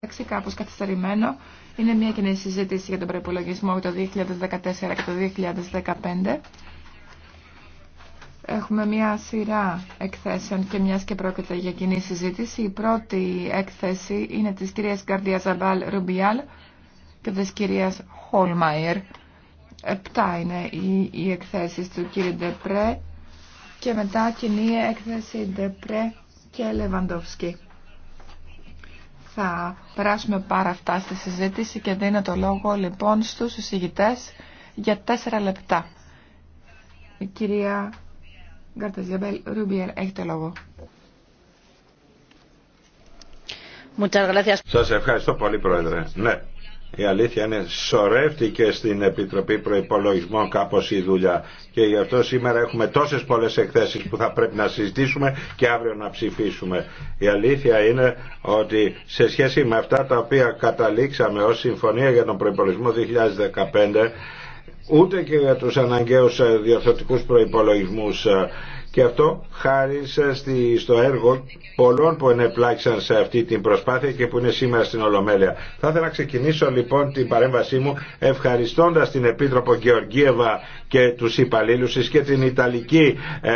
Εντάξει, κάπω καθυστερημένο. Είναι μια κοινή συζήτηση για τον προπολογισμό το 2014 και το 2015. Έχουμε μια σειρά εκθέσεων και μιας και πρόκειται για κοινή συζήτηση. Η πρώτη έκθεση είναι της κυρίας Γκαρδία Ζαμπάλ Ρουμπιάλ και της κυρίας Χολμάιερ. Επτά είναι οι, οι εκθέσεις του κύριου Ντεπρέ και μετά κοινή έκθεση Ντεπρέ και Λεβαντόφσκι θα περάσουμε πάρα αυτά στη συζήτηση και δίνω το λόγο λοιπόν στους συζητητές για τέσσερα λεπτά. Η κυρία Γκαρτεζιαμπέλ, Ρούμπιερ, έχει το λόγο. Σας ευχαριστώ πολύ Πρόεδρε. Ναι, η αλήθεια είναι σωρεύτηκε στην Επιτροπή Προϋπολογισμών κάπως η δουλειά και γι' αυτό σήμερα έχουμε τόσες πολλές εκθέσεις που θα πρέπει να συζητήσουμε και αύριο να ψηφίσουμε. Η αλήθεια είναι ότι σε σχέση με αυτά τα οποία καταλήξαμε ως συμφωνία για τον προϋπολογισμό 2015 ούτε και για τους αναγκαίους ε, διορθωτικούς προϋπολογισμούς ε, και αυτό χάρη στο έργο πολλών που ενεπλάξαν σε αυτή την προσπάθεια και που είναι σήμερα στην Ολομέλεια. Θα ήθελα να ξεκινήσω λοιπόν την παρέμβασή μου ευχαριστώντας την Επίτροπο Γεωργίευα και τους υπαλλήλους και την Ιταλική ε,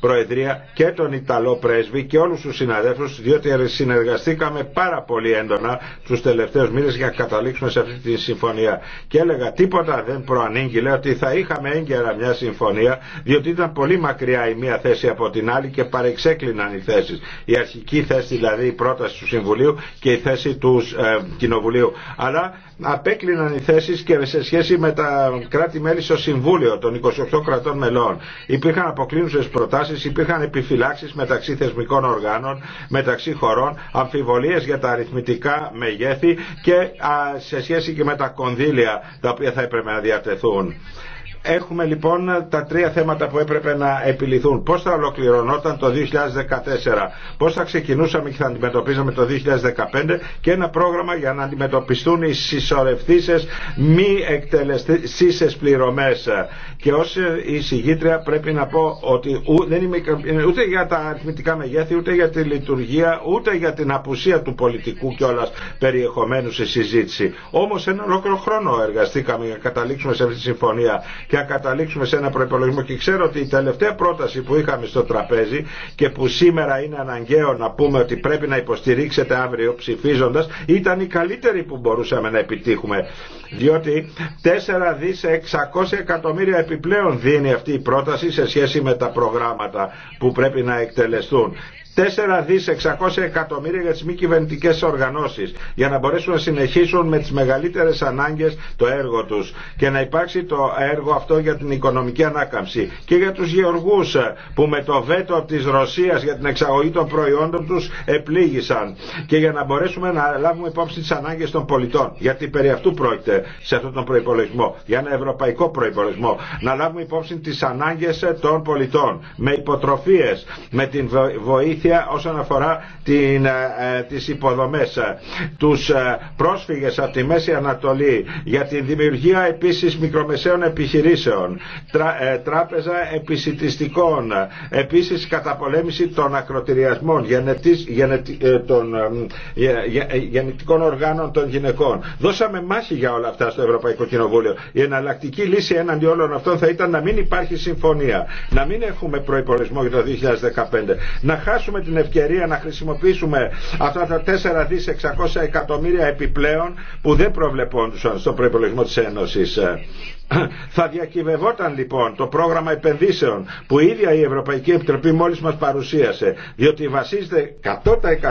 Προεδρία και τον Ιταλό Πρέσβη και όλους τους συναδέλφους διότι συνεργαστήκαμε πάρα πολύ έντονα τους τελευταίους μήνες για να καταλήξουμε σε αυτή τη συμφωνία. Και έλεγα τίποτα δεν προανήγγειλε ότι θα είχαμε έγκαιρα μια συμφωνία διότι ήταν πολύ μακριά η μία θέση από την άλλη και παρεξέκλειναν οι θέσεις. Η αρχική θέση δηλαδή η πρόταση του Συμβουλίου και η θέση του ε, Κοινοβουλίου. Αλλά απέκλειναν οι θέσεις και σε σχέση με τα κράτη-μέλη στο Συμβούλιο των 28 κρατών μελών. Υπήρχαν αποκλίνουσες προτάσει, υπήρχαν επιφυλάξεις μεταξύ θεσμικών οργάνων, μεταξύ χωρών, αμφιβολίε για τα αριθμητικά μεγέθη και σε σχέση και με τα κονδύλια τα οποία θα έπρεπε να διατεθούν. Έχουμε λοιπόν τα τρία θέματα που έπρεπε να επιληθούν. Πώς θα ολοκληρωνόταν το 2014, πώς θα ξεκινούσαμε και θα αντιμετωπίζαμε το 2015 και ένα πρόγραμμα για να αντιμετωπιστούν οι συσσωρευτήσεις μη εκτελεστήσεις πληρωμές. Και ως εισηγήτρια πρέπει να πω ότι δεν είμαι ε, ούτε για τα αριθμητικά μεγέθη, ούτε για τη λειτουργία, ούτε για την απουσία του πολιτικού κιόλα περιεχομένου σε συζήτηση. Όμως ένα ολόκληρο χρόνο εργαστήκαμε για να καταλήξουμε σε αυτή τη συμφωνία να καταλήξουμε σε ένα προπολογισμό. Και ξέρω ότι η τελευταία πρόταση που είχαμε στο τραπέζι και που σήμερα είναι αναγκαίο να πούμε ότι πρέπει να υποστηρίξετε αύριο ψηφίζοντα ήταν η καλύτερη που μπορούσαμε να επιτύχουμε. Διότι 4 δις 600 εκατομμύρια επιπλέον δίνει αυτή η πρόταση σε σχέση με τα προγράμματα που πρέπει να εκτελεστούν. 4 δις 600 εκατομμύρια για τις μη κυβερνητικέ οργανώσεις για να μπορέσουν να συνεχίσουν με τις μεγαλύτερες ανάγκες το έργο τους και να υπάρξει το έργο αυτό για την οικονομική ανάκαμψη και για τους γεωργούς που με το βέτο της Ρωσίας για την εξαγωγή των προϊόντων τους επλήγησαν και για να μπορέσουμε να λάβουμε υπόψη τις ανάγκες των πολιτών γιατί περί αυτού πρόκειται σε αυτόν τον προϋπολογισμό για ένα ευρωπαϊκό προϋπολογισμό να λάβουμε υπόψη τις ανάγκες των πολιτών με υποτροφίες, με την βοήθεια βοήθεια όσον αφορά την, ε, τις υποδομές τους ε, πρόσφυγες από τη Μέση Ανατολή για την δημιουργία επίσης μικρομεσαίων επιχειρήσεων ε, τράπεζα επισητιστικών επίσης καταπολέμηση των ακροτηριασμών γενετής, γενετι, γεννητικών οργάνων των γυναικών δώσαμε μάχη για όλα αυτά στο Ευρωπαϊκό Κοινοβούλιο η εναλλακτική λύση έναντι όλων αυτών θα ήταν να μην υπάρχει συμφωνία να μην έχουμε προϋπολισμό για το 2015 να χάσουμε δώσουμε την ευκαιρία να χρησιμοποιήσουμε αυτά τα 4 δις 600 εκατομμύρια επιπλέον που δεν προβλεπόντουσαν στο προϋπολογισμό της Ένωσης. Θα διακυβευόταν λοιπόν το πρόγραμμα επενδύσεων που η ίδια η Ευρωπαϊκή Επιτροπή μόλις μας παρουσίασε διότι βασίζεται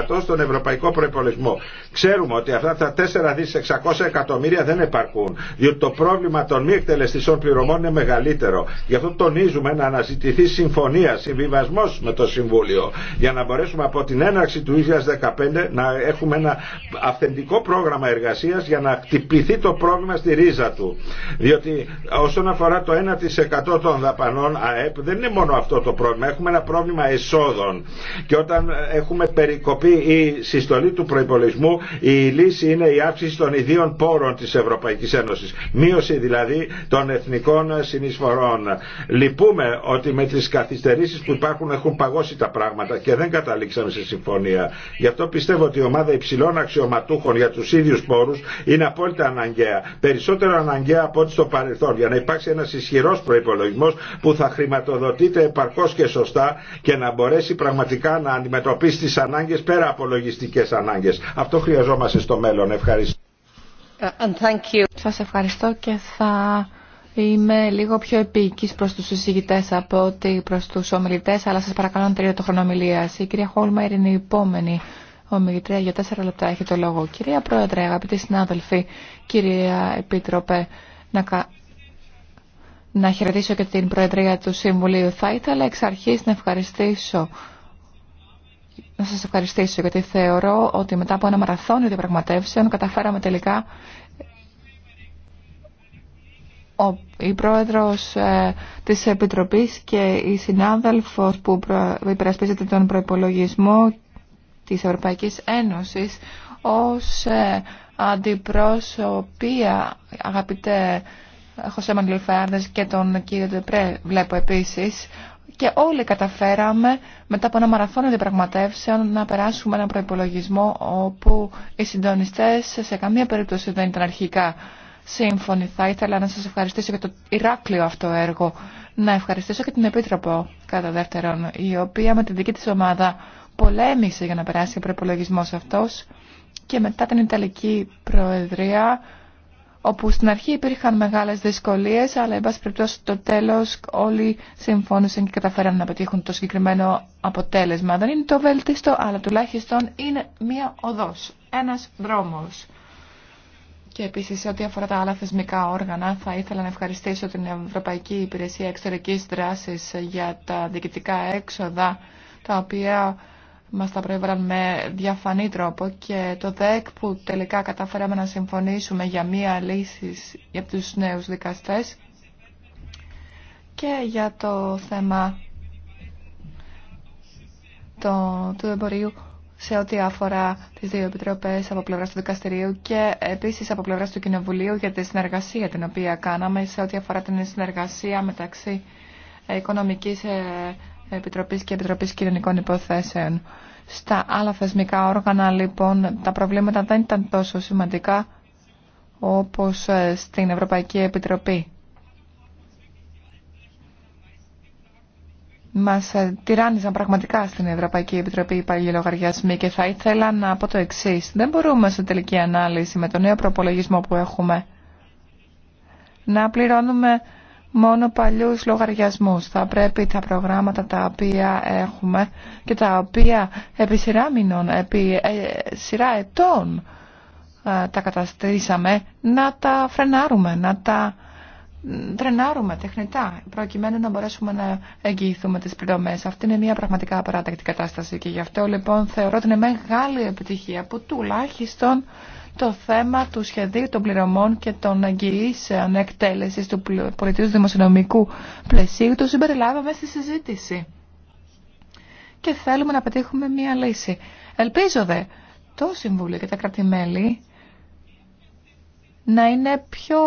100% στον ευρωπαϊκό προϋπολογισμό. Ξέρουμε ότι αυτά τα 4 δις 600 εκατομμύρια δεν επαρκούν διότι το πρόβλημα των μη εκτελεστησών πληρωμών είναι μεγαλύτερο. Γι' αυτό τονίζουμε να αναζητηθεί συμφωνία, συμβιβασμό με το Συμβούλιο για να μπορέσουμε από την έναρξη του 2015 να έχουμε ένα αυθεντικό πρόγραμμα εργασίας για να χτυπηθεί το πρόβλημα στη ρίζα του. Διότι όσον αφορά το 1% των δαπανών ΑΕΠ δεν είναι μόνο αυτό το πρόβλημα. Έχουμε ένα πρόβλημα εσόδων. Και όταν έχουμε περικοπή ή συστολή του προπολογισμού, η λύση είναι η αύξηση των ιδίων πόρων τη Ευρωπαϊκή Ένωση. Μείωση δηλαδή των εθνικών συνεισφορών. Λυπούμε ότι με τι καθυστερήσει που υπάρχουν έχουν παγώσει τα πράγματα και δεν καταλήξαμε σε συμφωνία. Γι' αυτό πιστεύω ότι η ομάδα υψηλών αξιωματούχων για του ίδιου πόρου είναι απόλυτα αναγκαία. Περισσότερο αναγκαία από ό,τι στο παρελθόν παρελθόν για να υπάρξει ένας ισχυρός προϋπολογισμός που θα χρηματοδοτείται επαρκώς και σωστά και να μπορέσει πραγματικά να αντιμετωπίσει τις ανάγκες πέρα από λογιστικές ανάγκες. Αυτό χρειαζόμαστε στο μέλλον. Ευχαριστώ. Uh, and thank you. Σας ευχαριστώ και θα... Είμαι λίγο πιο επίκης προς τους συζητητές από ότι προς τους ομιλητές, αλλά σας παρακαλώ να τελειώ το χρόνο Η κυρία Χόλμα είναι η επόμενη ομιλητρία για τέσσερα λεπτά. Έχει το λόγο. Κυρία Πρόεδρε, αγαπητοί συνάδελφοι, κυρία Επίτροπε, να να χαιρετήσω και την Προεδρία του Συμβουλίου. Θα ήθελα εξ αρχής να ευχαριστήσω να σας ευχαριστήσω γιατί θεωρώ ότι μετά από ένα μαραθώνιο διαπραγματεύσεων καταφέραμε τελικά ο, η πρόεδρος ε, της Επιτροπής και η συνάδελφος που υπερασπίζεται τον προϋπολογισμό της Ευρωπαϊκής Ένωσης ως ε, αντιπροσωπεία, αγαπητέ Χωσέ Μαγγελ και τον κύριο Ντεπρέ βλέπω επίσης και όλοι καταφέραμε μετά από ένα μαραθώνιο διαπραγματεύσεων να περάσουμε ένα προπολογισμό όπου οι συντονιστές σε καμία περίπτωση δεν ήταν αρχικά σύμφωνοι. Θα ήθελα να σας ευχαριστήσω για το Ηράκλειο αυτό έργο. Να ευχαριστήσω και την Επίτροπο κατά δεύτερον, η οποία με την δική της ομάδα πολέμησε για να περάσει ο προπολογισμό αυτός και μετά την Ιταλική Προεδρία όπου στην αρχή υπήρχαν μεγάλες δυσκολίες, αλλά εν πάση περιπτώσει στο τέλος όλοι συμφώνησαν και καταφέραν να πετύχουν το συγκεκριμένο αποτέλεσμα. Δεν είναι το βέλτιστο, αλλά τουλάχιστον είναι μία οδός, ένας δρόμος. Και επίσης ό,τι αφορά τα άλλα θεσμικά όργανα, θα ήθελα να ευχαριστήσω την Ευρωπαϊκή Υπηρεσία Εξωτερικής Δράσης για τα διοικητικά έξοδα, τα οποία μας τα προέβαλαν με διαφανή τρόπο και το ΔΕΚ που τελικά καταφέραμε να συμφωνήσουμε για μία λύση για τους νέους δικαστές και για το θέμα το, του εμπορίου σε ό,τι αφορά τις δύο επιτροπές από πλευράς του δικαστηρίου και επίσης από πλευράς του Κοινοβουλίου για τη συνεργασία την οποία κάναμε σε ό,τι αφορά την συνεργασία μεταξύ οικονομικής ε, Επιτροπής και Επιτροπής Κοινωνικών Υποθέσεων. Στα άλλα θεσμικά όργανα, λοιπόν, τα προβλήματα δεν ήταν τόσο σημαντικά όπως ε, στην Ευρωπαϊκή Επιτροπή. Μας ε, τυράνιζαν πραγματικά στην Ευρωπαϊκή Επιτροπή οι παλιοί λογαριασμοί και θα ήθελα να πω το εξή. Δεν μπορούμε σε τελική ανάλυση με τον νέο προπολογισμό που έχουμε να πληρώνουμε μόνο παλιούς λογαριασμούς. Θα πρέπει τα προγράμματα τα οποία έχουμε και τα οποία επί σειρά επί ε, σειρά ετών ε, τα καταστήσαμε, να τα φρενάρουμε, να τα τρενάρουμε τεχνητά, προκειμένου να μπορέσουμε να εγγυηθούμε τις πληρωμές. Αυτή είναι μια πραγματικά απαράτακτη κατάσταση και γι' αυτό λοιπόν θεωρώ ότι είναι μεγάλη επιτυχία που τουλάχιστον το θέμα του σχεδίου των πληρωμών και των εγγυήσεων εκτέλεση του πολιτικού δημοσιονομικού πλαισίου το συμπεριλάβαμε στη συζήτηση. Και θέλουμε να πετύχουμε μία λύση. Ελπίζω δε το Συμβούλιο και τα κρατημέλη να είναι πιο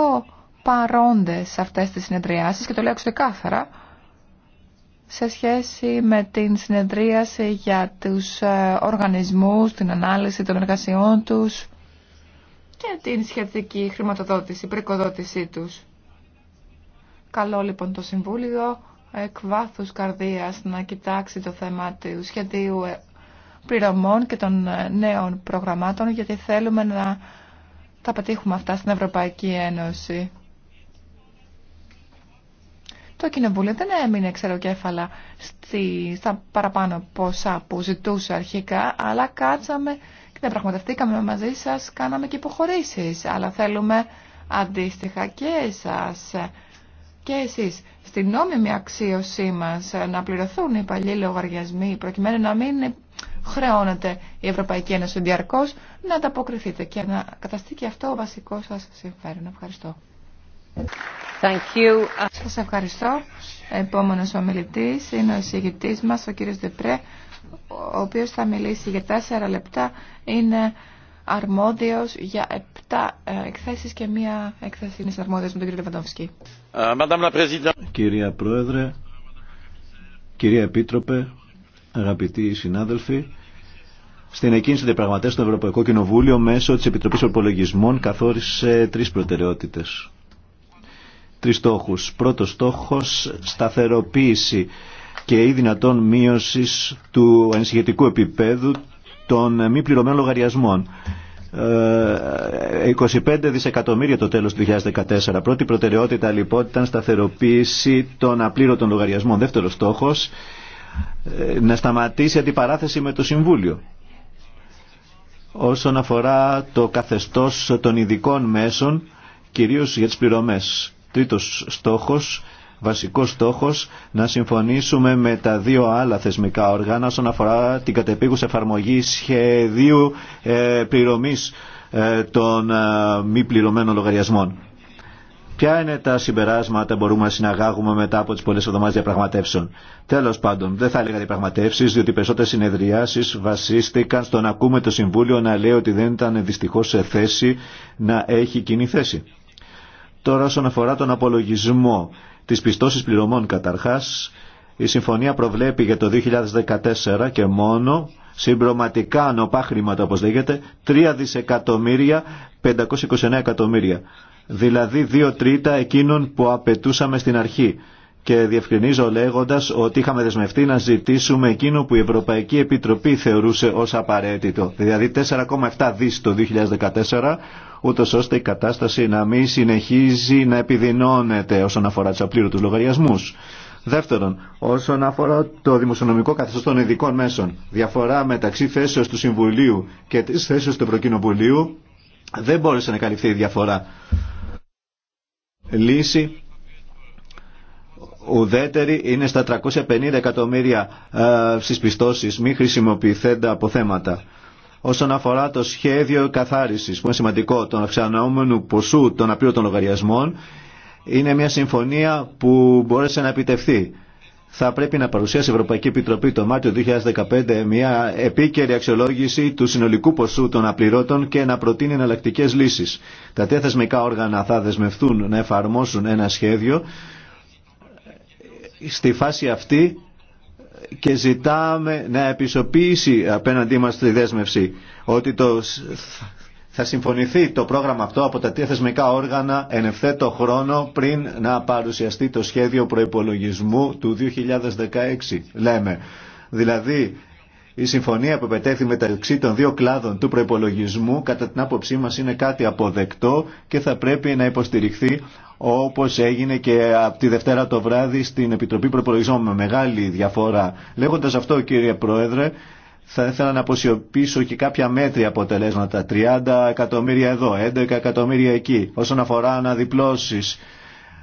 παρόντες σε αυτές τις συνεδριάσεις και το λέω ξεκάθαρα σε σχέση με την συνεδρίαση για τους ε, οργανισμούς, την ανάλυση των εργασιών τους και την σχετική χρηματοδότηση, πρικοδότησή τους. Καλό λοιπόν το Συμβούλιο εκ βάθους καρδίας να κοιτάξει το θέμα του σχεδίου ε, πληρωμών και των ε, νέων προγραμμάτων γιατί θέλουμε να τα πετύχουμε αυτά στην Ευρωπαϊκή Ένωση. Το Κοινοβούλιο δεν έμεινε ξεροκέφαλα στα παραπάνω ποσά που ζητούσε αρχικά, αλλά κάτσαμε διαπραγματευτήκαμε μαζί σας, κάναμε και υποχωρήσεις, αλλά θέλουμε αντίστοιχα και εσάς και εσείς στην νόμιμη αξίωσή μας να πληρωθούν οι παλιοί λογαριασμοί προκειμένου να μην χρεώνεται η Ευρωπαϊκή Ένωση διαρκώς να ανταποκριθείτε και να καταστεί και αυτό ο βασικό σας συμφέρον. Ευχαριστώ. Thank you. Σας ευχαριστώ. Επόμενος ομιλητής είναι ο εισηγητής μας, ο κύριος Δεπρέ, ο οποίος θα μιλήσει για τέσσερα λεπτά, είναι αρμόδιος για επτά ε, εκθέσεις και μία εκθέση είναι αρμόδιος με τον κύριο Λεβαντόφσκι. Ε, κυρία Πρόεδρε, κυρία Επίτροπε, αγαπητοί συνάδελφοι, στην εκκίνηση των πραγματές στο Ευρωπαϊκό Κοινοβούλιο μέσω της Επιτροπής Ορπολογισμών καθόρισε τρεις προτεραιότητες. Τρεις στόχους. Πρώτος στόχος, σταθεροποίηση και ή δυνατόν μείωση του ανησυχητικού επίπεδου των μη πληρωμένων λογαριασμών. 25 ε, δισεκατομμύρια το τέλος του 2014. Πρώτη προτεραιότητα λοιπόν ήταν σταθεροποίηση των απλήρωτων λογαριασμών. Δεύτερος στόχος, ε, να σταματήσει αντιπαράθεση με το Συμβούλιο όσον αφορά το καθεστώς των ειδικών μέσων, κυρίως για τις πληρωμές. Τρίτος στόχος, βασικός στόχος να συμφωνήσουμε με τα δύο άλλα θεσμικά οργάνα όσον αφορά την κατεπίγουσα εφαρμογή σχεδίου ε, πληρωμής ε, των ε, μη πληρωμένων λογαριασμών. Ποια είναι τα συμπεράσματα μπορούμε να συναγάγουμε μετά από τι πολλέ εβδομάδε διαπραγματεύσεων. Τέλο πάντων, δεν θα έλεγα διαπραγματεύσει, διότι περισσότερε συνεδριάσει βασίστηκαν στο να ακούμε το Συμβούλιο να λέει ότι δεν ήταν δυστυχώ σε θέση να έχει κοινή θέση. Τώρα, όσον αφορά τον απολογισμό, τις πιστώσεις πληρωμών καταρχάς. Η συμφωνία προβλέπει για το 2014 και μόνο συμπροματικά ανωπά χρήματα όπως λέγεται 3 δισεκατομμύρια 529 εκατομμύρια δηλαδή 2 τρίτα εκείνων που απαιτούσαμε στην αρχή και διευκρινίζω λέγοντας ότι είχαμε δεσμευτεί να ζητήσουμε εκείνο που η Ευρωπαϊκή Επιτροπή θεωρούσε ως απαραίτητο, δηλαδή 4,7 δις το 2014, ούτως ώστε η κατάσταση να μην συνεχίζει να επιδεινώνεται όσον αφορά τους απλήρωτους λογαριασμούς. Δεύτερον, όσον αφορά το δημοσιονομικό καθεστώς των ειδικών μέσων, διαφορά μεταξύ θέσεως του Συμβουλίου και της θέσεως του Ευρωκοινοβουλίου δεν μπόρεσε να καλυφθεί η διαφορά. Λύση ουδέτερη είναι στα 350 εκατομμύρια ε, στις πιστώσεις μη χρησιμοποιηθέντα θέματα. Όσον αφορά το σχέδιο καθάρισης που είναι σημαντικό των αυξανόμενου ποσού των απλήρωτων λογαριασμών είναι μια συμφωνία που μπόρεσε να επιτευχθεί. Θα πρέπει να παρουσιάσει η Ευρωπαϊκή Επιτροπή το Μάρτιο 2015 μια επίκαιρη αξιολόγηση του συνολικού ποσού των απληρώτων και να προτείνει εναλλακτικέ λύσει. Τα τέθεσμικά όργανα θα δεσμευτούν να εφαρμόσουν ένα σχέδιο στη φάση αυτή και ζητάμε να επισοποιήσει απέναντί μας τη δέσμευση ότι το, θα συμφωνηθεί το πρόγραμμα αυτό από τα τρία θεσμικά όργανα εν ευθέτω χρόνο πριν να παρουσιαστεί το σχέδιο προϋπολογισμού του 2016, λέμε. Δηλαδή, η συμφωνία που επετέθη μεταξύ των δύο κλάδων του προϋπολογισμού κατά την άποψή μας είναι κάτι αποδεκτό και θα πρέπει να υποστηριχθεί όπως έγινε και από τη Δευτέρα το βράδυ στην Επιτροπή Προπολογισμών με μεγάλη διαφορά. Λέγοντας αυτό κύριε Πρόεδρε, θα ήθελα να αποσιωπήσω και κάποια μέτρια αποτελέσματα. 30 εκατομμύρια εδώ, 11 εκατομμύρια εκεί. Όσον αφορά αναδιπλώσεις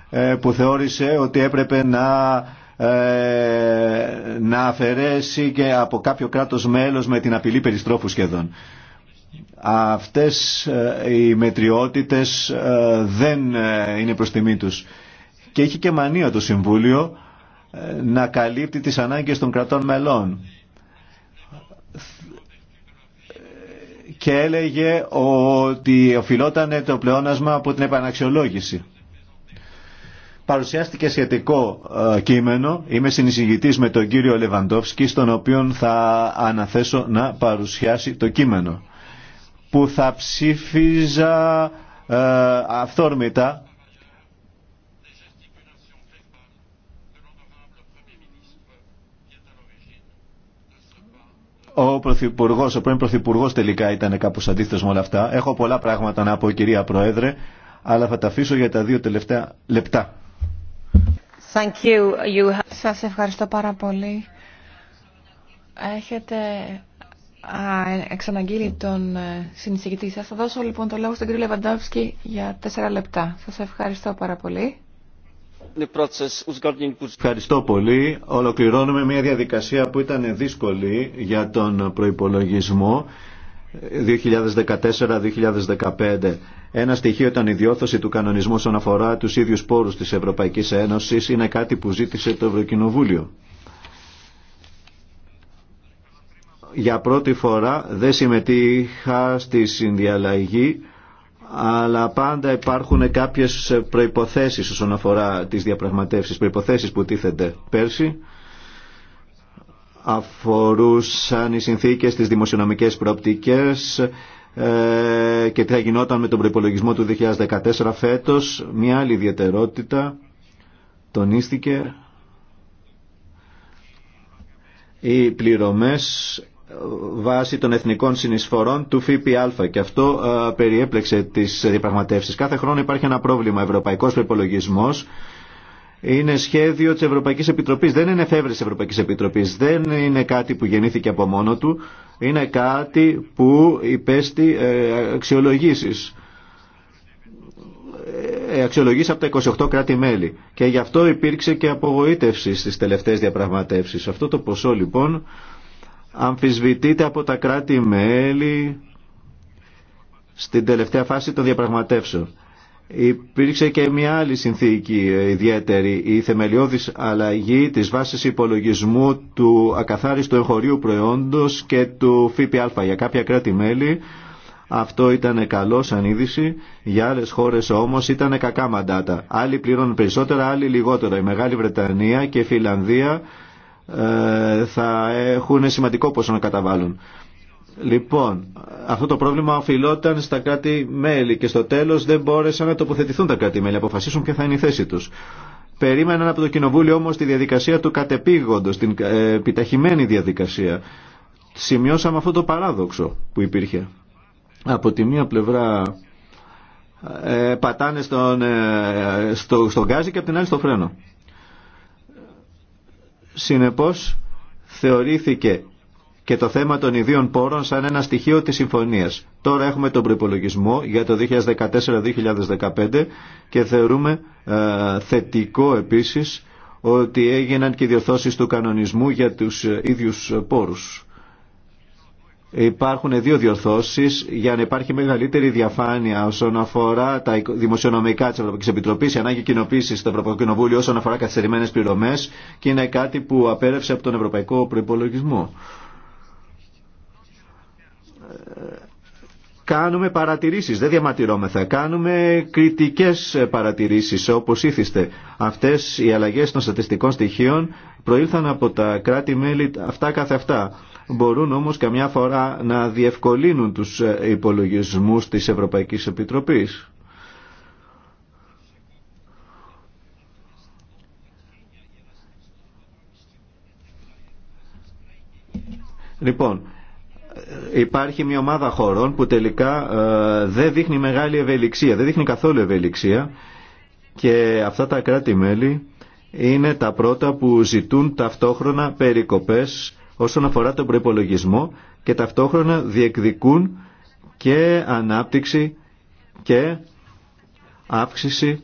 ε, που θεώρησε ότι έπρεπε να, ε, να αφαιρέσει και από κάποιο κράτος μέλος με την απειλή περιστρόφου σχεδόν αυτές ε, οι μετριότητες ε, δεν ε, είναι προς τιμή τους. Και έχει και μανία το Συμβούλιο να καλύπτει τις ανάγκες των κρατών μελών. Και έλεγε ότι οφειλόταν το πλεόνασμα από την επαναξιολόγηση. Παρουσιάστηκε σχετικό κείμενο. Είμαι συνεισηγητής με τον κύριο Λεβαντόφσκι, στον οποίο θα αναθέσω να παρουσιάσει το κείμενο που θα ψήφιζα ε, αυθόρμητα ο Πρωθυπουργό, ο πρώην Πρωθυπουργό τελικά ήταν κάπω αντίθετο με όλα αυτά. Έχω πολλά πράγματα να πω, κυρία Πρόεδρε, αλλά θα τα αφήσω για τα δύο τελευταία λεπτά. Σα Σας ευχαριστώ πάρα πολύ. Έχετε εξαναγγείλει τον ε, συνεισηγητή σας. Θα δώσω λοιπόν το λόγο στον κύριο Λεβαντόφσκι για τέσσερα λεπτά. Σας ευχαριστώ πάρα πολύ. Ευχαριστώ πολύ. Ολοκληρώνουμε μια διαδικασία που ήταν δύσκολη για τον προϋπολογισμό 2014-2015. Ένα στοιχείο ήταν η διόρθωση του κανονισμού όσον αφορά τους ίδιους πόρους της Ευρωπαϊκής Ένωσης. Είναι κάτι που ζήτησε το Ευρωκοινοβούλιο. για πρώτη φορά δεν συμμετείχα στη συνδιαλλαγή αλλά πάντα υπάρχουν κάποιες προϋποθέσεις όσον αφορά τις διαπραγματεύσεις, προϋποθέσεις που τίθενται πέρσι αφορούσαν οι συνθήκες, της δημοσιονομικές προοπτικές ε, και τι θα γινόταν με τον προϋπολογισμό του 2014 φέτος. Μια άλλη ιδιαιτερότητα τονίστηκε οι πληρωμές βάσει των εθνικών συνεισφορών του ΦΠΑ και αυτό ε, περιέπλεξε τις διαπραγματεύσεις. Κάθε χρόνο υπάρχει ένα πρόβλημα. Ευρωπαϊκός προπολογισμό είναι σχέδιο της Ευρωπαϊκής Επιτροπής. Δεν είναι εφεύρεση Ευρωπαϊκής Επιτροπής. Δεν είναι κάτι που γεννήθηκε από μόνο του. Είναι κάτι που υπέστη ε, αξιολογήσεις ε, αξιολογήσει από τα 28 κράτη-μέλη. Και γι' αυτό υπήρξε και απογοήτευση στις τελευταίες διαπραγματεύσεις. Αυτό το ποσό λοιπόν αμφισβητείται από τα κράτη-μέλη στην τελευταία φάση των διαπραγματεύσεων. Υπήρξε και μια άλλη συνθήκη ε, ιδιαίτερη, η θεμελιώδης αλλαγή της βάσης υπολογισμού του ακαθάριστου εγχωρίου προϊόντος και του ΦΠΑ για κάποια κράτη-μέλη. Αυτό ήταν καλό σαν είδηση, για άλλες χώρες όμως ήταν κακά μαντάτα. Άλλοι πληρώνουν περισσότερα, άλλοι λιγότερα. Η Μεγάλη Βρετανία και η Φιλανδία ε, θα έχουν σημαντικό ποσό να καταβάλουν. Λοιπόν, αυτό το πρόβλημα οφειλόταν στα κράτη-μέλη και στο τέλος δεν μπόρεσαν να τοποθετηθούν τα κράτη-μέλη, αποφασίσουν ποια θα είναι η θέση τους. Περίμεναν από το Κοινοβούλιο όμως τη διαδικασία του κατεπήγοντος, την ε, επιταχυμένη διαδικασία. Σημειώσαμε αυτό το παράδοξο που υπήρχε. Από τη μία πλευρά ε, πατάνε στον, στο, στον γκάζι και από την άλλη στο φρένο. Συνεπώς, θεωρήθηκε και το θέμα των ιδίων πόρων σαν ένα στοιχείο της συμφωνίας. Τώρα έχουμε τον προπολογισμό για το 2014-2015 και θεωρούμε ε, θετικό επίσης ότι έγιναν και διορθώσεις του κανονισμού για τους ε, ίδιους πόρους. Υπάρχουν δύο διορθώσει για να υπάρχει μεγαλύτερη διαφάνεια όσον αφορά τα δημοσιονομικά τη Ευρωπαϊκή Επιτροπή, η ανάγκη κοινοποίηση στο Ευρωπαϊκό Κοινοβούλιο όσον αφορά καθυστερημένε πληρωμέ και είναι κάτι που απέρευσε από τον Ευρωπαϊκό προπολογισμό. Κάνουμε παρατηρήσει, δεν διαμαρτυρόμεθα. Κάνουμε κριτικέ παρατηρήσει. Όπω ήθιστε. αυτέ οι αλλαγέ των στατιστικών στοιχείων προήλθαν από τα κράτη-μέλη αυτά καθε αυτά μπορούν όμως καμιά φορά να διευκολύνουν τους ε, υπολογισμούς της Ευρωπαϊκής Επιτροπής. Λοιπόν, ε, υπάρχει μια ομάδα χωρών που τελικά ε, δεν δείχνει μεγάλη ευελιξία, δεν δείχνει καθόλου ευελιξία και αυτά τα κράτη-μέλη είναι τα πρώτα που ζητούν ταυτόχρονα περικοπές όσον αφορά τον προπολογισμό και ταυτόχρονα διεκδικούν και ανάπτυξη και αύξηση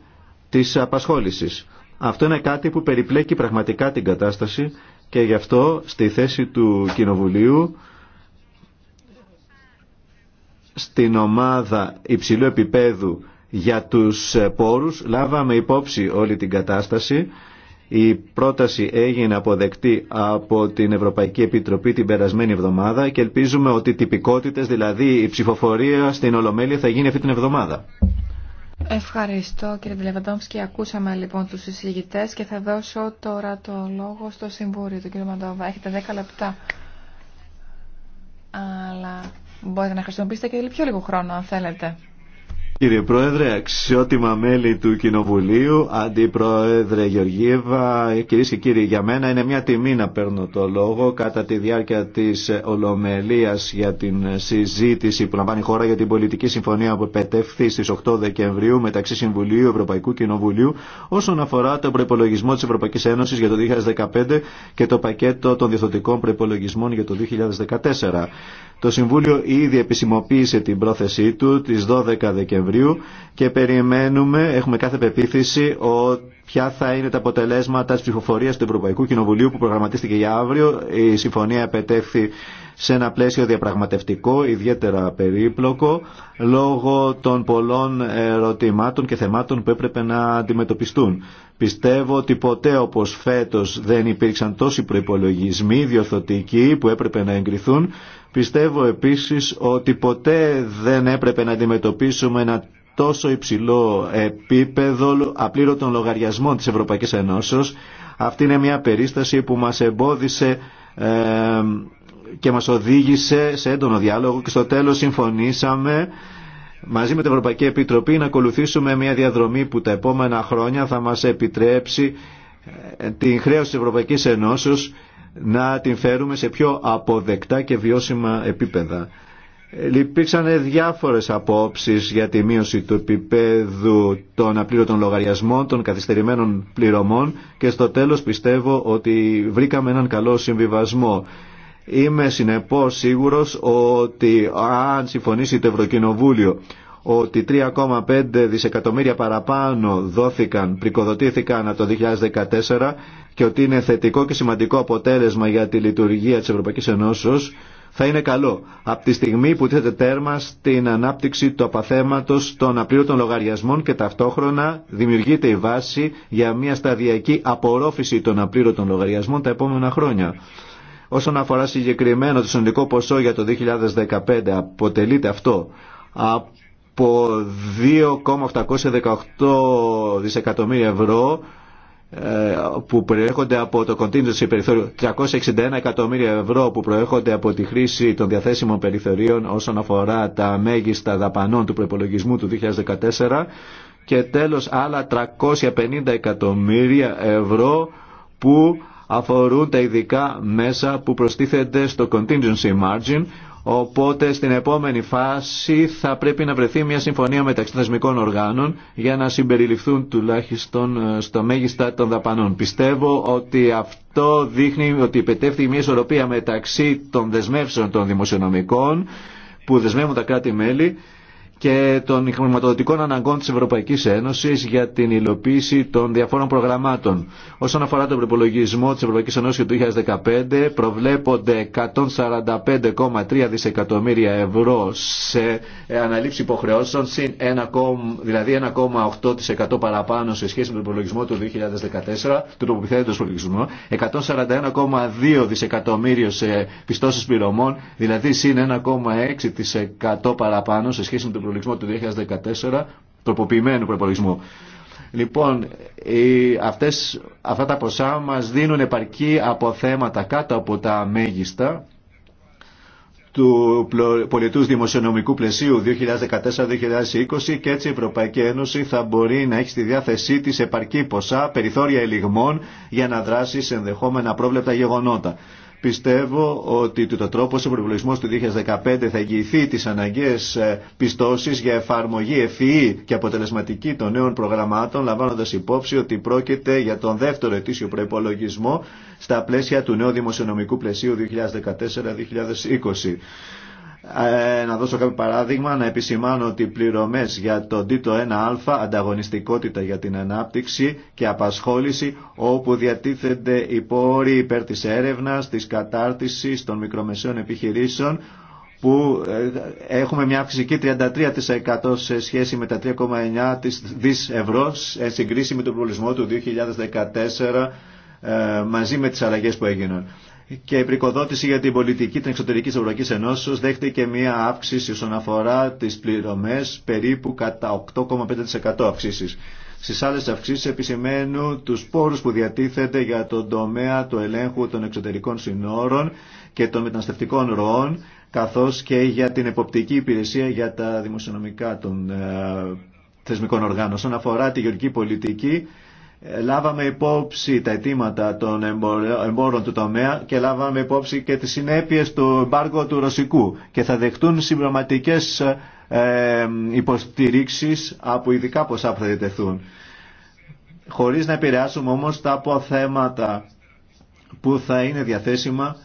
της απασχόλησης. Αυτό είναι κάτι που περιπλέκει πραγματικά την κατάσταση και γι' αυτό στη θέση του Κοινοβουλίου στην ομάδα υψηλού επίπεδου για τους πόρους λάβαμε υπόψη όλη την κατάσταση η πρόταση έγινε αποδεκτή από την Ευρωπαϊκή Επιτροπή την περασμένη εβδομάδα και ελπίζουμε ότι οι τυπικότητες, δηλαδή η ψηφοφορία στην Ολομέλεια θα γίνει αυτή την εβδομάδα. Ευχαριστώ κύριε και Ακούσαμε λοιπόν τους συζητητές και θα δώσω τώρα το λόγο στο Συμβούλιο του κύριο Μαντόβα. Έχετε 10 λεπτά. Αλλά μπορείτε να χρησιμοποιήσετε και πιο λίγο χρόνο αν θέλετε. Κύριε Πρόεδρε, αξιότιμα μέλη του Κοινοβουλίου, Αντιπρόεδρε Γεωργίευα, κυρίε και κύριοι, για μένα είναι μια τιμή να παίρνω το λόγο κατά τη διάρκεια τη Ολομελία για την συζήτηση που λαμβάνει η χώρα για την πολιτική συμφωνία που επετεύχθη στι 8 Δεκεμβρίου μεταξύ Συμβουλίου Ευρωπαϊκού Κοινοβουλίου όσον αφορά τον προπολογισμό τη Ευρωπαϊκή Ένωση για το 2015 και το πακέτο των διεθνωτικών προπολογισμών για το 2014. Το Συμβούλιο ήδη επισημοποίησε την πρόθεσή του τις 12 Δεκεμβρίου και περιμένουμε, έχουμε κάθε πεποίθηση, ότι ποια θα είναι τα αποτελέσματα της ψηφοφορίας του Ευρωπαϊκού Κοινοβουλίου που προγραμματίστηκε για αύριο. Η συμφωνία επετέχθη σε ένα πλαίσιο διαπραγματευτικό, ιδιαίτερα περίπλοκο, λόγω των πολλών ερωτημάτων και θεμάτων που έπρεπε να αντιμετωπιστούν. Πιστεύω ότι ποτέ όπως φέτος δεν υπήρξαν τόσοι προπολογισμοί διορθωτικοί που έπρεπε να εγκριθούν Πιστεύω επίσης ότι ποτέ δεν έπρεπε να αντιμετωπίσουμε ένα τόσο υψηλό επίπεδο απλήρωτων λογαριασμών της Ευρωπαϊκής Ενώσεως. Αυτή είναι μια περίσταση που μας εμπόδισε και μας οδήγησε σε έντονο διάλογο και στο τέλος συμφωνήσαμε μαζί με την Ευρωπαϊκή Επιτροπή να ακολουθήσουμε μια διαδρομή που τα επόμενα χρόνια θα μας επιτρέψει ε, την χρέωση της Ευρωπαϊκής Ενώσεως να την φέρουμε σε πιο αποδεκτά και βιώσιμα επίπεδα. Υπήρξαν διάφορες απόψεις για τη μείωση του επίπεδου των απλήρωτων λογαριασμών, των καθυστερημένων πληρωμών και στο τέλος πιστεύω ότι βρήκαμε έναν καλό συμβιβασμό. Είμαι συνεπώς σίγουρος ότι αν συμφωνήσει το Ευρωκοινοβούλιο ότι 3,5 δισεκατομμύρια παραπάνω δόθηκαν, πρικοδοτήθηκαν από το 2014 και ότι είναι θετικό και σημαντικό αποτέλεσμα για τη λειτουργία της Ευρωπαϊκής Ενώσεως θα είναι καλό από τη στιγμή που τίθεται τέρμα στην ανάπτυξη του απαθέματος των απλήρωτων λογαριασμών και ταυτόχρονα δημιουργείται η βάση για μια σταδιακή απορρόφηση των απλήρωτων λογαριασμών τα επόμενα χρόνια. Όσον αφορά συγκεκριμένο το συνολικό ποσό για το 2015 αποτελείται αυτό από 2,818 δισεκατομμύρια ευρώ ε, που προέρχονται από το contingency περιθώριο 361 εκατομμύρια ευρώ που προέρχονται από τη χρήση των διαθέσιμων περιθωρίων όσον αφορά τα μέγιστα δαπανών του προπολογισμού του 2014 και τέλος άλλα 350 εκατομμύρια ευρώ που αφορούν τα ειδικά μέσα που προστίθενται στο contingency margin Οπότε στην επόμενη φάση θα πρέπει να βρεθεί μια συμφωνία μεταξύ θεσμικών οργάνων για να συμπεριληφθούν τουλάχιστον ε, στο μέγιστα των δαπανών. Πιστεύω ότι αυτό δείχνει ότι υπετεύχθη μια ισορροπία μεταξύ των δεσμεύσεων των δημοσιονομικών που δεσμεύουν τα κράτη-μέλη και των χρηματοδοτικών αναγκών της Ευρωπαϊκής Ένωσης για την υλοποίηση των διαφόρων προγραμμάτων. Όσον αφορά τον προπολογισμό της Ευρωπαϊκής Ένωσης του 2015, προβλέπονται 145,3 δισεκατομμύρια ευρώ σε ε, αναλήψη υποχρεώσεων, συν 1, δηλαδή 1,8% παραπάνω σε σχέση με τον προπολογισμό του 2014, του προπολογισμού, 141,2 δισεκατομμύριο σε πιστώσεις πληρωμών, δηλαδή συν 1,6% παραπάνω σε σχέση με τον προπολογισμό του 2014, τροποποιημένου προπολογισμού. Λοιπόν, οι, αυτές, αυτά τα ποσά μας δίνουν επαρκή αποθέματα κάτω από τα μέγιστα του πολιτούς δημοσιονομικού πλαισίου 2014-2020 και έτσι η Ευρωπαϊκή Ένωση θα μπορεί να έχει στη διάθεσή της επαρκή ποσά περιθώρια ελιγμών για να δράσει σε ενδεχόμενα πρόβλεπτα γεγονότα. Πιστεύω ότι το τρόπο ο προπολογισμό του 2015 θα εγγυηθεί τι αναγκαίε πιστώσει για εφαρμογή ευφυή e e και αποτελεσματική των νέων προγραμμάτων, λαμβάνοντα υπόψη ότι πρόκειται για τον δεύτερο ετήσιο προπολογισμό στα πλαίσια του νέου δημοσιονομικού πλαισίου 2014-2020. Ε, να δώσω κάποιο παράδειγμα, να επισημάνω ότι οι πληρωμές για το τίτλο 1α, ανταγωνιστικότητα για την ανάπτυξη και απασχόληση, όπου διατίθενται οι πόροι υπέρ της έρευνας, της κατάρτισης των μικρομεσαίων επιχειρήσεων, που ε, έχουμε μια αύξηση 33% σε σχέση με τα 3,9 δις ευρώ σε συγκρίση με τον προβλησμό του 2014 ε, μαζί με τις αλλαγές που έγιναν και η πρικοδότηση για την πολιτική την εξωτερική Ευρωπαϊκής δέχτηκε μια αύξηση όσον αφορά τις πληρωμές περίπου κατά 8,5% αυξήσεις. Στις άλλες αυξήσεις επισημαίνουν τους πόρους που διατίθεται για τον τομέα του ελέγχου των εξωτερικών συνόρων και των μεταναστευτικών ροών, καθώς και για την εποπτική υπηρεσία για τα δημοσιονομικά των ε, θεσμικών οργάνων. Όσον αφορά τη γεωργική πολιτική, ε, λάβαμε υπόψη τα αιτήματα των εμπόρων του τομέα και λάβαμε υπόψη και τις συνέπειες του εμπάργου του ρωσικού και θα δεχτούν συμπληρωματικές ε, υποστηρίξεις από ειδικά ποσά που θα Χωρίς να επηρεάσουμε όμως τα αποθέματα που θα είναι διαθέσιμα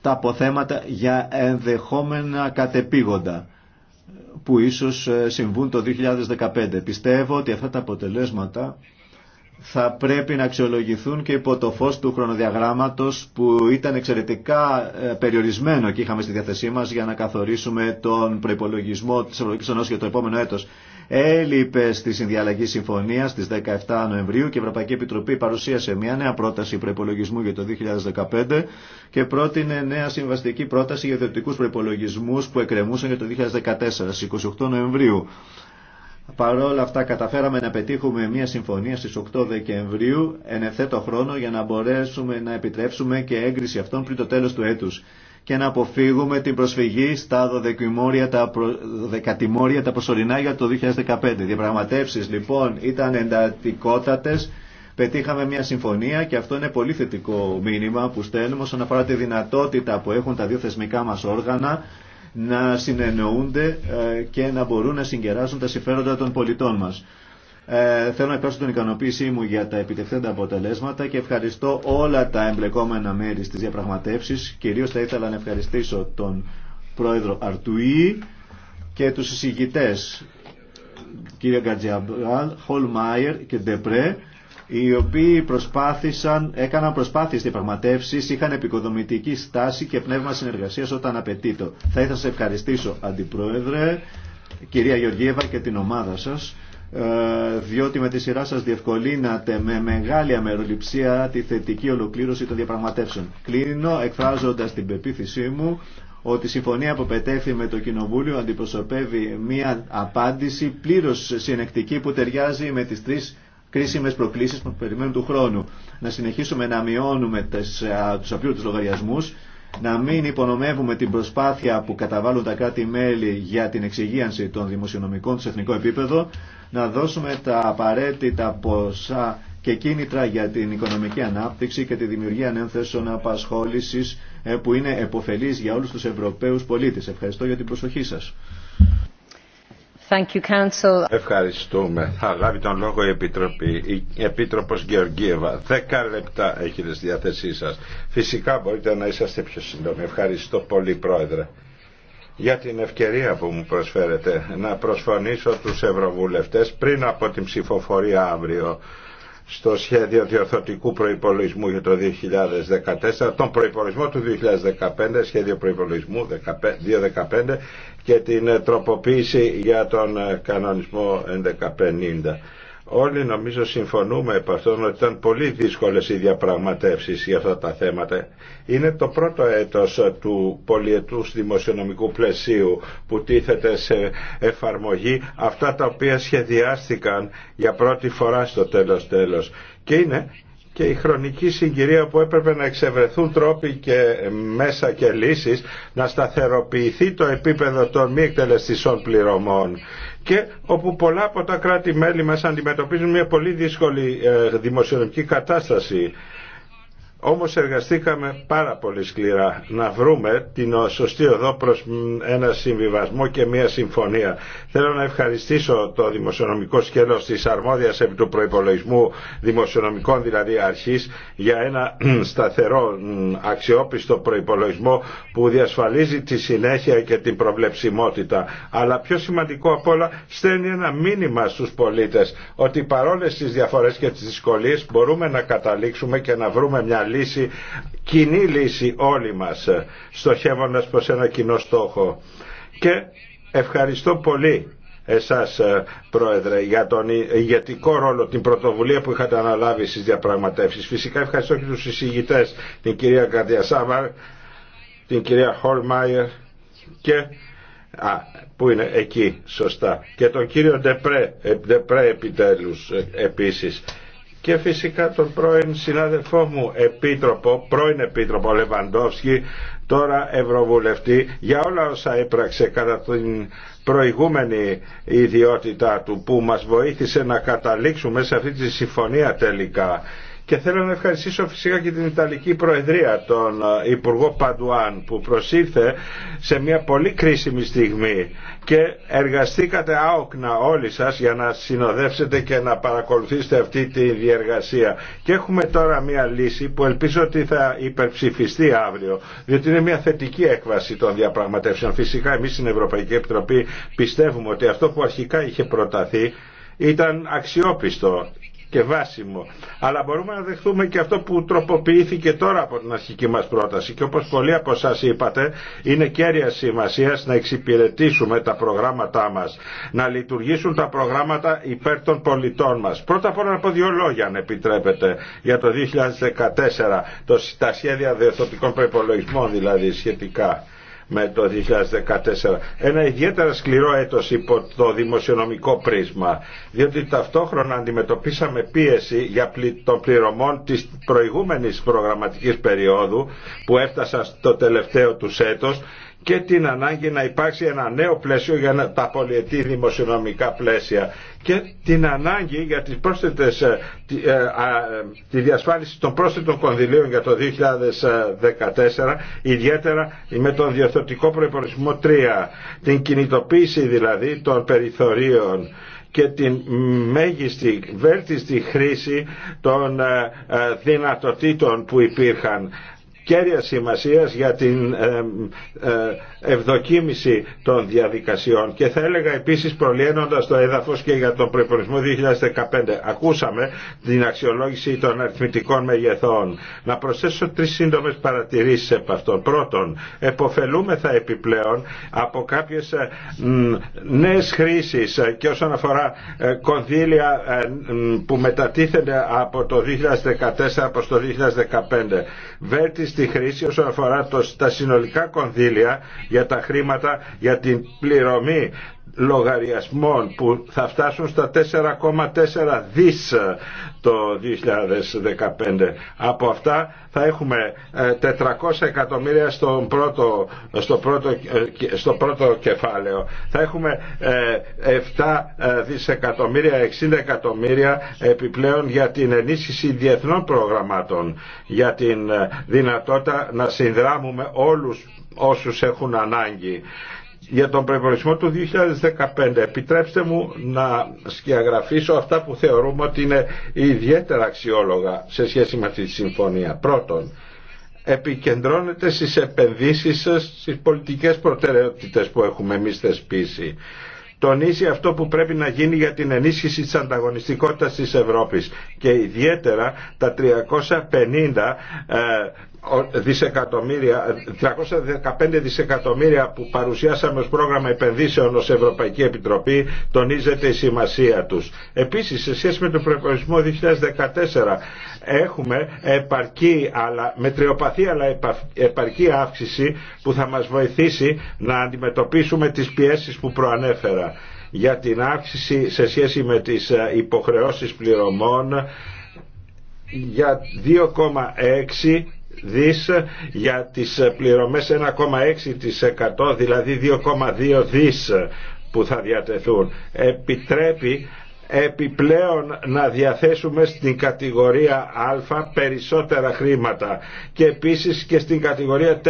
τα αποθέματα για ενδεχόμενα κατεπήγοντα που ίσως ε, συμβούν το 2015. Πιστεύω ότι αυτά τα αποτελέσματα θα πρέπει να αξιολογηθούν και υπό το φως του χρονοδιαγράμματος που ήταν εξαιρετικά ε, περιορισμένο και είχαμε στη διάθεσή μας για να καθορίσουμε τον προϋπολογισμό της Ευρωπαϊκής Ενώσης για το επόμενο έτος έλειπε στη συνδιαλλαγή συμφωνία στις 17 Νοεμβρίου και η Ευρωπαϊκή Επιτροπή παρουσίασε μια νέα πρόταση προπολογισμού για το 2015 και πρότεινε νέα συμβαστική πρόταση για ιδιωτικού προπολογισμού που εκκρεμούσαν για το 2014 στις 28 Νοεμβρίου. Παρ' όλα αυτά καταφέραμε να πετύχουμε μια συμφωνία στις 8 Δεκεμβρίου εν ευθέτω χρόνο για να μπορέσουμε να επιτρέψουμε και έγκριση αυτών πριν το τέλος του έτους και να αποφύγουμε την προσφυγή στα δεκατημόρια τα, προσωρινά για το 2015. Οι διαπραγματεύσεις λοιπόν ήταν εντατικότατες, πετύχαμε μια συμφωνία και αυτό είναι πολύ θετικό μήνυμα που στέλνουμε όσον αφορά τη δυνατότητα που έχουν τα δύο θεσμικά μας όργανα να συνεννοούνται ε, και να μπορούν να συγκεράσουν τα συμφέροντα των πολιτών μας. Ε, θέλω να εκφράσω την ικανοποίησή μου για τα επιτευχθέντα αποτελέσματα και ευχαριστώ όλα τα εμπλεκόμενα μέρη στις διαπραγματεύσεις. Κυρίως θα ήθελα να ευχαριστήσω τον πρόεδρο Αρτουή και τους εισηγητές κύριε Γκαρτζιαμπραλ, Χολμάιερ και Ντεπρέ οι οποίοι προσπάθησαν, έκαναν προσπάθειες διαπραγματεύσεις, είχαν επικοδομητική στάση και πνεύμα συνεργασίας όταν απαιτείται. Θα ήθελα να σας ευχαριστήσω, Αντιπρόεδρε, κυρία Γεωργίευα και την ομάδα σας ε, διότι με τη σειρά σας διευκολύνατε με μεγάλη αμεροληψία τη θετική ολοκλήρωση των διαπραγματεύσεων. Κλείνω εκφράζοντας την πεποίθησή μου ότι η συμφωνία που πετέφθη με το Κοινοβούλιο αντιπροσωπεύει μία απάντηση πλήρως συνεκτική που ταιριάζει με τις τρεις κρίσιμε προκλήσει που περιμένουν του χρόνου. Να συνεχίσουμε να μειώνουμε ε, τους του λογαριασμού, να μην υπονομεύουμε την προσπάθεια που καταβάλουν τα κράτη-μέλη για την εξυγίανση των δημοσιονομικών του εθνικό επίπεδο, να δώσουμε τα απαραίτητα ποσά και κίνητρα για την οικονομική ανάπτυξη και τη δημιουργία νέων θέσεων απασχόλησης ε, που είναι επωφελής για όλους τους Ευρωπαίους πολίτες. Ευχαριστώ για την προσοχή σας. Ευχαριστούμε. Θα λάβει τον λόγο η Επιτροπή. Η Επίτροπος Γεωργίευα. Δέκα λεπτά έχετε στη διάθεσή σας. Φυσικά μπορείτε να είσαστε πιο σύντομοι. Ευχαριστώ πολύ Πρόεδρε για την ευκαιρία που μου προσφέρετε να προσφωνήσω τους Ευρωβουλευτές πριν από την ψηφοφορία αύριο στο σχέδιο διορθωτικού προϋπολογισμού για το 2014, τον προϋπολογισμό του 2015, σχέδιο προϋπολογισμού 2015 και την τροποποίηση για τον κανονισμό 1150. Όλοι νομίζω συμφωνούμε επ' αυτόν ότι ήταν πολύ δύσκολες οι διαπραγματεύσεις για αυτά τα θέματα. Είναι το πρώτο έτος του πολιετούς δημοσιονομικού πλαισίου που τίθεται σε εφαρμογή αυτά τα οποία σχεδιάστηκαν για πρώτη φορά στο τέλος τέλος. Και είναι και η χρονική συγκυρία που έπρεπε να εξευρεθούν τρόποι και μέσα και λύσεις να σταθεροποιηθεί το επίπεδο των μη εκτελεστησών πληρωμών και όπου πολλά από τα κράτη-μέλη μας αντιμετωπίζουν μια πολύ δύσκολη ε, δημοσιονομική κατάσταση όμως εργαστήκαμε πάρα πολύ σκληρά να βρούμε την σωστή οδό προς ένα συμβιβασμό και μια συμφωνία. Θέλω να ευχαριστήσω το δημοσιονομικό σκέλος της αρμόδιας επί του προϋπολογισμού δημοσιονομικών δηλαδή αρχής για ένα σταθερό αξιόπιστο προϋπολογισμό που διασφαλίζει τη συνέχεια και την προβλεψιμότητα. Αλλά πιο σημαντικό απ' όλα στέλνει ένα μήνυμα στους πολίτες ότι παρόλες τις διαφορές και τις δυσκολίες μπορούμε να καταλήξουμε και να βρούμε μια λύση, κοινή λύση όλοι μας, ε, στοχεύοντας προς ένα κοινό στόχο. Και ευχαριστώ πολύ εσάς ε, Πρόεδρε για τον ηγετικό ρόλο, την πρωτοβουλία που είχατε αναλάβει στις διαπραγματεύσεις. Φυσικά ευχαριστώ και τους εισηγητές, την κυρία Καρδιασάβαρ, την κυρία Χολμάιερ και α, που είναι εκεί σωστά και τον κύριο Ντεπρέ, ε, Ντεπρέ επιτέλους επίσης και φυσικά τον πρώην συνάδελφό μου επίτροπο, πρώην επίτροπο Λεβαντόφσκι, τώρα ευρωβουλευτή, για όλα όσα έπραξε κατά την προηγούμενη ιδιότητα του που μας βοήθησε να καταλήξουμε σε αυτή τη συμφωνία τελικά και θέλω να ευχαριστήσω φυσικά και την Ιταλική Προεδρία, τον ε, Υπουργό Παντουάν, που προσήλθε σε μια πολύ κρίσιμη στιγμή και εργαστήκατε άοκνα όλοι σας για να συνοδεύσετε και να παρακολουθήσετε αυτή τη διεργασία. Και έχουμε τώρα μια λύση που ελπίζω ότι θα υπερψηφιστεί αύριο, διότι είναι μια θετική έκβαση των διαπραγματεύσεων. Φυσικά εμείς στην Ευρωπαϊκή Επιτροπή πιστεύουμε ότι αυτό που αρχικά είχε προταθεί ήταν αξιόπιστο και Αλλά μπορούμε να δεχθούμε και αυτό που τροποποιήθηκε τώρα από την αρχική μας πρόταση και όπως πολλοί από εσά είπατε είναι κέρια σημασία να εξυπηρετήσουμε τα προγράμματά μας, να λειτουργήσουν τα προγράμματα υπέρ των πολιτών μας. Πρώτα απ' όλα να πω δύο λόγια αν επιτρέπετε για το 2014, το, τα σχέδια διορθωτικών προπολογισμών δηλαδή σχετικά με το 2014. Ένα ιδιαίτερα σκληρό έτος υπό το δημοσιονομικό πρίσμα, διότι ταυτόχρονα αντιμετωπίσαμε πίεση για των πληρωμών της προηγούμενης προγραμματικής περίοδου που έφτασαν στο τελευταίο του έτος και την ανάγκη να υπάρξει ένα νέο πλαίσιο για τα πολιετή δημοσιονομικά πλαίσια και την ανάγκη για τις πρόσθετες, ε, ε, ε, τη, διασφάλιση των πρόσθετων κονδυλίων για το 2014, ιδιαίτερα με τον διορθωτικό προϋπολογισμό 3, την κινητοποίηση δηλαδή των περιθωρίων και την μέγιστη, βέλτιστη χρήση των δυνατοτήτων που υπήρχαν κέρια σημασίας για την ε, ε, ευδοκίμηση των διαδικασιών και θα έλεγα επίσης προλυαίνοντας το έδαφος και για τον προπολογισμό 2015 ακούσαμε την αξιολόγηση των αριθμητικών μεγεθών. Να προσθέσω τρεις σύντομες παρατηρήσεις επ' αυτών. Πρώτον, εποφελούμεθα επιπλέον από κάποιες ε, νέες χρήσεις ε, και όσον αφορά ε, κονδύλια που μετατίθενται από το 2014 προς το 2015. Βέλτιστη χρήση όσον αφορά τα συνολικά κονδύλια για τα χρήματα για την πληρωμή λογαριασμών που θα φτάσουν στα 4,4 δις ε, το 2015. Από αυτά θα έχουμε 400 ε, εκατομμύρια πρώτο, στο, πρώτο, ε, στο πρώτο κεφάλαιο. Θα έχουμε 7 δισεκατομμύρια, 60 εκατομμύρια επιπλέον για την ενίσχυση διεθνών προγραμμάτων, για την δυνατότητα να συνδράμουμε όλους όσους έχουν ανάγκη για τον προϋπολογισμό του 2015. Επιτρέψτε μου να σκιαγραφίσω αυτά που θεωρούμε ότι είναι ιδιαίτερα αξιόλογα σε σχέση με αυτή τη συμφωνία. Πρώτον, επικεντρώνεται στις επενδύσεις σας, στις πολιτικές προτεραιότητες που έχουμε εμείς θεσπίσει τονίζει αυτό που πρέπει να γίνει για την ενίσχυση της ανταγωνιστικότητας της Ευρώπης και ιδιαίτερα τα 350 δισεκατομμύρια, 315 δισεκατομμύρια που παρουσιάσαμε ως πρόγραμμα επενδύσεων ως Ευρωπαϊκή Επιτροπή τονίζεται η σημασία τους. Επίσης σε σχέση με τον προπολογισμό 2014 έχουμε επαρκή αλλά, μετριοπαθή αλλά επαρκή αύξηση που θα μας βοηθήσει να αντιμετωπίσουμε τις πιέσεις που προανέφερα για την αύξηση σε σχέση με τις ε, υποχρεώσεις πληρωμών για 2,6 δις για τις πληρωμές 1,6% δηλαδή 2,2 δις που θα διατεθούν. Επιτρέπει επιπλέον να διαθέσουμε στην κατηγορία Α περισσότερα χρήματα και επίσης και στην κατηγορία 4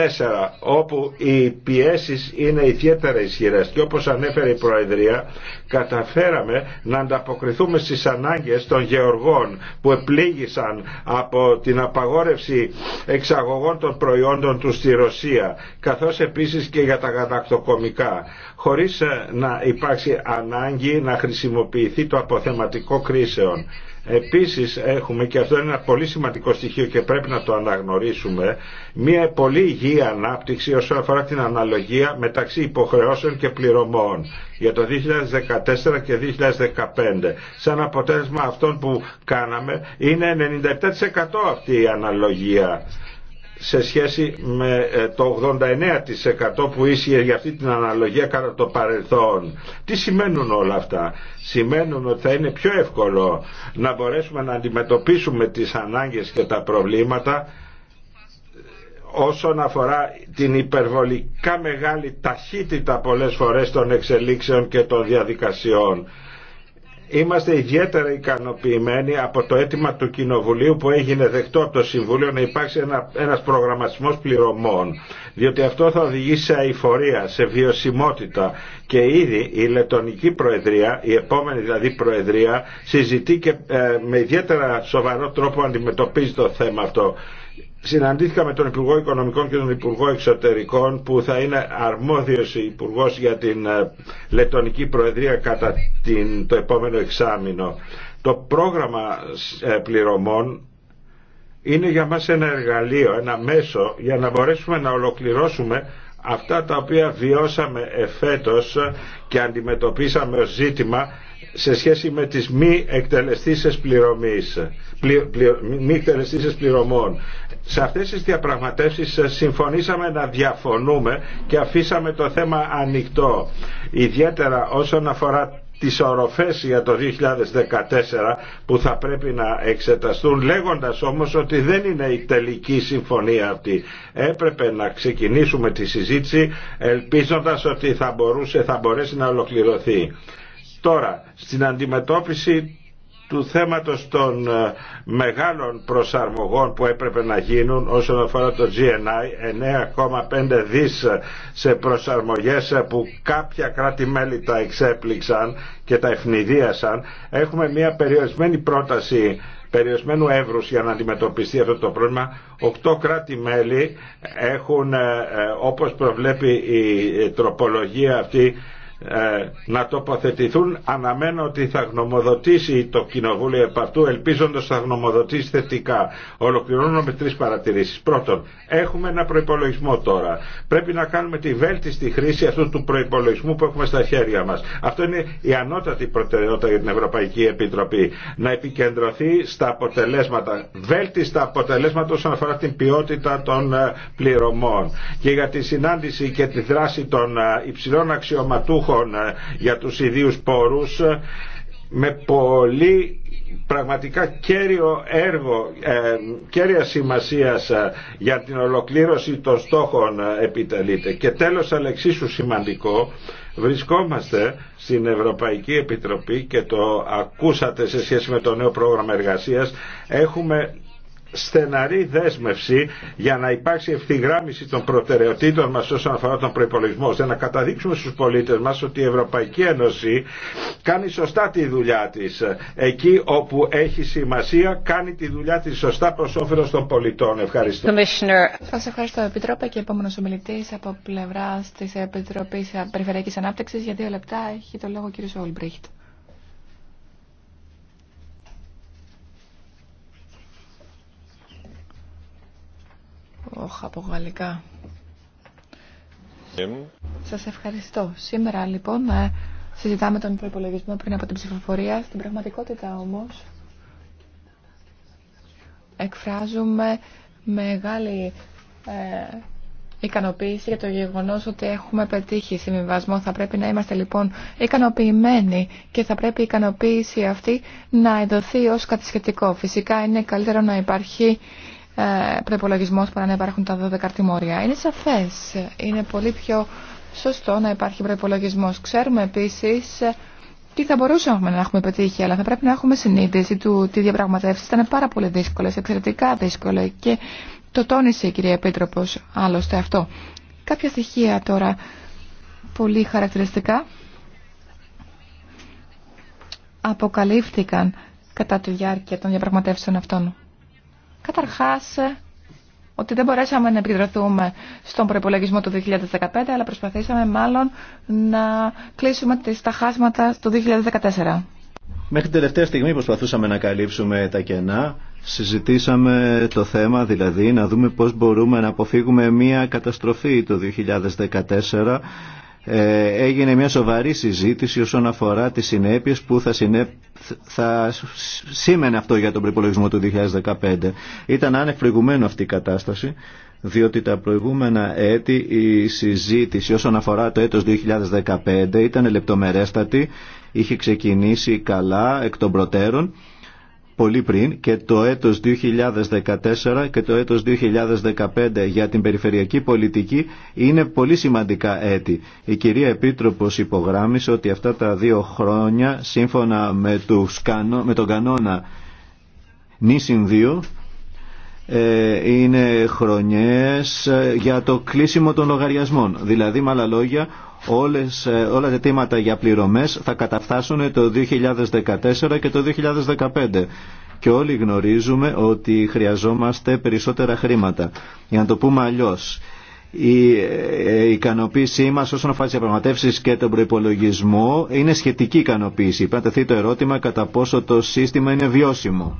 όπου οι πιέσεις είναι ιδιαίτερα ισχυρές και όπως ανέφερε η Προεδρία καταφέραμε να ανταποκριθούμε στις ανάγκες των γεωργών που επλήγησαν από την απαγόρευση εξαγωγών των προϊόντων του στη Ρωσία καθώς επίσης και για τα κατακτοκομικά χωρίς ε, να υπάρξει ανάγκη να χρησιμοποιηθεί το αποθεματικό κρίσεων. Επίσης έχουμε, και αυτό είναι ένα πολύ σημαντικό στοιχείο και πρέπει να το αναγνωρίσουμε, μια πολύ υγιή ανάπτυξη όσον αφορά την αναλογία μεταξύ υποχρεώσεων και πληρωμών για το 2014 και 2015. Σαν αποτέλεσμα αυτών που κάναμε είναι 97% αυτή η αναλογία σε σχέση με ε, το 89% που ίσχυε για αυτή την αναλογία κατά το παρελθόν. Τι σημαίνουν όλα αυτά. Σημαίνουν ότι θα είναι πιο εύκολο να μπορέσουμε να αντιμετωπίσουμε τις ανάγκες και τα προβλήματα ε, όσον αφορά την υπερβολικά μεγάλη ταχύτητα πολλές φορές των εξελίξεων και των διαδικασιών. Είμαστε ιδιαίτερα ικανοποιημένοι από το αίτημα του Κοινοβουλίου που έγινε δεκτό από το Συμβούλιο να υπάρξει ένα, ένας προγραμματισμός πληρωμών, διότι αυτό θα οδηγήσει σε αηφορία, σε βιωσιμότητα και ήδη η Λετωνική Προεδρία, η επόμενη δηλαδή Προεδρία, συζητεί και ε, με ιδιαίτερα σοβαρό τρόπο αντιμετωπίζει το θέμα αυτό. Συναντήθηκα με τον Υπουργό Οικονομικών και τον Υπουργό Εξωτερικών που θα είναι αρμόδιος υπουργός για την ε, Λετωνική Προεδρία κατά την, το επόμενο εξάμεινο. Το πρόγραμμα ε, πληρωμών είναι για μας ένα εργαλείο, ένα μέσο για να μπορέσουμε να ολοκληρώσουμε αυτά τα οποία βιώσαμε εφέτος και αντιμετωπίσαμε ως ζήτημα σε σχέση με τις μη εκτελεστήσεις πληρωμής, πλη, μη εκτελεστήσεις πληρωμών. Σε αυτές τις διαπραγματεύσεις ε, συμφωνήσαμε να διαφωνούμε και αφήσαμε το θέμα ανοιχτό. Ιδιαίτερα όσον αφορά τις οροφές για το 2014 που θα πρέπει να εξεταστούν λέγοντας όμως ότι δεν είναι η τελική συμφωνία αυτή. Έπρεπε να ξεκινήσουμε τη συζήτηση ελπίζοντας ότι θα, μπορούσε, θα μπορέσει να ολοκληρωθεί. Τώρα, στην αντιμετώπιση του θέματος των ε, μεγάλων προσαρμογών που έπρεπε να γίνουν όσον αφορά το GNI 9,5 δις σε προσαρμογές που κάποια κράτη-μέλη τα εξέπληξαν και τα ευνηδίασαν έχουμε μια περιορισμένη πρόταση περιορισμένου εύρους για να αντιμετωπιστεί αυτό το πρόβλημα. Οκτώ κράτη-μέλη έχουν, ε, ε, όπως προβλέπει η τροπολογία αυτή, ε, να τοποθετηθούν. Αναμένω ότι θα γνωμοδοτήσει το Κοινοβούλιο επ' αυτού, ελπίζοντας θα γνωμοδοτήσει θετικά. Ολοκληρώνω με τρεις παρατηρήσεις. Πρώτον, έχουμε ένα προϋπολογισμό τώρα. Πρέπει να κάνουμε τη βέλτιστη χρήση αυτού του προϋπολογισμού που έχουμε στα χέρια μας. Αυτό είναι η ανώτατη προτεραιότητα για την Ευρωπαϊκή Επιτροπή. Να επικεντρωθεί στα αποτελέσματα, βέλτιστα αποτελέσματα όσον αφορά την ποιότητα των ε, πληρωμών. Και για τη συνάντηση και τη δράση των ε, υψηλών αξιωματούχων ε, για τους ιδίους πόρους ε, με πολύ πραγματικά κέριο έργο, ε, κέρια σημασίας για την ολοκλήρωση των στόχων επιτελείται. Και τέλος αλεξίσου σημαντικό, βρισκόμαστε στην Ευρωπαϊκή Επιτροπή και το ακούσατε σε σχέση με το νέο πρόγραμμα εργασίας, έχουμε στεναρή δέσμευση για να υπάρξει ευθυγράμμιση των προτεραιοτήτων μας όσον αφορά τον προϋπολογισμό ώστε να καταδείξουμε στους πολίτες μας ότι η Ευρωπαϊκή Ένωση κάνει σωστά τη δουλειά της εκεί όπου έχει σημασία κάνει τη δουλειά της σωστά προς όφελος των πολιτών. Ευχαριστώ. Σας ευχαριστώ Επιτρόπε και επόμενος ομιλητής από πλευρά τη Επιτροπή Περιφερειακής ανάπτυξη για δύο λεπτά έχει το λόγο ο κ. Ολμπρίχτ. Όχ, από Σας ευχαριστώ. Σήμερα λοιπόν ε, συζητάμε τον προπολογισμό πριν από την ψηφοφορία. Στην πραγματικότητα όμως εκφράζουμε μεγάλη ε, ικανοποίηση για το γεγονός ότι έχουμε πετύχει συμβιβασμό. Θα πρέπει να είμαστε λοιπόν ικανοποιημένοι και θα πρέπει η ικανοποίηση αυτή να ενδοθεί ως κατησχετικό. Φυσικά είναι καλύτερο να υπάρχει ε, προπολογισμό παρά να υπάρχουν τα 12 αρτημόρια. Είναι σαφέ. Είναι πολύ πιο σωστό να υπάρχει προπολογισμό. Ξέρουμε επίση ε, τι θα μπορούσαμε να έχουμε πετύχει, αλλά θα πρέπει να έχουμε συνείδηση του ότι οι διαπραγματεύσει ήταν πάρα πολύ δύσκολε, εξαιρετικά δύσκολε και το τόνισε η κυρία Επίτροπο άλλωστε αυτό. Κάποια στοιχεία τώρα πολύ χαρακτηριστικά αποκαλύφθηκαν κατά τη διάρκεια των διαπραγματεύσεων αυτών. Καταρχάς, ότι δεν μπορέσαμε να επικεντρωθούμε στον προπολογισμό του 2015, αλλά προσπαθήσαμε μάλλον να κλείσουμε τα χάσματα του 2014. Μέχρι την τελευταία στιγμή προσπαθούσαμε να καλύψουμε τα κενά. Συζητήσαμε το θέμα, δηλαδή να δούμε πώς μπορούμε να αποφύγουμε μια καταστροφή το 2014 ε, έγινε μια σοβαρή συζήτηση όσον αφορά τις συνέπειες που θα, συνέ... θα σήμαινε αυτό για τον προπολογισμό του 2015. Ήταν άνευ προηγουμένου αυτή η κατάσταση, διότι τα προηγούμενα έτη η συζήτηση όσον αφορά το έτος 2015 ήταν λεπτομερέστατη, είχε ξεκινήσει καλά εκ των προτέρων πολύ πριν και το έτος 2014 και το έτος 2015 για την περιφερειακή πολιτική είναι πολύ σημαντικά έτη. Η κυρία Επίτροπος υπογράμμισε ότι αυτά τα δύο χρόνια σύμφωνα με, με τον κανόνα νήσιν 2 ε, είναι χρονιές ε, για το κλείσιμο των λογαριασμών. Δηλαδή, με άλλα λόγια, όλες, ε, όλα τα αιτήματα για πληρωμές θα καταφτάσουν το 2014 και το 2015. Και όλοι γνωρίζουμε ότι χρειαζόμαστε περισσότερα χρήματα. Για να το πούμε αλλιώς, η ε, ικανοποίησή μα όσον αφορά τι διαπραγματεύσει και τον προπολογισμό είναι σχετική ικανοποίηση. Πρέπει το ερώτημα κατά πόσο το σύστημα είναι βιώσιμο.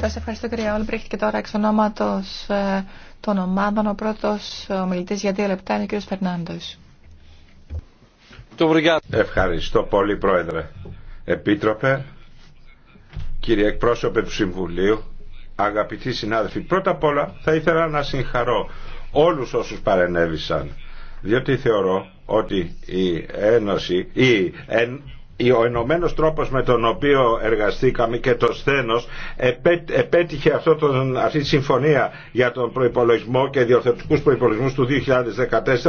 Σα ευχαριστώ κυρία Όλμπριχτ και τώρα εξ ονόματο ε, των ομάδων ο πρώτο ομιλητή για δύο λεπτά είναι ο κύριο Φερνάντο. Ευχαριστώ πολύ Πρόεδρε. Επίτροπε, κύριε εκπρόσωπε του Συμβουλίου, αγαπητοί συνάδελφοι, πρώτα απ' όλα θα ήθελα να συγχαρώ όλους όσους παρενέβησαν, διότι θεωρώ ότι η Ένωση, η ο ενωμένο τρόπος με τον οποίο εργαστήκαμε και το σθένος επέτυχε αυτό τον, αυτή τη συμφωνία για τον προϋπολογισμό και διορθωτικούς προϋπολογισμούς του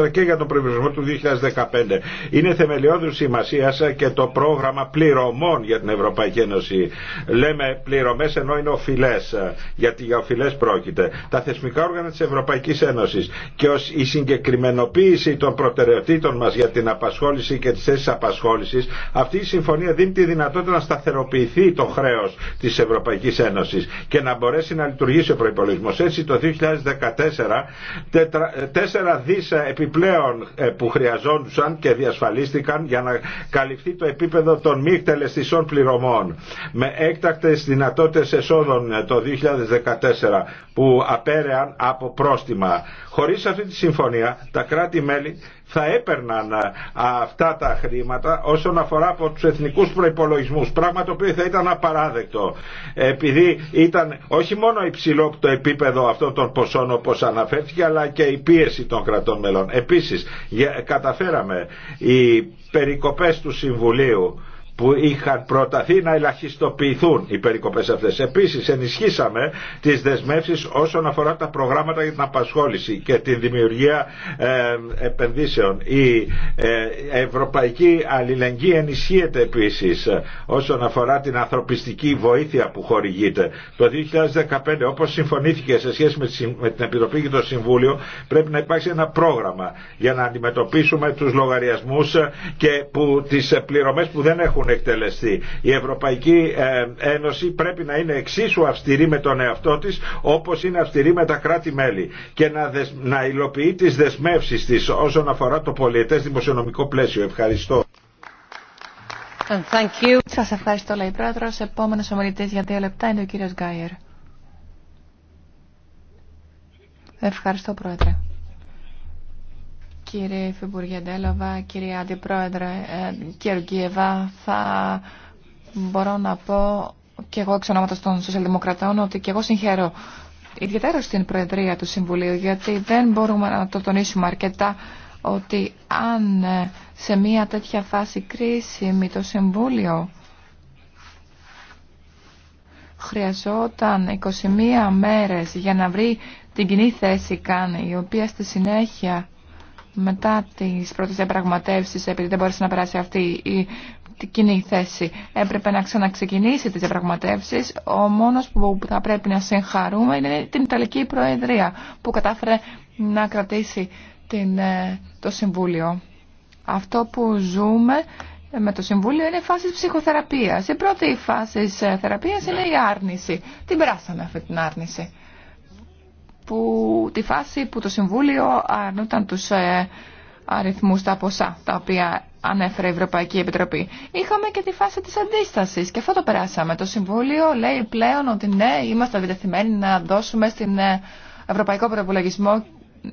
2014 και για τον προϋπολογισμό του 2015. Είναι θεμελιώδου σημασία και το πρόγραμμα πληρωμών για την Ευρωπαϊκή Ένωση. Λέμε πληρωμές ενώ είναι οφειλές, γιατί για οφειλές πρόκειται. Τα θεσμικά όργανα της Ευρωπαϊκής Ένωσης και ως η συγκεκριμενοποίηση των προτεραιοτήτων μας για την απασχόληση και τις απασχόλησης, αυτή η συμφωνία δίνει τη δυνατότητα να σταθεροποιηθεί το χρέος της Ευρωπαϊκής Ένωσης και να μπορέσει να λειτουργήσει ο προπολογισμό. Έτσι το 2014 τέσσερα δις επιπλέον ε, που χρειαζόντουσαν και διασφαλίστηκαν για να καλυφθεί το επίπεδο των μη εκτελεστησών πληρωμών με έκτακτες δυνατότητες εσόδων ε, το 2014 που απέρεαν από πρόστιμα. Χωρίς αυτή τη συμφωνία τα κράτη-μέλη θα έπαιρναν ε, αυτά τα χρήματα όσον αφορά από τους εθνικούς προϋπολογισμούς, πράγμα το οποίο θα ήταν απαράδεκτο, επειδή ήταν όχι μόνο υψηλό το επίπεδο αυτών των ποσών όπως αναφέρθηκε, αλλά και η πίεση των κρατών μελών. Επίσης, καταφέραμε οι περικοπές του Συμβουλίου που είχαν προταθεί να ελαχιστοποιηθούν οι περικοπές αυτές. Επίσης ενισχύσαμε τις δεσμεύσεις όσον αφορά τα προγράμματα για την απασχόληση και την δημιουργία ε, επενδύσεων. Η ε, ευρωπαϊκή αλληλεγγύη ενισχύεται επίσης ε, όσον αφορά την ανθρωπιστική βοήθεια που χορηγείται. Το 2015 όπως συμφωνήθηκε σε σχέση με την Επιτροπή και το Συμβούλιο πρέπει να υπάρξει ένα πρόγραμμα για να αντιμετωπίσουμε τους λογαριασμού και που, που δεν έχουν έχουν εκτελεστεί. Η Ευρωπαϊκή ε, Ένωση πρέπει να είναι εξίσου αυστηρή με τον εαυτό της όπως είναι αυστηρή με τα κράτη-μέλη και να, δεσ... να υλοποιεί τις δεσμεύσεις της όσον αφορά το πολιετέ δημοσιονομικό πλαίσιο. Ευχαριστώ. Thank Σας ευχαριστώ, λέει πρόεδρος. Επόμενος ομιλητής για δύο λεπτά είναι ο κύριος Γκάιερ. Ευχαριστώ, πρόεδρε. Κύριε Φιμπουργέ Ντέλοβα, κύριε Αντιπρόεδρε ε, Γκίεβα, θα μπορώ να πω και εγώ εξ ονόματος των Σοσιαλδημοκρατών ότι και εγώ συγχαίρω ιδιαίτερα στην Προεδρία του Συμβουλίου γιατί δεν μπορούμε να το τονίσουμε αρκετά ότι αν ε, σε μια τέτοια φάση κρίσιμη το Συμβούλιο χρειαζόταν 21 μέρες για να βρει την κοινή θέση καν η οποία στη συνέχεια μετά τις πρώτες διαπραγματεύσει, επειδή δεν μπόρεσε να περάσει αυτή η κοινή θέση, έπρεπε να ξαναξεκινήσει τις διαπραγματεύσεις. Ο μόνος που θα πρέπει να συγχαρούμε είναι την Ιταλική Προεδρία, που κατάφερε να κρατήσει την, ε, το Συμβούλιο. Αυτό που ζούμε με το Συμβούλιο είναι φάση ψυχοθεραπείας. Η πρώτη φάση ε, θεραπείας είναι η άρνηση. Την περάσαμε αυτή την άρνηση που, τη φάση που το Συμβούλιο αρνούταν τους ε, αριθμούς, τα ποσά τα οποία ανέφερε η Ευρωπαϊκή Επιτροπή. Είχαμε και τη φάση της αντίστασης και αυτό το περάσαμε. Το Συμβούλιο λέει πλέον ότι ναι, είμαστε διτεθειμένοι να δώσουμε στην ε, Ευρωπαϊκό Προπολογισμό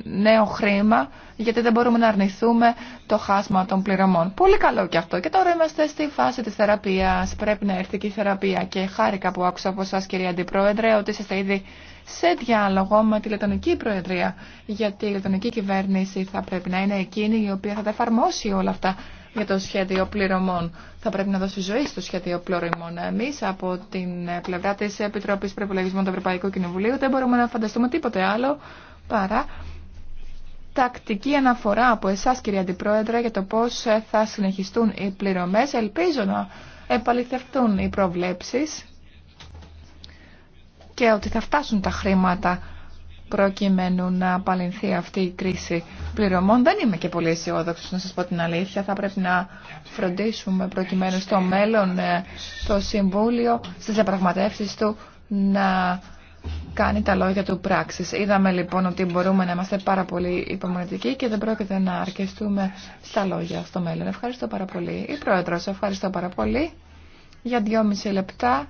νέο χρήμα, γιατί δεν μπορούμε να αρνηθούμε το χάσμα των πληρωμών. Πολύ καλό και αυτό. Και τώρα είμαστε στη φάση της θεραπείας. Πρέπει να έρθει και η θεραπεία. Και χάρηκα που άκουσα από εσάς, κυρία Αντιπρόεδρε, ότι είστε ήδη σε διάλογο με τη Λετωνική Προεδρία. Γιατί η Λετωνική Κυβέρνηση θα πρέπει να είναι εκείνη η οποία θα τα εφαρμόσει όλα αυτά για το σχέδιο πληρωμών. Θα πρέπει να δώσει ζωή στο σχέδιο πληρωμών. Εμεί από την πλευρά τη Επιτροπή Προπολογισμών του Ευρωπαϊκού Κοινοβουλίου δεν μπορούμε να φανταστούμε τίποτε άλλο παρά τακτική αναφορά από εσάς κύριε Αντιπρόεδρε για το πώς ε, θα συνεχιστούν οι πληρωμές. Ελπίζω να επαληθευτούν οι προβλέψεις και ότι θα φτάσουν τα χρήματα προκειμένου να απαλληλθεί αυτή η κρίση πληρωμών. Δεν είμαι και πολύ αισιόδοξο να σας πω την αλήθεια. Θα πρέπει να φροντίσουμε προκειμένου στο μέλλον ε, το Συμβούλιο στις διαπραγματεύσεις του να κάνει τα λόγια του πράξης. Είδαμε λοιπόν ότι μπορούμε να είμαστε πάρα πολύ υπομονετικοί και δεν πρόκειται να αρκεστούμε στα λόγια στο μέλλον. Ευχαριστώ πάρα πολύ. Η Πρόεδρος, ευχαριστώ πάρα πολύ. Για δυόμιση λεπτά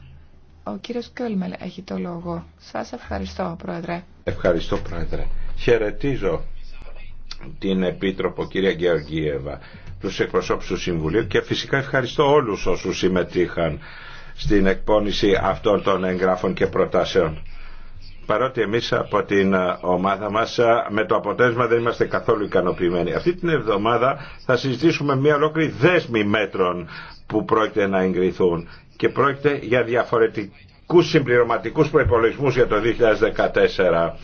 ο κύριος Κιόλμελ έχει το λόγο. Σας ευχαριστώ Πρόεδρε. Ευχαριστώ Πρόεδρε. Χαιρετίζω την Επίτροπο κυρία Γεωργίευα, τους εκπροσώπους του Συμβουλίου και φυσικά ευχαριστώ όλους όσους συμμετείχαν στην εκπόνηση αυτών των εγγράφων και προτάσεων παρότι εμείς από την ε, ομάδα μας ε, με το αποτέλεσμα δεν είμαστε καθόλου ικανοποιημένοι. Αυτή την εβδομάδα θα συζητήσουμε μια ολόκληρη δέσμη μέτρων που πρόκειται να εγκριθούν και πρόκειται για διαφορετικούς συμπληρωματικούς προϋπολογισμούς για το 2014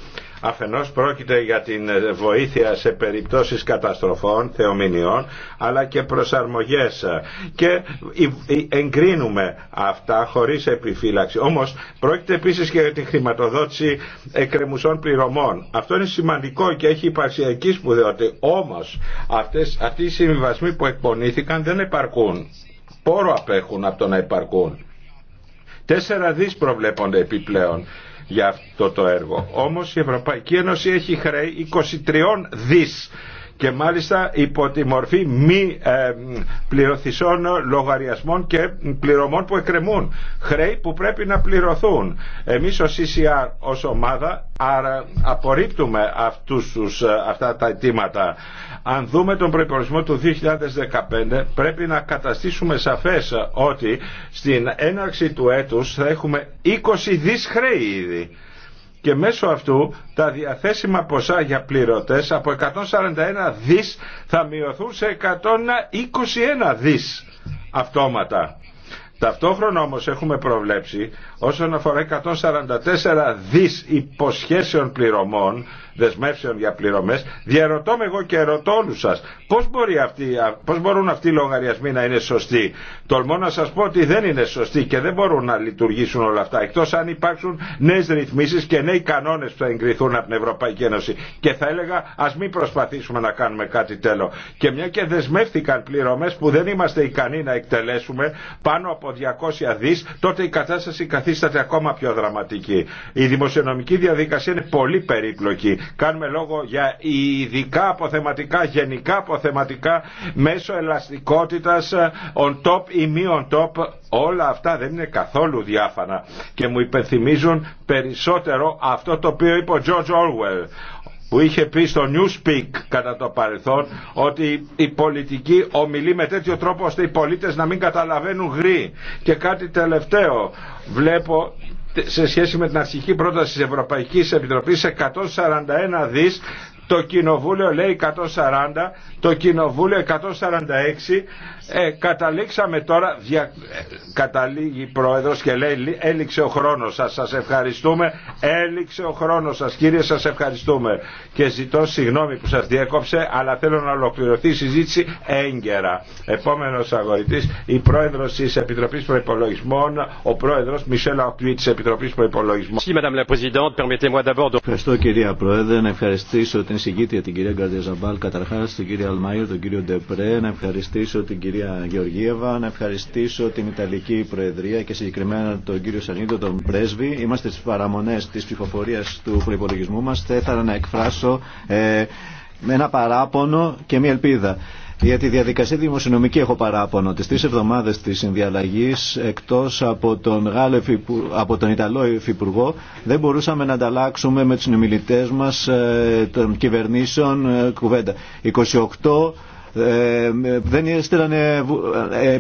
Αφενός πρόκειται για την ε, βοήθεια σε περιπτώσεις καταστροφών, θεομηνιών, αλλά και προσαρμογές. Και εγκρίνουμε αυτά χωρίς επιφύλαξη. Όμως πρόκειται επίσης και για την χρηματοδότηση εκκρεμουσών πληρωμών. Αυτό είναι σημαντικό και έχει υπαρξιακή σπουδαιότητα. Όμως αυτές, αυτοί οι συμβιβασμοί που εκπονήθηκαν δεν επαρκούν. Πόρο απέχουν από το να επαρκούν. Τέσσερα δις προβλέπονται επιπλέον για αυτό το έργο. Όμως η Ευρωπαϊκή Ένωση έχει χρέη 23 δις και μάλιστα υπό τη μορφή μη ε, λογαριασμών και πληρωμών που εκκρεμούν. Χρέη που πρέπει να πληρωθούν. Εμείς ως CCR ως ομάδα άρα απορρίπτουμε αυτούς τους, ε, αυτά τα αιτήματα. Αν δούμε τον προϋπολογισμό του 2015 πρέπει να καταστήσουμε σαφές ότι στην έναρξη του έτους θα έχουμε 20 δις χρέη ήδη και μέσω αυτού τα διαθέσιμα ποσά για πληρωτές από 141 δις θα μειωθούν σε 121 δις αυτόματα. Ταυτόχρονα όμως έχουμε προβλέψει όσον αφορά 144 δις υποσχέσεων πληρωμών, δεσμεύσεων για πληρωμές, διαρωτώ με εγώ και ερωτώ όλους σας πώς, μπορεί αυτοί, πώς μπορούν αυτοί οι λογαριασμοί να είναι σωστοί. Τολμώ να σας πω ότι δεν είναι σωστοί και δεν μπορούν να λειτουργήσουν όλα αυτά εκτός αν υπάρξουν νέες ρυθμίσεις και νέοι κανόνες που θα εγκριθούν από την Ευρωπαϊκή Ένωση. Και θα έλεγα ας μην προσπαθήσουμε να κάνουμε κάτι τέλο. Και μια και δεσμεύτηκαν πληρωμές που δεν είμαστε ικανοί να εκτελέσουμε πάνω από από 200 δις, τότε η κατάσταση καθίσταται ακόμα πιο δραματική. Η δημοσιονομική διαδικασία είναι πολύ περίπλοκη. Κάνουμε λόγο για ειδικά αποθεματικά, γενικά αποθεματικά, μέσω ελαστικότητας, on top ή μη on top, όλα αυτά δεν είναι καθόλου διάφανα και μου υπενθυμίζουν περισσότερο αυτό το οποίο είπε ο George Orwell που είχε πει στο Newspeak κατά το παρελθόν ότι η πολιτική ομιλεί με τέτοιο τρόπο ώστε οι πολίτες να μην καταλαβαίνουν γρή. Και κάτι τελευταίο βλέπω σε σχέση με την αρχική πρόταση της Ευρωπαϊκής Επιτροπής 141 δις το κοινοβούλιο λέει 140, το κοινοβούλιο 146 ε, καταλήξαμε τώρα, δια... Ε, καταλήγει πρόεδρος και λέει έληξε ο χρόνος σας, σας ευχαριστούμε, έληξε ο χρόνος σας κύριε σας ευχαριστούμε και ζητώ συγγνώμη που σας διέκοψε αλλά θέλω να ολοκληρωθεί η συζήτηση έγκαιρα. Επόμενος αγορητής, η πρόεδρος της Επιτροπής Προϋπολογισμών, ο πρόεδρος Μισελ Ακτουή της Επιτροπής Προϋπολογισμών. Ευχαριστώ κυρία Πρόεδρε, να ευχαριστήσω την συγκήτρια την κυρία Γκαρδιαζαμπάλ, καταρχάς τον κύριο Αλμαΐρ, τον κύριο Ντεπρέ, να ευχαριστήσω την κυρία κυρία Γεωργίευα, να ευχαριστήσω την Ιταλική Προεδρία και συγκεκριμένα τον κύριο Σανίδο, τον πρέσβη. Είμαστε στις παραμονέ της ψηφοφορία του προπολογισμού μας. Θα ήθελα να εκφράσω ε, με ένα παράπονο και μια ελπίδα. Για τη διαδικασία δημοσιονομική έχω παράπονο. Τις τρεις εβδομάδες της συνδιαλλαγής, εκτός από τον, Γάλλο, από τον Ιταλό Υφυπουργό, δεν μπορούσαμε να ανταλλάξουμε με τους συνομιλητές μας ε, των κυβερνήσεων ε, κουβέντα. 28 ε, δεν έστειλαν ε,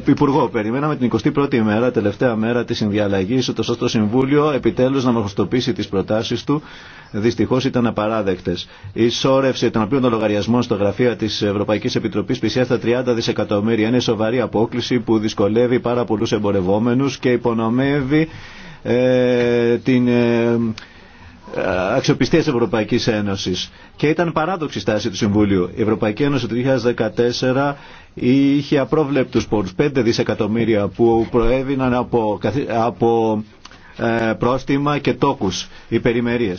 υπουργό. Περιμέναμε την 21η μέρα, τελευταία μέρα τη συνδιαλλαγή, ούτω ώστε το Συμβούλιο επιτέλου να μορφωστοποιήσει τι προτάσει του. Δυστυχώ ήταν απαράδεκτε. Η σώρευση των οποίων των λογαριασμών στο γραφείο τη Ευρωπαϊκή Επιτροπή των λογαριασμων στο γραφειο τη ευρωπαικη επιτροπη πλησιαζει στα 30 δισεκατομμύρια είναι σοβαρή απόκληση που δυσκολεύει πάρα πολλού εμπορευόμενου και υπονομεύει ε, την. Ε, αξιοπιστία Ευρωπαϊκής Ένωσης και ήταν παράδοξη στάση του Συμβουλίου. Η Ευρωπαϊκή Ένωση το 2014 είχε απρόβλεπτους πόρους 5 δισεκατομμύρια που προέβηναν από, από ε, πρόστιμα και τόκους, υπερημερίε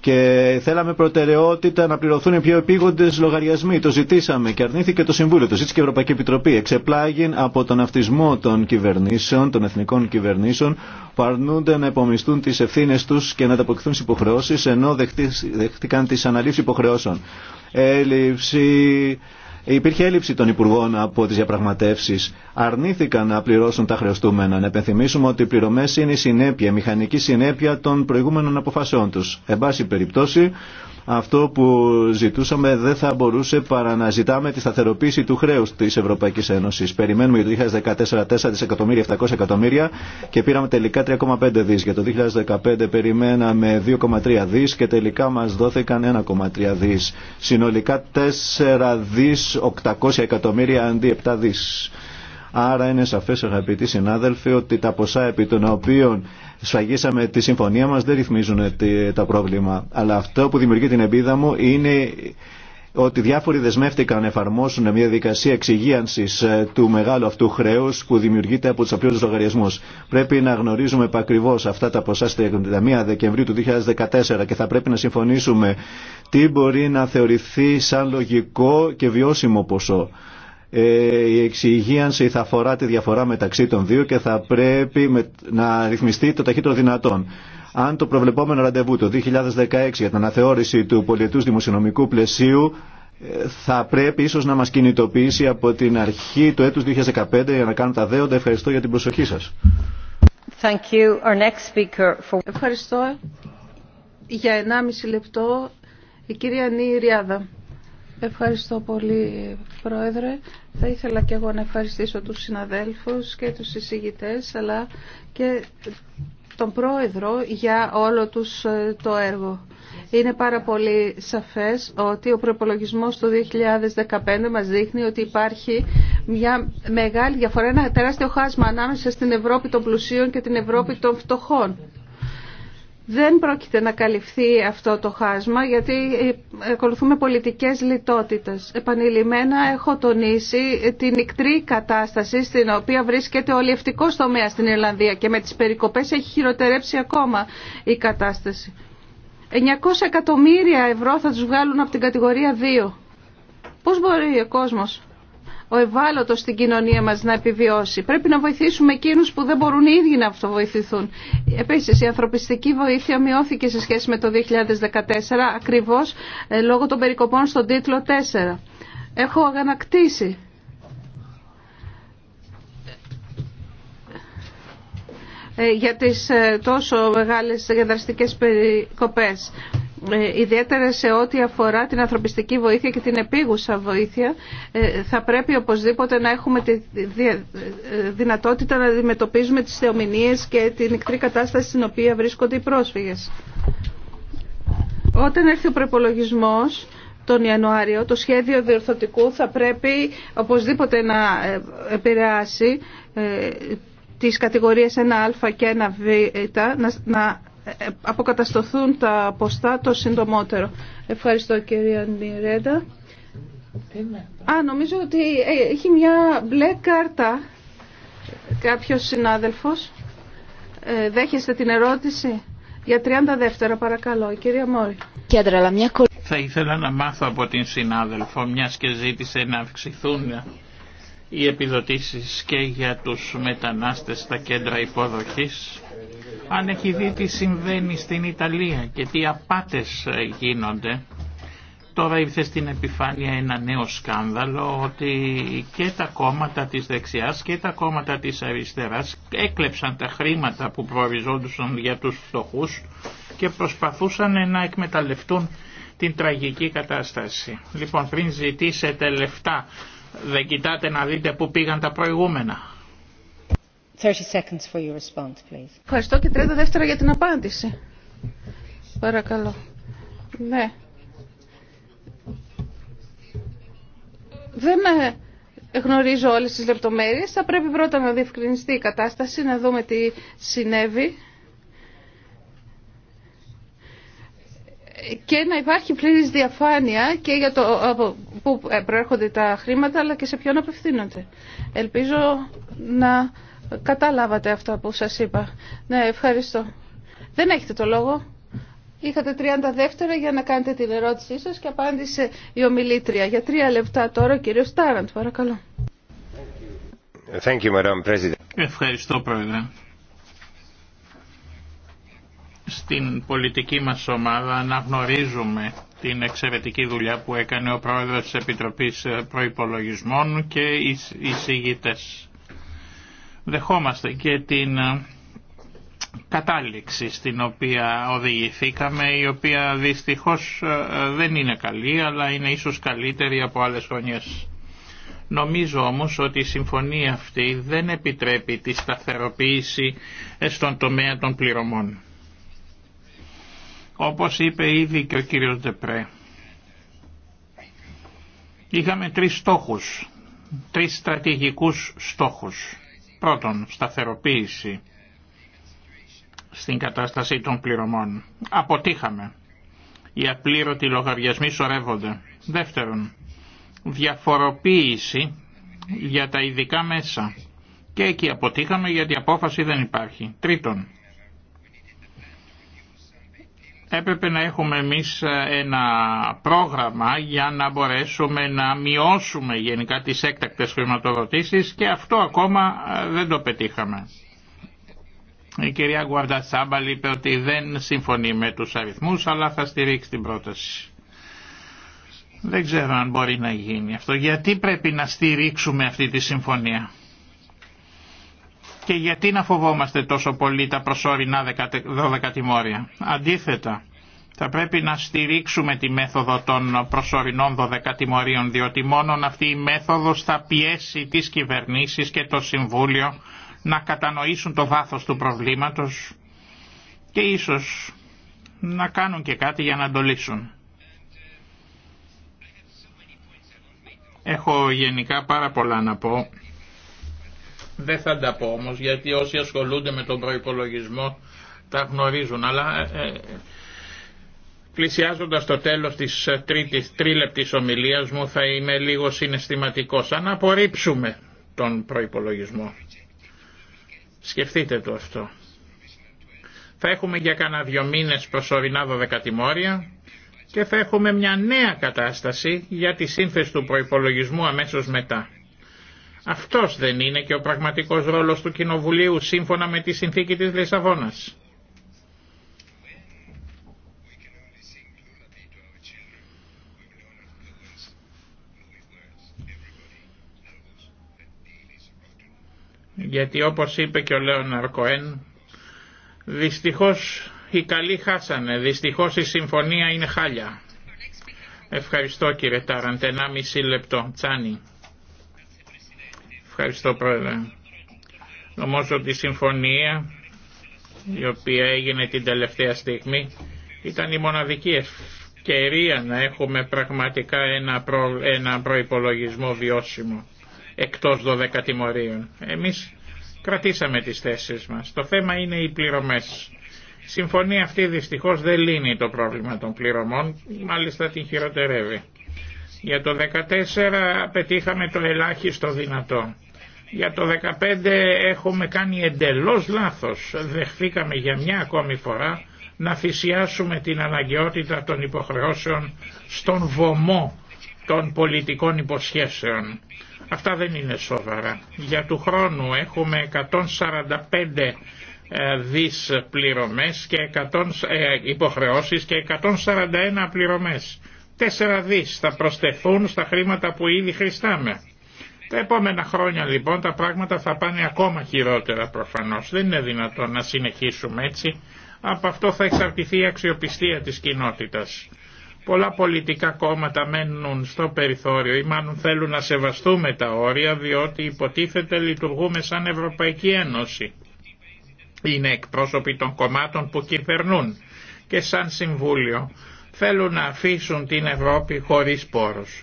και θέλαμε προτεραιότητα να πληρωθούν οι πιο επίγοντε λογαριασμοί. Το ζητήσαμε και αρνήθηκε το Συμβούλιο, το ζήτησε και η Ευρωπαϊκή Επιτροπή. Εξεπλάγει από τον αυτισμό των κυβερνήσεων, των εθνικών κυβερνήσεων, που αρνούνται να υπομισθούν τι ευθύνε του και να ανταποκριθούν στι υποχρεώσει, ενώ δεχτήκαν τι αναλήψει υποχρεώσεων. Έλλειψη Υπήρχε έλλειψη των Υπουργών από τι διαπραγματεύσει. Αρνήθηκαν να πληρώσουν τα χρεωστούμενα. Να επενθυμίσουμε ότι οι πληρωμέ είναι η συνέπεια, η μηχανική συνέπεια των προηγούμενων αποφάσεών του. Εν πάση περιπτώσει, αυτό που ζητούσαμε δεν θα μπορούσε παρά να ζητάμε τη σταθεροποίηση του χρέου τη Ευρωπαϊκή Ένωση. Περιμένουμε για το 2014 4 δισεκατομμύρια, 700 εκατομμύρια και πήραμε τελικά 3,5 δι. Για το 2015 περιμέναμε 2,3 δι και τελικά μα δόθηκαν 1,3 δι. Συνολικά 4 δι 800 εκατομμύρια αντί 7 δι. Άρα είναι σαφές αγαπητοί συνάδελφοι ότι τα ποσά επί των οποίων σφαγίσαμε τη συμφωνία μας, δεν ρυθμίζουν τα πρόβλημα. Αλλά αυτό που δημιουργεί την εμπίδα μου είναι ότι διάφοροι δεσμεύτηκαν να εφαρμόσουν μια δικασία εξυγίανση ε, του μεγάλου αυτού χρέου που δημιουργείται από του απλού λογαριασμού. Πρέπει να γνωρίζουμε επακριβώ αυτά τα ποσά στη 31 Δεκεμβρίου του 2014 και θα πρέπει να συμφωνήσουμε τι μπορεί να θεωρηθεί σαν λογικό και βιώσιμο ποσό. Ε, η εξυγίανση θα αφορά τη διαφορά μεταξύ των δύο και θα πρέπει να ρυθμιστεί το ταχύτερο δυνατόν. Αν το προβλεπόμενο ραντεβού το 2016 για την αναθεώρηση του πολιετούς δημοσιονομικού πλαισίου ε, θα πρέπει ίσως να μας κινητοποιήσει από την αρχή του έτους 2015 για να κάνουμε τα δέοντα. Ευχαριστώ για την προσοχή σας. Thank you. Our next speaker for... Ευχαριστώ. Για 1,5 λεπτό η κυρία Νίη Ριάδα. Ευχαριστώ πολύ, Πρόεδρε. Θα ήθελα και εγώ να ευχαριστήσω τους συναδέλφους και τους συζητητές, αλλά και τον Πρόεδρο για όλο τους ε, το έργο. Είναι πάρα πολύ σαφές ότι ο προπολογισμός του 2015 μας δείχνει ότι υπάρχει μια μεγάλη διαφορά, ένα τεράστιο χάσμα ανάμεσα στην Ευρώπη των πλουσίων και την Ευρώπη των φτωχών δεν πρόκειται να καλυφθεί αυτό το χάσμα γιατί ακολουθούμε πολιτικές λιτότητες. Επανειλημμένα έχω τονίσει την νικτρή κατάσταση στην οποία βρίσκεται ο λιευτικός τομέας στην Ιρλανδία και με τις περικοπές έχει χειροτερέψει ακόμα η κατάσταση. 900 εκατομμύρια ευρώ θα τους βγάλουν από την κατηγορία 2. Πώς μπορεί ο κόσμος ο ευάλωτο στην κοινωνία μα να επιβιώσει. Πρέπει να βοηθήσουμε εκείνου που δεν μπορούν οι ίδιοι να αυτοβοηθηθούν. Επίση, η ανθρωπιστική βοήθεια μειώθηκε σε σχέση με το 2014 ακριβώ ε, λόγω των περικοπών στον τίτλο 4. Έχω αγανακτήσει. Ε, για τις ε, τόσο μεγάλες διαδραστικές περικοπές. Ε, ιδιαίτερα σε ό,τι αφορά την ανθρωπιστική βοήθεια και την επίγουσα βοήθεια, ε, θα πρέπει οπωσδήποτε να έχουμε τη ε, δυνατότητα να αντιμετωπίζουμε τις θεομηνίες και την εκτρή κατάσταση στην οποία βρίσκονται οι πρόσφυγες. Όταν έρθει ο προπολογισμό τον Ιανουάριο, το σχέδιο διορθωτικού θα πρέπει οπωσδήποτε να επηρεάσει τις κατηγορίες 1α και 1β να αποκατασταθούν τα ποστά το συντομότερο. Ευχαριστώ κυρία Νιρέντα. Α, νομίζω ότι ε, έχει μια μπλε κάρτα κάποιος συνάδελφος. Ε, δέχεστε την ερώτηση. Για 30 δεύτερα παρακαλώ, η κυρία Μόρη. Θα ήθελα να μάθω από την συνάδελφο, μιας και ζήτησε να αυξηθούν οι επιδοτήσεις και για τους μετανάστες στα κέντρα υποδοχής αν έχει δει τι συμβαίνει στην Ιταλία και τι απάτες ε, γίνονται, τώρα ήρθε στην επιφάνεια ένα νέο σκάνδαλο ότι και τα κόμματα της δεξιάς και τα κόμματα της αριστεράς έκλεψαν τα χρήματα που προοριζόντουσαν για τους φτωχούς και προσπαθούσαν να εκμεταλλευτούν την τραγική κατάσταση. Λοιπόν, πριν ζητήσετε λεφτά, δεν κοιτάτε να δείτε πού πήγαν τα προηγούμενα. Ευχαριστώ και 30 δεύτερα για την απάντηση. Παρακαλώ. Ναι. Δεν ε, γνωρίζω όλες τις λεπτομέρειες. Θα πρέπει πρώτα να διευκρινιστεί η κατάσταση, να δούμε τι συνέβη. και να υπάρχει πλήρης διαφάνεια και για το από πού προέρχονται τα χρήματα αλλά και σε ποιον απευθύνονται. Ελπίζω να Κατάλαβατε αυτό που σας είπα. Ναι, ευχαριστώ. Δεν έχετε το λόγο. Είχατε 30 δεύτερα για να κάνετε την ερώτησή σας και απάντησε η ομιλήτρια. Για τρία λεπτά τώρα ο κύριος Τάραντ, παρακαλώ. Thank you, Madam President. Ευχαριστώ, Πρόεδρε. Στην πολιτική μας ομάδα αναγνωρίζουμε την εξαιρετική δουλειά που έκανε ο Πρόεδρος της Επιτροπής Προϋπολογισμών και οι συγγητές Δεχόμαστε και την ε, κατάληξη στην οποία οδηγηθήκαμε, η οποία δυστυχώς ε, ε, δεν είναι καλή, αλλά είναι ίσως καλύτερη από άλλες χρονιές. Νομίζω όμως ότι η συμφωνία αυτή δεν επιτρέπει τη σταθεροποίηση στον τομέα των πληρωμών. Όπως είπε ήδη και ο κύριος Ντεπρέ, είχαμε τρεις στόχους, τρεις στρατηγικούς στόχους Πρώτον, σταθεροποίηση στην κατάσταση των πληρωμών. Αποτύχαμε. Οι απλήρωτοι λογαριασμοί σωρεύονται. Δεύτερον, διαφοροποίηση για τα ειδικά μέσα. Και εκεί αποτύχαμε γιατί απόφαση δεν υπάρχει. Τρίτον, έπρεπε να έχουμε εμείς ε, ένα πρόγραμμα για να μπορέσουμε να μειώσουμε γενικά τις έκτακτες χρηματοδοτήσεις και αυτό ακόμα ε, δεν το πετύχαμε. Η κυρία Γουαρντασάμπαλ είπε ότι δεν συμφωνεί με τους αριθμούς αλλά θα στηρίξει την πρόταση. Δεν ξέρω αν μπορεί να γίνει αυτό. Γιατί πρέπει να στηρίξουμε αυτή τη συμφωνία και γιατί να φοβόμαστε τόσο πολύ τα προσωρινά 12 Αντίθετα, θα πρέπει να στηρίξουμε τη μέθοδο των προσωρινών 12 τιμωρίων, διότι μόνο αυτή η μέθοδος θα πιέσει τις κυβερνήσεις και το Συμβούλιο να κατανοήσουν το βάθος του προβλήματος και ίσως να κάνουν και κάτι για να το λύσουν. Έχω γενικά πάρα πολλά να πω δεν θα τα πω όμω, γιατί όσοι ασχολούνται με τον προϋπολογισμό τα γνωρίζουν. Αλλά ε, ε το τέλος της ε, τρίτης, τρίλεπτης ομιλίας μου θα είμαι λίγο συναισθηματικό. Αν απορρίψουμε τον προϋπολογισμό. Σκεφτείτε το αυτό. Θα έχουμε για κανένα δυο μήνε προσωρινά δωδεκατημόρια και θα έχουμε μια νέα κατάσταση για τη σύνθεση του προπολογισμού αμέσω μετά. Αυτός δεν είναι και ο πραγματικός ρόλος του Κοινοβουλίου σύμφωνα με τη συνθήκη της Λισαβόνας. Γιατί όπως είπε και ο Λέων Αρκοέν δυστυχώς οι καλοί χάσανε, δυστυχώς η συμφωνία είναι χάλια. Ευχαριστώ κύριε Τάραντ, μισή λεπτό, τσάνι. Ευχαριστώ πρόεδρε. Νομίζω ότι η συμφωνία η οποία έγινε την τελευταία στιγμή ήταν η μοναδική ευκαιρία να έχουμε πραγματικά ένα, προ, ένα προϋπολογισμό βιώσιμο εκτός 12 τιμωρίων. Εμείς κρατήσαμε τις θέσεις μας. Το θέμα είναι οι πληρωμές. Η συμφωνία αυτή δυστυχώς δεν λύνει το πρόβλημα των πληρωμών, μάλιστα την χειροτερεύει. Για το 2014 πετύχαμε το ελάχιστο δυνατό. Για το 2015 έχουμε κάνει εντελώς λάθος. Δεχθήκαμε για μια ακόμη φορά να θυσιάσουμε την αναγκαιότητα των υποχρεώσεων στον βωμό των πολιτικών υποσχέσεων. Αυτά δεν είναι σοβαρά. Για του χρόνου έχουμε 145 ε, δις πληρωμές και 100, ε, υποχρεώσεις και 141 πληρωμές. Τέσσερα δις θα προσθεθούν στα χρήματα που ήδη χρηστάμε. Τα επόμενα χρόνια λοιπόν τα πράγματα θα πάνε ακόμα χειρότερα προφανώς. Δεν είναι δυνατόν να συνεχίσουμε έτσι. Από αυτό θα εξαρτηθεί η αξιοπιστία της κοινότητας. Πολλά πολιτικά κόμματα μένουν στο περιθώριο ή μάλλον θέλουν να σεβαστούμε τα όρια διότι υποτίθεται λειτουργούμε σαν Ευρωπαϊκή Ένωση. Είναι εκπρόσωποι των κομμάτων που κυβερνούν και σαν Συμβούλιο θέλουν να αφήσουν την Ευρώπη χωρίς πόρους.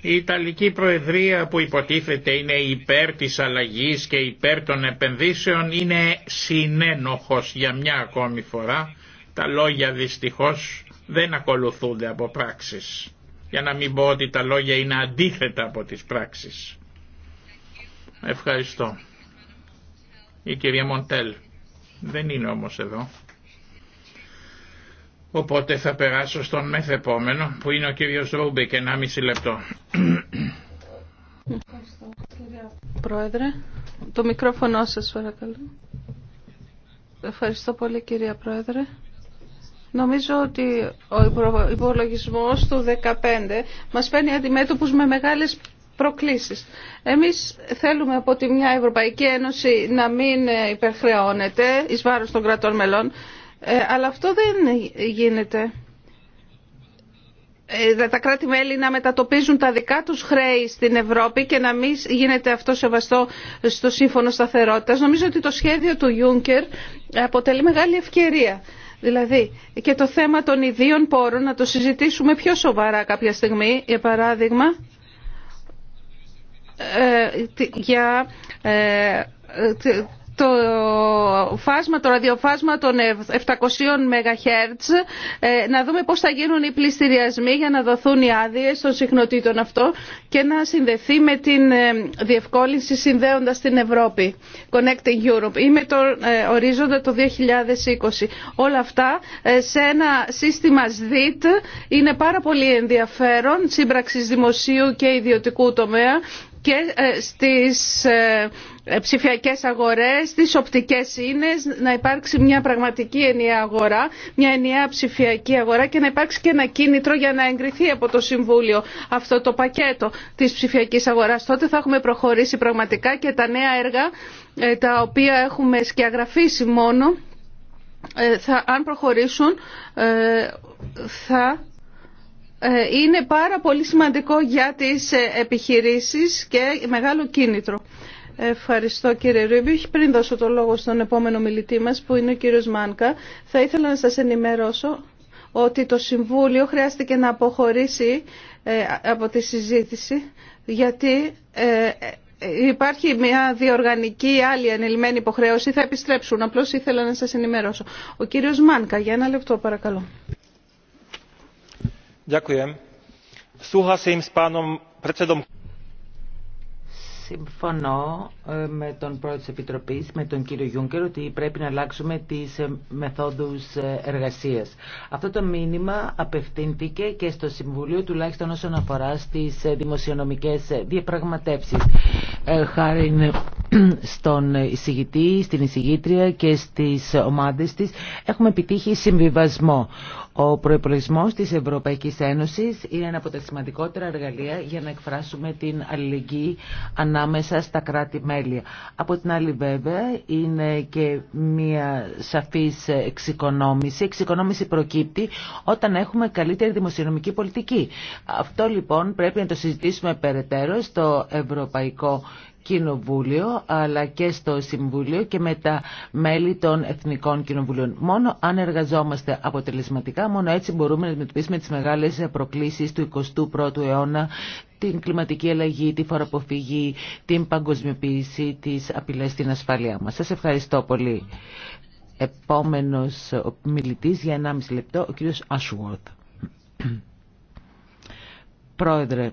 Η Ιταλική Προεδρία που υποτίθεται είναι υπέρ της αλλαγής και υπέρ των επενδύσεων είναι συνένοχος για μια ακόμη φορά. Τα λόγια δυστυχώς δεν ακολουθούνται από πράξεις. Για να μην πω ότι τα λόγια είναι αντίθετα από τις πράξεις. Ευχαριστώ. Η κυρία Μοντέλ δεν είναι όμως εδώ. Οπότε θα περάσω στον μεθεπόμενο που είναι ο κύριος Ρούμπεκ. 1,5 λεπτό. Ευχαριστώ, κύριε Πρόεδρε. Το μικρόφωνο σας παρακαλώ. Ευχαριστώ πολύ κυρία Πρόεδρε. Νομίζω ότι ο υπολογισμός του 2015 μας φαίνει αντιμέτωπους με μεγάλες προκλήσεις. Εμείς θέλουμε από τη μια Ευρωπαϊκή Ένωση να μην υπερχρεώνεται εις βάρος των κρατών μελών ε, αλλά αυτό δεν γίνεται. Ε, τα κράτη-μέλη να μετατοπίζουν τα δικά τους χρέη στην Ευρώπη και να μην γίνεται αυτό σεβαστό στο σύμφωνο σταθερότητας. Νομίζω ότι το σχέδιο του Juncker αποτελεί μεγάλη ευκαιρία. Δηλαδή και το θέμα των ιδίων πόρων να το συζητήσουμε πιο σοβαρά κάποια στιγμή, για παράδειγμα, ε, για το φάσμα, το ραδιοφάσμα των 700 MHz, ε, να δούμε πώς θα γίνουν οι πληστηριασμοί για να δοθούν οι άδειε των συχνοτήτων αυτό και να συνδεθεί με την ε, διευκόλυνση συνδέοντας την Ευρώπη, Connecting Europe, ή με τον ε, ορίζοντα το 2020. Όλα αυτά σε ένα σύστημα SDIT είναι πάρα πολύ ενδιαφέρον, σύμπραξης δημοσίου και ιδιωτικού τομέα και στις ε, ψηφιακές αγορές, τις οπτικές είναι να υπάρξει μια πραγματική ενιαία αγορά, μια ενιαία ψηφιακή αγορά και να υπάρξει και ένα κίνητρο για να εγκριθεί από το Συμβούλιο αυτό το πακέτο της ψηφιακής αγοράς. Τότε θα έχουμε προχωρήσει πραγματικά και τα νέα έργα ε, τα οποία έχουμε σκιαγραφίσει μόνο, ε, θα, αν προχωρήσουν, θα είναι πάρα πολύ σημαντικό για τις επιχειρήσεις και μεγάλο κίνητρο. Ευχαριστώ κύριε Ρούμπιχ. Πριν δώσω το λόγο στον επόμενο μιλητή μας που είναι ο κύριος Μάνκα, θα ήθελα να σας ενημερώσω ότι το Συμβούλιο χρειάστηκε να αποχωρήσει ε, από τη συζήτηση γιατί ε, υπάρχει μια διοργανική άλλη ανελημένη υποχρέωση, θα επιστρέψουν. απλώ ήθελα να σας ενημερώσω. Ο κύριος Μάνκα, για ένα λεπτό παρακαλώ. Συμφωνώ ε, με τον πρόεδρο της Επιτροπής, με τον κύριο Γιούγκερ, ότι πρέπει να αλλάξουμε τις ε, μεθόδους ε, εργασίας. Αυτό το μήνυμα απευθύνθηκε και στο Συμβουλίο, τουλάχιστον όσον αφορά στις δημοσιονομικές διαπραγματεύσεις. Χάρη στον εισηγητή, στην εισηγήτρια και στις ομάδες της, έχουμε επιτύχει συμβιβασμό. Ο προϋπολογισμός της Ευρωπαϊκής Ένωσης είναι ένα από τα σημαντικότερα εργαλεία για να εκφράσουμε την αλληλεγγύη ανάμεσα στα κράτη-μέλη. Από την άλλη βέβαια είναι και μια σαφής εξοικονόμηση. εξοικονόμηση προκύπτει όταν έχουμε καλύτερη δημοσιονομική πολιτική. Αυτό λοιπόν πρέπει να το συζητήσουμε περαιτέρω στο Ευρωπαϊκό Κοινοβούλιο αλλά και στο Συμβούλιο και με τα μέλη των Εθνικών Κοινοβουλίων. Μόνο αν εργαζόμαστε αποτελεσματικά, μόνο έτσι μπορούμε να αντιμετωπίσουμε τις μεγάλες προκλήσεις του 21ου αιώνα, την κλιματική αλλαγή, τη φοροποφυγή, την παγκοσμιοποίηση, τις απειλές στην ασφαλεία μας. Σας ευχαριστώ πολύ. Επόμενος μιλητής για 1,5 λεπτό, ο κύριος Ashworth. Πρόεδρε,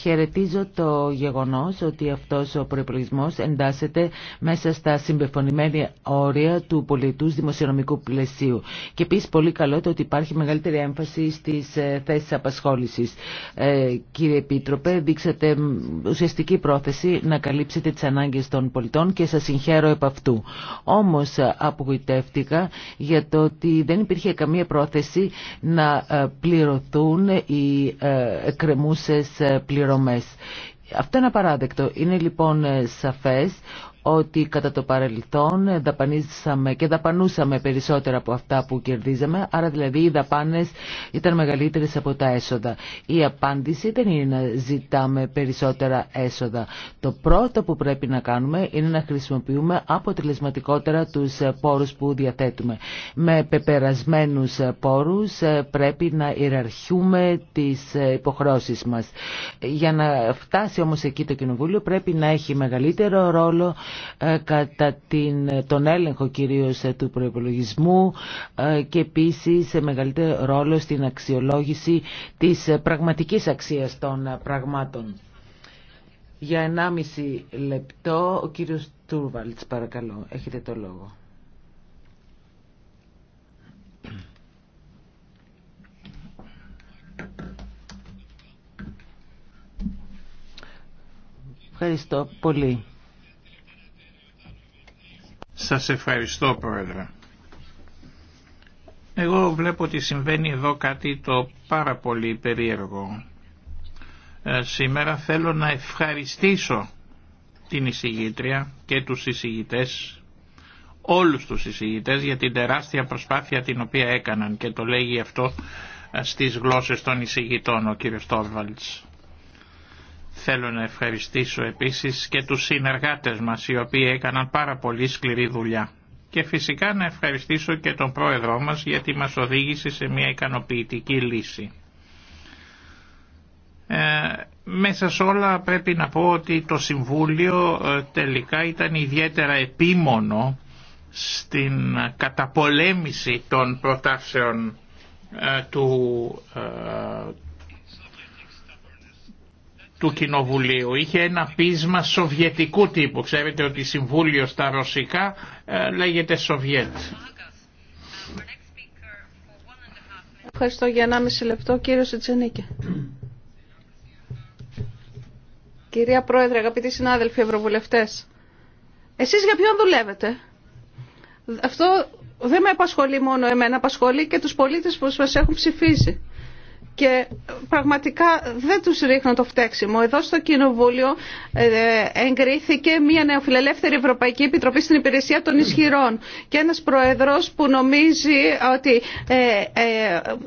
Χαιρετίζω το γεγονός ότι αυτός ο προϋπολογισμός εντάσσεται μέσα στα συμπεφωνημένη όρια του πολιτούς δημοσιονομικού πλαισίου. Και επίσης πολύ καλό το ότι υπάρχει μεγαλύτερη έμφαση στις ε, θέσεις απασχόλησης. Ε, κύριε Επίτροπε, δείξατε ουσιαστική πρόθεση να καλύψετε τις ανάγκες των πολιτών και σας συγχαίρω επ' αυτού. Όμως ε, απογοητεύτηκα για το ότι δεν υπήρχε καμία πρόθεση να ε, πληρωθούν οι εκκρεμούσες πληρωθούν πληρωμές. Αυτό είναι απαράδεκτο. Είναι λοιπόν ε, σαφές ότι κατά το παρελθόν δαπανίσαμε και δαπανούσαμε περισσότερα από αυτά που κερδίζαμε, άρα δηλαδή οι δαπάνες ήταν μεγαλύτερες από τα έσοδα. Η απάντηση δεν είναι να ζητάμε περισσότερα έσοδα. Το πρώτο που πρέπει να κάνουμε είναι να χρησιμοποιούμε αποτελεσματικότερα τους πόρους που διαθέτουμε. Με πεπερασμένους πόρους πρέπει να ιεραρχούμε τις υποχρώσεις μας. Για να φτάσει όμως εκεί το Κοινοβούλιο πρέπει να έχει μεγαλύτερο ρόλο ε, κατά την, τον έλεγχο κυρίως ε, του προϋπολογισμού ε, και επίσης σε μεγαλύτερο ρόλο στην αξιολόγηση της πραγματικής αξίας των πραγμάτων. Για 1,5 λεπτό ο κύριος Τούρβαλτς παρακαλώ. Έχετε το λόγο. Ευχαριστώ πολύ. Σας ευχαριστώ Πρόεδρε. Εγώ βλέπω ότι συμβαίνει εδώ κάτι το πάρα πολύ περίεργο. Ε, σήμερα θέλω να ευχαριστήσω την εισηγήτρια και τους εισηγητές, όλους τους εισηγητές για την τεράστια προσπάθεια την οποία έκαναν και το λέγει αυτό ε, στις γλώσσες των εισηγητών ο κύριος Τόρβαλτς. Θέλω να ευχαριστήσω επίσης και τους συνεργάτες μας οι οποίοι έκαναν πάρα πολύ σκληρή δουλειά. Και φυσικά να ευχαριστήσω και τον πρόεδρό μας γιατί μας οδήγησε σε μια ικανοποιητική λύση. Ε, μέσα σε όλα πρέπει να πω ότι το Συμβούλιο ε, τελικά ήταν ιδιαίτερα επίμονο στην καταπολέμηση των προτάσεων ε, του του Κοινοβουλίου. Είχε ένα πείσμα σοβιετικού τύπου. Ξέρετε ότι Συμβούλιο στα ρωσικά ε, λέγεται Σοβιέτ. Ευχαριστώ για 1,5 λεπτό κύριο Σιτσενίκη. Κυρία Πρόεδρε, αγαπητοί συνάδελφοι ευρωβουλευτές, εσείς για ποιον δουλεύετε. Αυτό δεν με απασχολεί μόνο εμένα, απασχολεί και τους πολίτες που σας έχουν ψηφίσει και πραγματικά δεν τους ρίχνω το φταίξιμο. Εδώ στο Κοινοβούλιο ε, εγκρίθηκε μια νεοφιλελεύθερη Ευρωπαϊκή Επιτροπή στην υπηρεσία των ισχυρών και ένας πρόεδρος που νομίζει ότι ε, ε,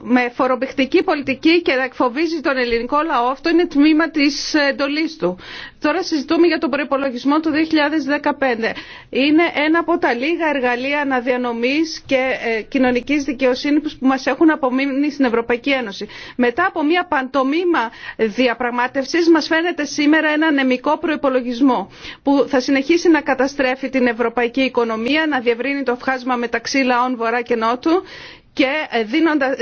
με φορομπηχτική πολιτική και να εκφοβίζει τον ελληνικό λαό αυτό είναι τμήμα της εντολής του. Τώρα συζητούμε για τον προπολογισμό του 2015. Είναι ένα από τα λίγα εργαλεία αναδιανομή και ε, κοινωνικής δικαιοσύνης που μας έχουν απομείνει στην Ευρωπαϊκή Ένωση. Μετά από μια παντομήμα διαπραγματεύση, μας φαίνεται σήμερα ένα νεμικό προπολογισμό που θα συνεχίσει να καταστρέφει την ευρωπαϊκή οικονομία, να διευρύνει το φάσμα μεταξύ λαών Βορρά και Νότου και ε,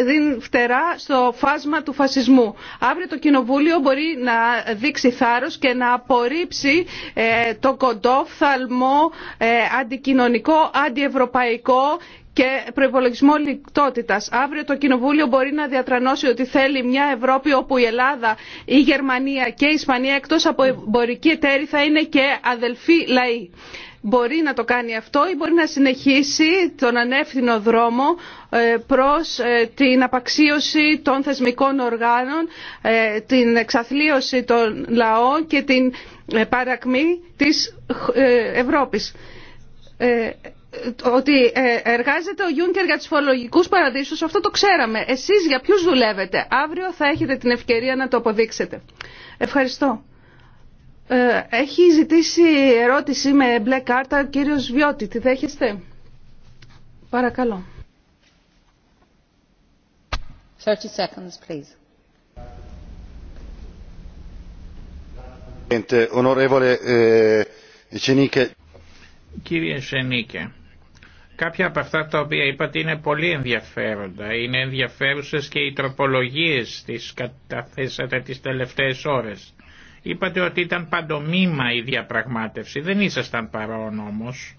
δίνουν φτερά στο φάσμα του φασισμού. Αύριο το Κοινοβούλιο μπορεί να δείξει θάρρος και να απορρίψει ε, το κοντό, φθαλμό, ε, αντικοινωνικό, αντιευρωπαϊκό και προπολογισμό λιτότητας. Αύριο το Κοινοβούλιο μπορεί να διατρανώσει ότι θέλει μια Ευρώπη όπου η Ελλάδα, η Γερμανία και η Ισπανία εκτός από εμπορική εταίρη θα είναι και αδελφοί λαοί μπορεί να το κάνει αυτό ή μπορεί να συνεχίσει τον ανεύθυνο δρόμο ε, προς ε, την απαξίωση των θεσμικών οργάνων, ε, την εξαθλίωση των λαών και την παρακμή της Ευρώπης ότι εργάζεται ο Γιούνκερ για τους φορολογικούς παραδείσους, αυτό το ξέραμε. Εσείς για ποιους δουλεύετε. Αύριο θα έχετε την ευκαιρία να το αποδείξετε. Ευχαριστώ. Ε, έχει ζητήσει ερώτηση με μπλε κάρτα ο κύριος Βιώτη. Τη δέχεστε. Παρακαλώ. 30 seconds, please. Eh, Κύριε Σενίκε, κάποια από αυτά τα οποία είπατε είναι πολύ ενδιαφέροντα. Είναι ενδιαφέρουσες και οι τροπολογίες τις καταθέσατε τις τελευταίες ώρες. Είπατε ότι ήταν παντομήμα η διαπραγμάτευση. Δεν ήσασταν παρόν όμως.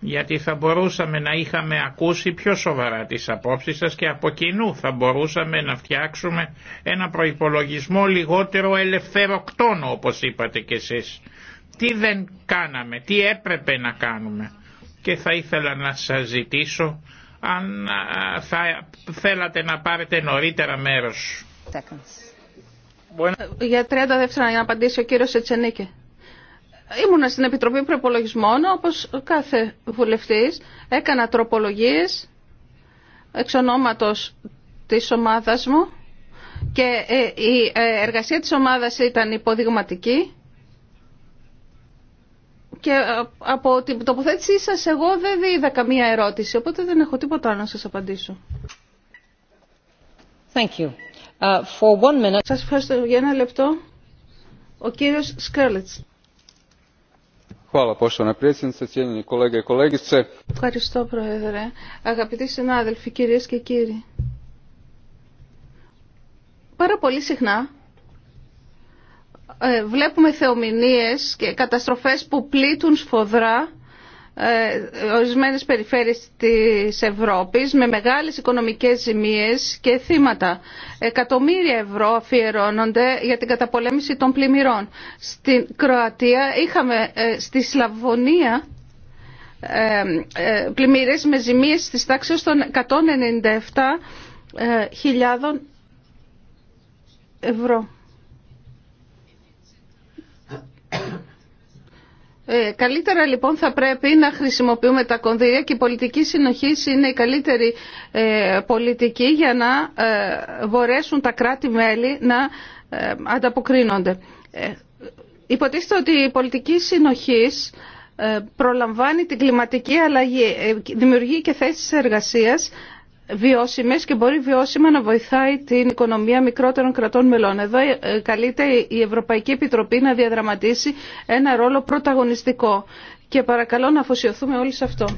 Γιατί θα μπορούσαμε να είχαμε ακούσει πιο σοβαρά τις απόψεις σας και από κοινού θα μπορούσαμε να φτιάξουμε ένα προϋπολογισμό λιγότερο ελευθεροκτόνο όπως είπατε κι εσείς. Τι δεν κάναμε, τι έπρεπε να κάνουμε. Και θα ήθελα να σας ζητήσω αν θέλατε να πάρετε νωρίτερα μέρος. Για 30 δεύτερα να απαντήσει ο κύριος Ετσενίκη. Ήμουνα στην Επιτροπή Προπολογισμών, όπως κάθε βουλευτής, έκανα τροπολογίες εξ ονόματος της ομάδας μου και ε, η ε, εργασία της ομάδας ήταν υποδειγματική και ε, από την τοποθέτησή σας εγώ δεν δίδα καμία ερώτηση, οπότε δεν έχω τίποτα να σας απαντήσω. Thank ε, Σας ευχαριστώ για ένα λεπτό. Ο κύριος Σκέρλετς. Ευχαριστώ, Πρόεδρε. Αγαπητοί συνάδελφοι, κυρίες και κύριοι. Πάρα πολύ συχνά ε, βλέπουμε θεομηνίες και καταστροφές που πλήττουν σφοδρά ε, ορισμένες περιφέρειες της Ευρώπης με μεγάλες οικονομικές ζημίες και θύματα. Εκατομμύρια ευρώ αφιερώνονται για την καταπολέμηση των πλημμυρών. Στην Κροατία είχαμε ε, στη Σλαβωνία ε, πλημμύρες με ζημίες της τάξης των 197.000 ευρώ. Ε, καλύτερα λοιπόν θα πρέπει να χρησιμοποιούμε τα κονδύλια και η πολιτική συνοχή είναι η καλύτερη ε, πολιτική για να ε, μπορέσουν τα κράτη-μέλη να ανταποκρίνονται. Υποτίθεται ότι η πολιτική συνοχής προλαμβάνει την κλιματική αλλαγή, δημιουργεί και θέσεις εργασίας βιώσιμες και μπορεί βιώσιμα να βοηθάει την οικονομία μικρότερων κρατών μελών. Εδώ ε, ε, καλείται η Ευρωπαϊκή Επιτροπή να διαδραματίσει ένα ρόλο πρωταγωνιστικό και παρακαλώ να αφοσιωθούμε όλοι σε αυτό.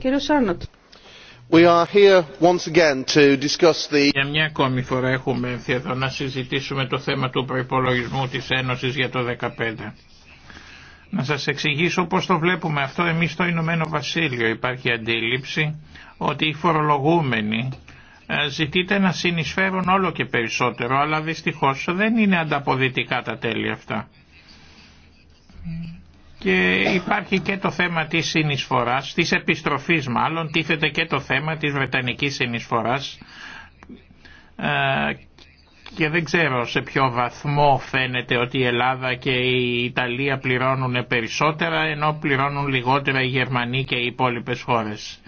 Κύριο Σάνοτ. Για μια ακόμη φορά έχουμε έρθει εδώ να συζητήσουμε το θέμα του προϋπολογισμού της Ένωσης για το 2015. Να σας εξηγήσω πώς το βλέπουμε αυτό εμείς στο Ηνωμένο Βασίλειο. Υπάρχει αντίληψη ότι οι φορολογούμενοι ε, ζητείται να συνεισφέρουν όλο και περισσότερο, αλλά δυστυχώς δεν είναι ανταποδυτικά τα τέλη αυτά. Και υπάρχει και το θέμα της συνεισφοράς, της επιστροφής μάλλον, τίθεται και το θέμα της Βρετανικής συνεισφοράς ε, και δεν ξέρω σε ποιο βαθμό φαίνεται ότι η Ελλάδα και η Ιταλία πληρώνουν περισσότερα ενώ πληρώνουν λιγότερα οι Γερμανοί και οι υπόλοιπες χώρες.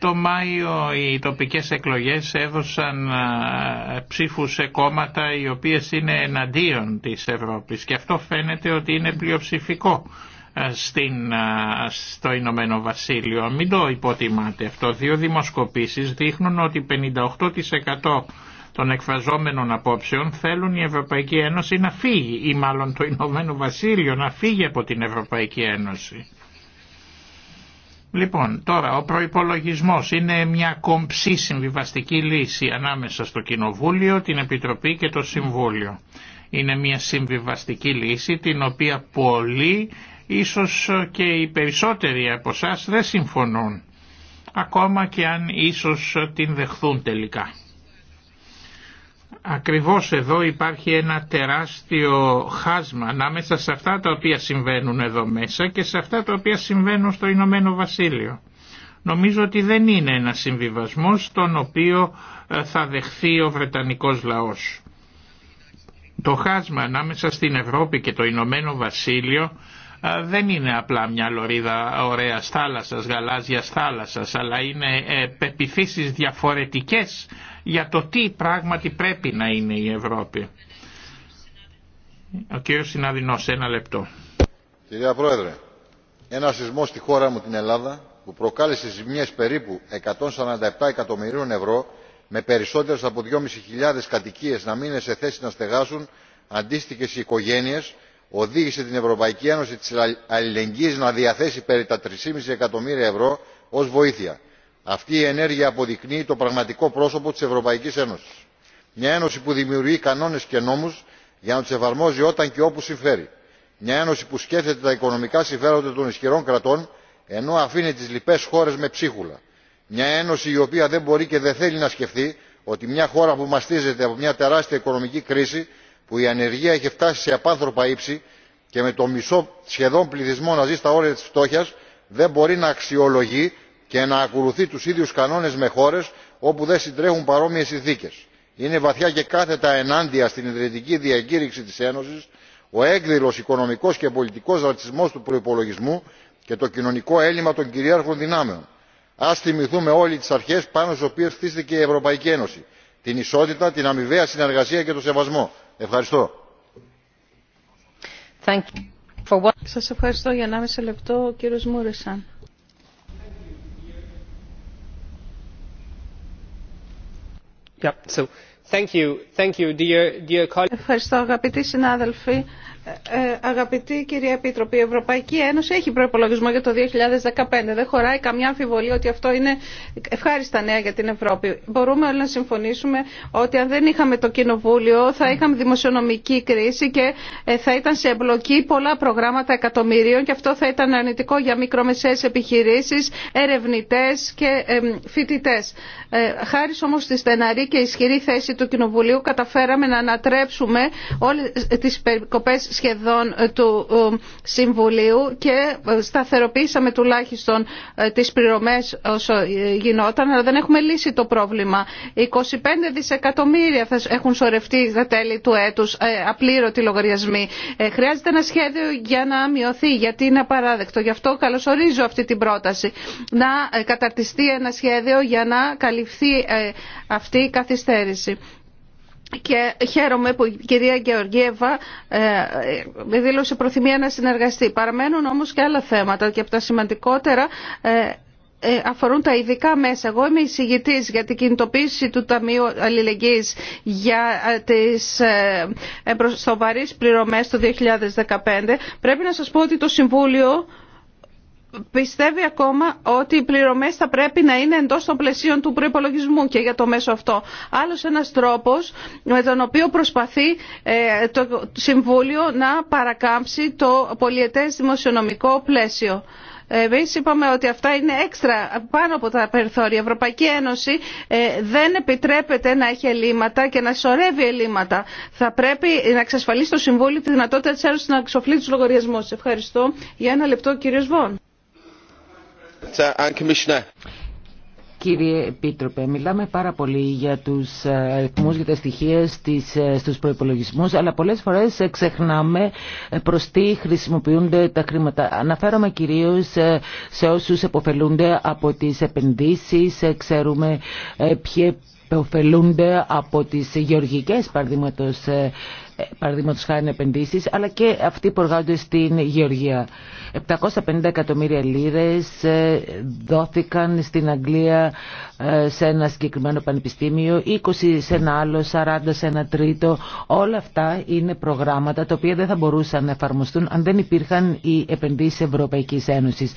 Το Μάιο οι τοπικές εκλογές έδωσαν ψήφους σε κόμματα οι οποίες είναι εναντίον της Ευρώπης και αυτό φαίνεται ότι είναι πλειοψηφικό στην, στο Ηνωμένο Βασίλειο. Μην το υποτιμάτε αυτό. Δύο δημοσκοπήσεις δείχνουν ότι 58% των εκφραζόμενων απόψεων θέλουν η Ευρωπαϊκή Ένωση να φύγει ή μάλλον το Ηνωμένο Βασίλειο να φύγει από την Ευρωπαϊκή Ένωση. Λοιπόν, τώρα ο προϋπολογισμός είναι μια κομψή συμβιβαστική λύση ανάμεσα στο Κοινοβούλιο, την Επιτροπή και το Συμβούλιο. Είναι μια συμβιβαστική λύση την οποία πολλοί Ίσως και οι περισσότεροι από εσά δεν συμφωνούν, ακόμα και αν ίσως την δεχθούν τελικά. Ακριβώς εδώ υπάρχει ένα τεράστιο χάσμα ανάμεσα σε αυτά τα οποία συμβαίνουν εδώ μέσα και σε αυτά τα οποία συμβαίνουν στο Ηνωμένο Βασίλειο. Νομίζω ότι δεν είναι ένα συμβιβασμός τον οποίο ε, θα δεχθεί ο Βρετανικός λαός. Το χάσμα ανάμεσα στην Ευρώπη και το Ηνωμένο Βασίλειο δεν είναι απλά μια λωρίδα ωραίας θάλασσας, γαλάζιας θάλασσας, αλλά είναι ε, πεπιθήσεις διαφορετικές για το τι πράγματι πρέπει να είναι η Ευρώπη. Ο κύριος Συναδεινός, ένα λεπτό. Κυρία Πρόεδρε, ένα σεισμό στη χώρα μου την Ελλάδα που προκάλεσε ζημιές περίπου 147 εκατομμυρίων ευρώ με περισσότερες από 2.500 κατοικίες να μην σε θέση να στεγάσουν αντίστοιχε οικογένειε οδήγησε την ευρωπαϊκή ένωση της αλληλεγγύης να διαθέσει περί τα τρία εκατομμύρια ευρώ ως βοήθεια. αυτή η ενέργεια αποδεικνύει το πραγματικό πρόσωπο της ευρωπαϊκής ένωσης μια ένωση που δημιουργεί κανόνες και νόμους για να τους εφαρμόζει όταν και όπου συμφέρει μια ένωση που σκέφτεται τα οικονομικά συμφέροντα των ισχυρών κρατών ενώ αφήνει τις λοιπές χώρες με ψίχουλα μια ένωση η οποία δεν μπορεί και δεν θέλει να σκεφτεί ότι μια χώρα που μαστίζεται από μια τεράστια οικονομική κρίση που η ανεργία έχει φτάσει σε απάνθρωπα ύψη και με το μισό σχεδόν πληθυσμό να ζει στα όρια της φτώχειας δεν μπορεί να αξιολογεί και να ακολουθεί τους ίδιους κανόνες με χώρες όπου δεν συντρέχουν παρόμοιες συνθήκες. είναι βαθιά και κάθετα ενάντια στην ιδρυτική διακήρυξη της ένωσης ο έκδηλος οικονομικός και πολιτικός ρατσισμός του προϋπολογισμού και το κοινωνικό έλλειμμα των κυρίαρχων δυνάμεων. ας θυμηθούμε όλοι τις αρχές πάνω στις οποίες χτίστηκε η ευρωπαϊκή ένωση την ισότητα την αμοιβαία συνεργασία και το σεβασμό. ευχαριστώ. Σας ευχαριστώ για μισό λεπτό ο κύριος Μούρεσαν. Ευχαριστώ αγαπητοί συνάδελφοι. Ε, αγαπητή κυρία Επίτροπη, η Ευρωπαϊκή Ένωση έχει προπολογισμό για το 2015. Δεν χωράει καμιά αμφιβολία ότι αυτό είναι ευχάριστα νέα για την Ευρώπη. Μπορούμε όλοι να συμφωνήσουμε ότι αν δεν είχαμε το Κοινοβούλιο θα είχαμε δημοσιονομική κρίση και ε, θα ήταν σε εμπλοκή πολλά προγράμματα εκατομμυρίων και αυτό θα ήταν αρνητικό για μικρομεσαίες επιχειρήσει, ερευνητέ και φοιτητέ. Ε, χάρη όμω στη στεναρή και ισχυρή θέση του Κοινοβουλίου καταφέραμε να ανατρέψουμε όλες τις περικοπέ σχεδόν ε, του ε, Συμβουλίου και ε, σταθεροποίησαμε τουλάχιστον τις πληρωμές όσο γινόταν, αλλά δεν έχουμε λύσει το πρόβλημα. 25 δισεκατομμύρια θα έχουν σωρευτεί στα τέλη του έτους, απλήρωτη λογαριασμοί. Χρειάζεται ένα σχέδιο για να μειωθεί, γιατί είναι απαράδεκτο. Γι' αυτό καλωσορίζω αυτή την πρόταση. Να καταρτιστεί ένα σχέδιο για να καλυφθεί αυτή η καθυστέρηση και χαίρομαι που η κυρία Γεωργίευα ε, ε, δήλωσε προθυμία να συνεργαστεί. Παραμένουν όμως και άλλα θέματα και από τα σημαντικότερα ε, αφορούν τα ειδικά μέσα. Εγώ είμαι εισηγητή για την κινητοποίηση του Ταμείου Αλληλεγγύης για τις ε, πληρωμές το 2015. Πρέπει να σας πω ότι το Συμβούλιο πιστεύει ακόμα ότι οι πληρωμέ θα πρέπει να είναι εντό των πλαισίων του προπολογισμού και για το μέσο αυτό. Άλλο ένα τρόπο με τον οποίο προσπαθεί ε, το Συμβούλιο να παρακάμψει το πολιετέ δημοσιονομικό πλαίσιο. Εμεί είπαμε ότι αυτά είναι έξτρα πάνω από τα περιθώρια. Η Ευρωπαϊκή Ένωση ε, δεν επιτρέπεται να έχει ελλείμματα και να σωρεύει ελλείμματα. Θα πρέπει να εξασφαλίσει το Συμβούλιο τη δυνατότητα τη Ένωση να εξοφλεί του λογαριασμού. Ευχαριστώ. Για ένα λεπτό, κύριο Βόν. Κύριε Επίτροπε, μιλάμε πάρα πολύ για τους ε, αριθμού για τα στοιχεία στου ε, στους προϋπολογισμούς, αλλά πολλές φορές ε, ξεχνάμε προς τι χρησιμοποιούνται τα χρήματα. Αναφέρομαι κυρίως σε όσους επωφελούνται από τις επενδύσεις, ξέρουμε ποιοι επωφελούνται από τις γεωργικές, παραδείγματος, ε, Παραδείγματο χάρη επενδύσεις, αλλά και αυτοί που εργάζονται στην Γεωργία. 750 εκατομμύρια λίρες ε, δόθηκαν στην Αγγλία ε, σε ένα συγκεκριμένο πανεπιστήμιο, 20 σε ένα άλλο, 40 σε ένα τρίτο. Όλα αυτά είναι προγράμματα τα οποία δεν θα μπορούσαν να εφαρμοστούν αν δεν υπήρχαν οι επενδύσεις Ευρωπαϊκής Ένωση.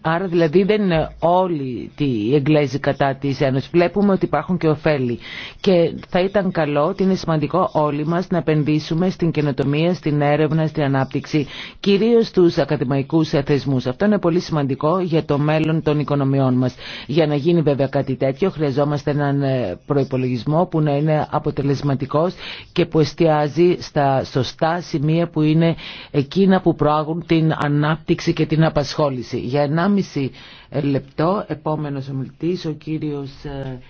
Άρα δηλαδή δεν είναι όλοι οι Εγγλέζοι κατά της ένωση. Βλέπουμε ότι υπάρχουν και ωφέλη. Και θα ήταν καλό ότι είναι σημαντικό όλοι μας να επενδύσουμε στην καινοτομία, στην έρευνα, στην ανάπτυξη, κυρίως στους ακαδημαϊκούς θεσμούς. Αυτό είναι πολύ σημαντικό για το μέλλον των οικονομιών μας. Για να γίνει βέβαια κάτι τέτοιο χρειαζόμαστε έναν ε, προϋπολογισμό που να είναι αποτελεσματικός και που εστιάζει στα σωστά σημεία που είναι εκείνα που προάγουν την ανάπτυξη και την απασχόληση. Για 1,5 ε, λεπτό, επόμενος ομιλητής, ο κύριος ε,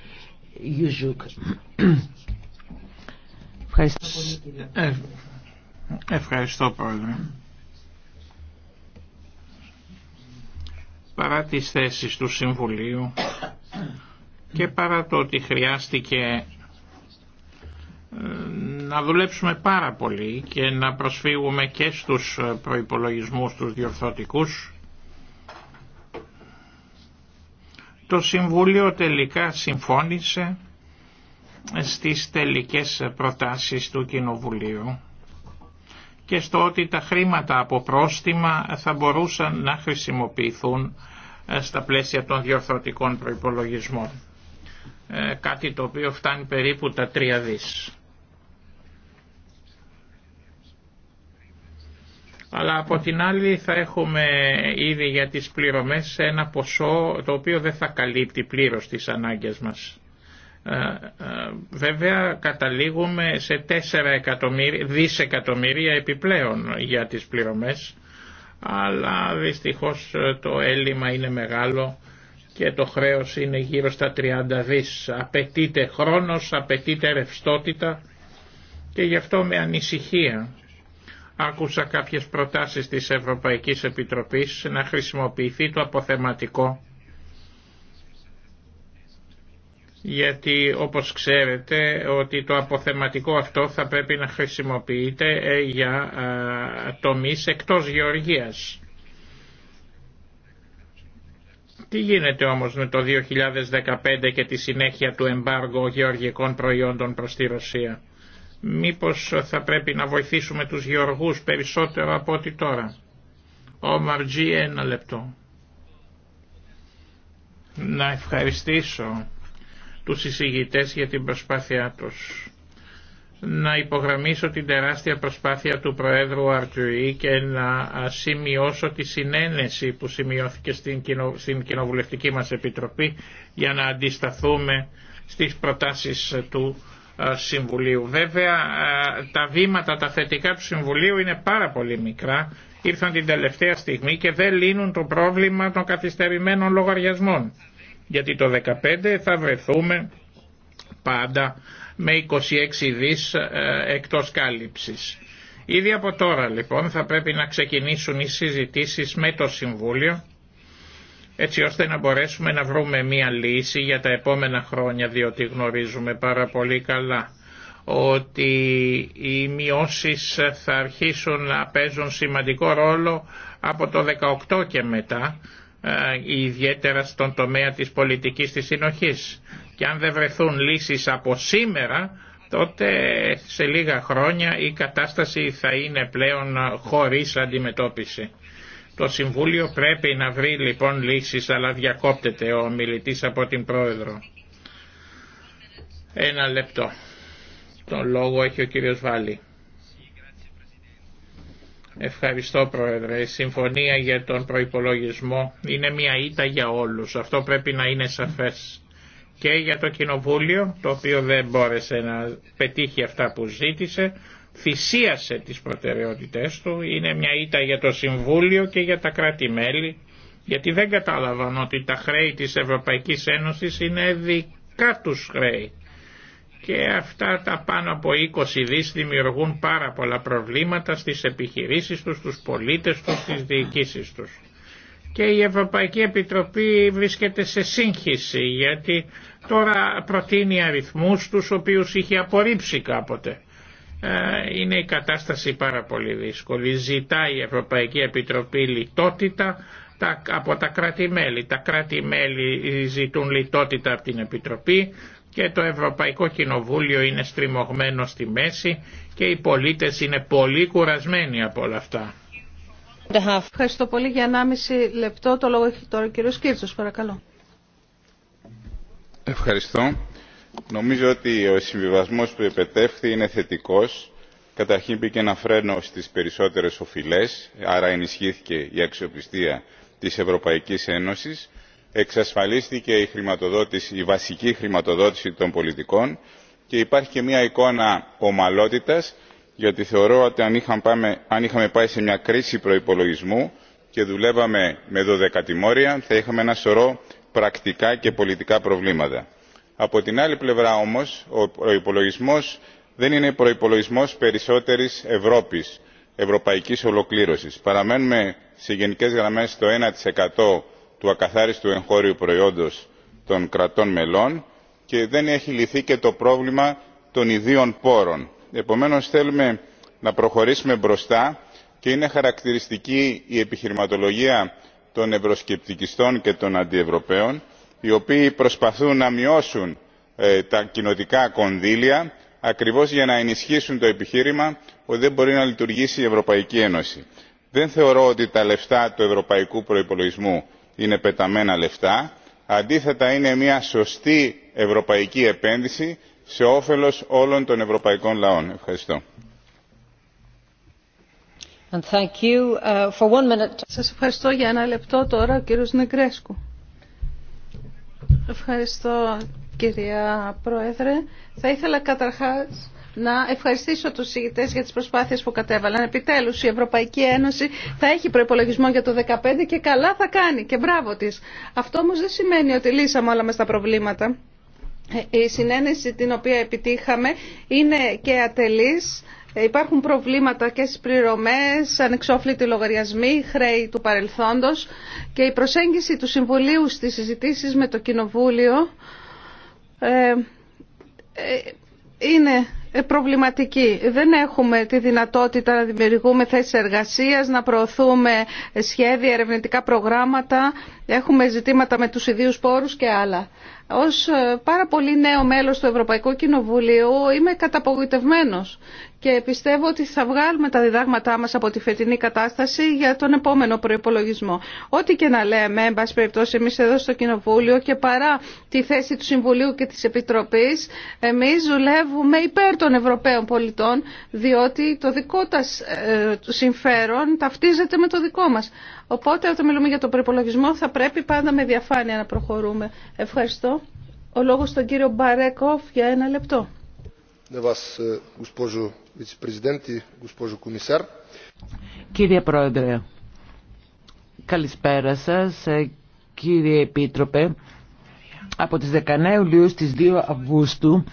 Γιουζούκ. Ευχαριστώ πολύ ε, ευχαριστώ πρόεδρε. Παρά τις θέσεις του Συμβουλίου και παρά το ότι χρειάστηκε να δουλέψουμε πάρα πολύ και να προσφύγουμε και στους προϋπολογισμούς τους διορθωτικούς Το Συμβούλιο τελικά συμφώνησε στις τελικές προτάσεις του Κοινοβουλίου και στο ότι τα χρήματα από πρόστιμα θα μπορούσαν να χρησιμοποιηθούν ε, στα πλαίσια των διορθωτικών προϋπολογισμών. Ε, κάτι το οποίο φτάνει περίπου τα τρία δις. αλλά από την άλλη θα έχουμε ήδη για τις πληρωμές ένα ποσό το οποίο δεν θα καλύπτει πλήρως τις ανάγκες μας. Ε, ε, βέβαια καταλήγουμε σε 4 εκατομμύρια, δισεκατομμύρια επιπλέον για τις πληρωμές αλλά δυστυχώς ε, το έλλειμμα είναι μεγάλο και το χρέος είναι γύρω στα 30 δις. Απαιτείται χρόνος, απαιτείται ρευστότητα και γι' αυτό με ανησυχία Άκουσα κάποιες προτάσεις της Ευρωπαϊκής Επιτροπής να χρησιμοποιηθεί το αποθεματικό γιατί όπως ξέρετε ότι το αποθεματικό αυτό θα πρέπει να χρησιμοποιείται ε, για τομείς εκτός γεωργίας. Τι γίνεται όμως με το 2015 και τη συνέχεια του εμπάργου γεωργικών προϊόντων προς τη Ρωσία μήπως θα πρέπει να βοηθήσουμε τους γεωργούς περισσότερο από ό,τι τώρα. Ο Μαρτζή ένα λεπτό. Να ευχαριστήσω τους εισηγητές για την προσπάθειά τους. Να υπογραμμίσω την τεράστια προσπάθεια του Προέδρου Αρτουή και να σημειώσω τη συνένεση που σημειώθηκε στην Κοινοβουλευτική μας Επιτροπή για να αντισταθούμε στις προτάσεις του ε, Συμβουλίου. Βέβαια ε, τα βήματα τα θετικά του Συμβουλίου είναι πάρα πολύ μικρά, ήρθαν την τελευταία στιγμή και δεν λύνουν το πρόβλημα των καθυστερημένων λογαριασμών. Γιατί το 2015 θα βρεθούμε πάντα με 26 δις ε, εκτός κάλυψης. Ήδη από τώρα λοιπόν θα πρέπει να ξεκινήσουν οι συζητήσεις με το Συμβούλιο έτσι ώστε να μπορέσουμε να βρούμε μία λύση για τα επόμενα χρόνια διότι γνωρίζουμε πάρα πολύ καλά ότι οι μειώσεις θα αρχίσουν να παίζουν σημαντικό ρόλο από το 18 και μετά ε, ιδιαίτερα στον τομέα της πολιτικής της συνοχής. Και αν δεν βρεθούν λύσεις από σήμερα, τότε σε λίγα χρόνια η κατάσταση θα είναι πλέον χωρίς αντιμετώπιση. Το Συμβούλιο πρέπει να βρει λοιπόν λύσεις αλλά διακόπτεται ο μιλητής από την Πρόεδρο. Ένα λεπτό. Τον λόγο έχει ο κύριος Βάλλη. Ευχαριστώ Πρόεδρε. Η συμφωνία για τον προϋπολογισμό είναι μια ήττα για όλους. Αυτό πρέπει να είναι σαφές. Και για το Κοινοβούλιο, το οποίο δεν μπόρεσε να πετύχει αυτά που ζήτησε, θυσίασε τις προτεραιότητές του, είναι μια ήττα για το Συμβούλιο και για τα κράτη-μέλη, γιατί δεν κατάλαβαν ότι τα χρέη της Ευρωπαϊκής Ένωσης είναι δικά τους χρέη. Και αυτά τα πάνω από 20 δις δημιουργούν πάρα πολλά προβλήματα στις επιχειρήσεις τους, στους πολίτες τους, στις διοικήσεις τους. Και η Ευρωπαϊκή Επιτροπή βρίσκεται σε σύγχυση γιατί τώρα προτείνει αριθμούς τους οποίους είχε απορρίψει κάποτε ε, είναι η κατάσταση πάρα πολύ δύσκολη. Ζητάει η Ευρωπαϊκή Επιτροπή λιτότητα από τα κράτη-μέλη. Τα κράτη-μέλη ζητούν λιτότητα από την Επιτροπή και το Ευρωπαϊκό Κοινοβούλιο είναι στριμωγμένο στη μέση και οι πολίτες είναι πολύ κουρασμένοι από όλα αυτά. Ευχαριστώ πολύ για 1,5 λεπτό. Το λόγο έχει τώρα ο κύριος Κίρτσος, παρακαλώ. Ευχαριστώ νομίζω ότι ο συμβιβασμός που επετεύχθη είναι θετικός. καταρχήν μπήκε ένα φρένο στις περισσότερες οφειλές άρα ενισχύθηκε η αξιοπιστία της ευρωπαϊκής ένωσης εξασφαλίστηκε η, χρηματοδότηση, η βασική χρηματοδότηση των πολιτικών και υπάρχει και μια εικόνα ομαλότητας γιατί θεωρώ ότι αν είχαμε, πάμε, αν είχαμε πάει σε μια κρίση προϋπολογισμού και δουλεύαμε με δωδεκατημόρια θα είχαμε ένα σωρό πρακτικά και πολιτικά προβλήματα από την άλλη πλευρά όμως ο προϋπολογισμός δεν είναι προϋπολογισμός περισσότερης ευρώπης ευρωπαϊκής ολοκλήρωσης. παραμένουμε σε γενικές γραμμές στο 1 του ακαθάριστου εγχώριου προϊόντος των κρατών μελών και δεν έχει λυθεί και το πρόβλημα των ιδίων πόρων. επομένως θέλουμε να προχωρήσουμε μπροστά και είναι χαρακτηριστική η επιχειρηματολογία των ευρωσκεπτικιστών και των αντιευρωπαίων οι οποίοι προσπαθούν να μειώσουν ε, τα κοινοτικά κονδύλια ακριβώς για να ενισχύσουν το επιχείρημα ότι δεν μπορεί να λειτουργήσει η ευρωπαϊκή ένωση. δεν θεωρώ ότι τα λεφτά του ευρωπαϊκού προϋπολογισμού είναι πεταμένα λεφτά αντίθετα είναι μια σωστή ευρωπαϊκή επένδυση σε όφελος όλων των ευρωπαϊκών λαών. ευχαριστώ. Uh, Σας ευχαριστώ για ένα λεπτό τώρα, κύριος Νεκρέσκου. Ευχαριστώ κυρία Πρόεδρε. Θα ήθελα καταρχάς να ευχαριστήσω τους ηγητές για τις προσπάθειες που κατέβαλαν. Επιτέλους η Ευρωπαϊκή Ένωση θα έχει προπολογισμό για το 2015 και καλά θα κάνει και μπράβο της. Αυτό όμως δεν σημαίνει ότι λύσαμε όλα μας τα προβλήματα. Ε, η συνένεση την οποία επιτύχαμε είναι και ατελής ε, υπάρχουν προβλήματα και στις πληρωμές, ανεξόφλητοι λογαριασμοί, χρέη του παρελθόντος και η προσέγγιση του Συμβουλίου στις συζητήσεις με το Κοινοβούλιο ε, ε, είναι προβληματική. Δεν έχουμε τη δυνατότητα να δημιουργούμε θέσεις εργασίας, να προωθούμε σχέδια, ερευνητικά προγράμματα, έχουμε ζητήματα με τους ιδίους πόρους και άλλα. Ως πάρα πολύ νέο μέλος του Ευρωπαϊκού Κοινοβουλίου είμαι καταπογοητευμένος και πιστεύω ότι θα βγάλουμε τα διδάγματά μας από τη φετινή κατάσταση για τον επόμενο προϋπολογισμό. Ό,τι και να λέμε, εν πάση περιπτώσει, εμείς εδώ στο Κοινοβούλιο και παρά τη θέση του Συμβουλίου και της Επιτροπής, εμείς δουλεύουμε υπέρ των Ευρωπαίων πολιτών, διότι το δικό τας ε, συμφέρον ταυτίζεται με το δικό μας. Οπότε, όταν μιλούμε για τον προϋπολογισμό, θα πρέπει πάντα με διαφάνεια να προχωρούμε. Ευχαριστώ. Ο λόγος στον κύριο Μπαρέκοφ για ένα λεπτό. Κύριε Πρόεδρε, καλησπέρα σας. Ε, κύριε Επίτροπε, από τις 19 Ιουλίου στις 2 Αυγούστου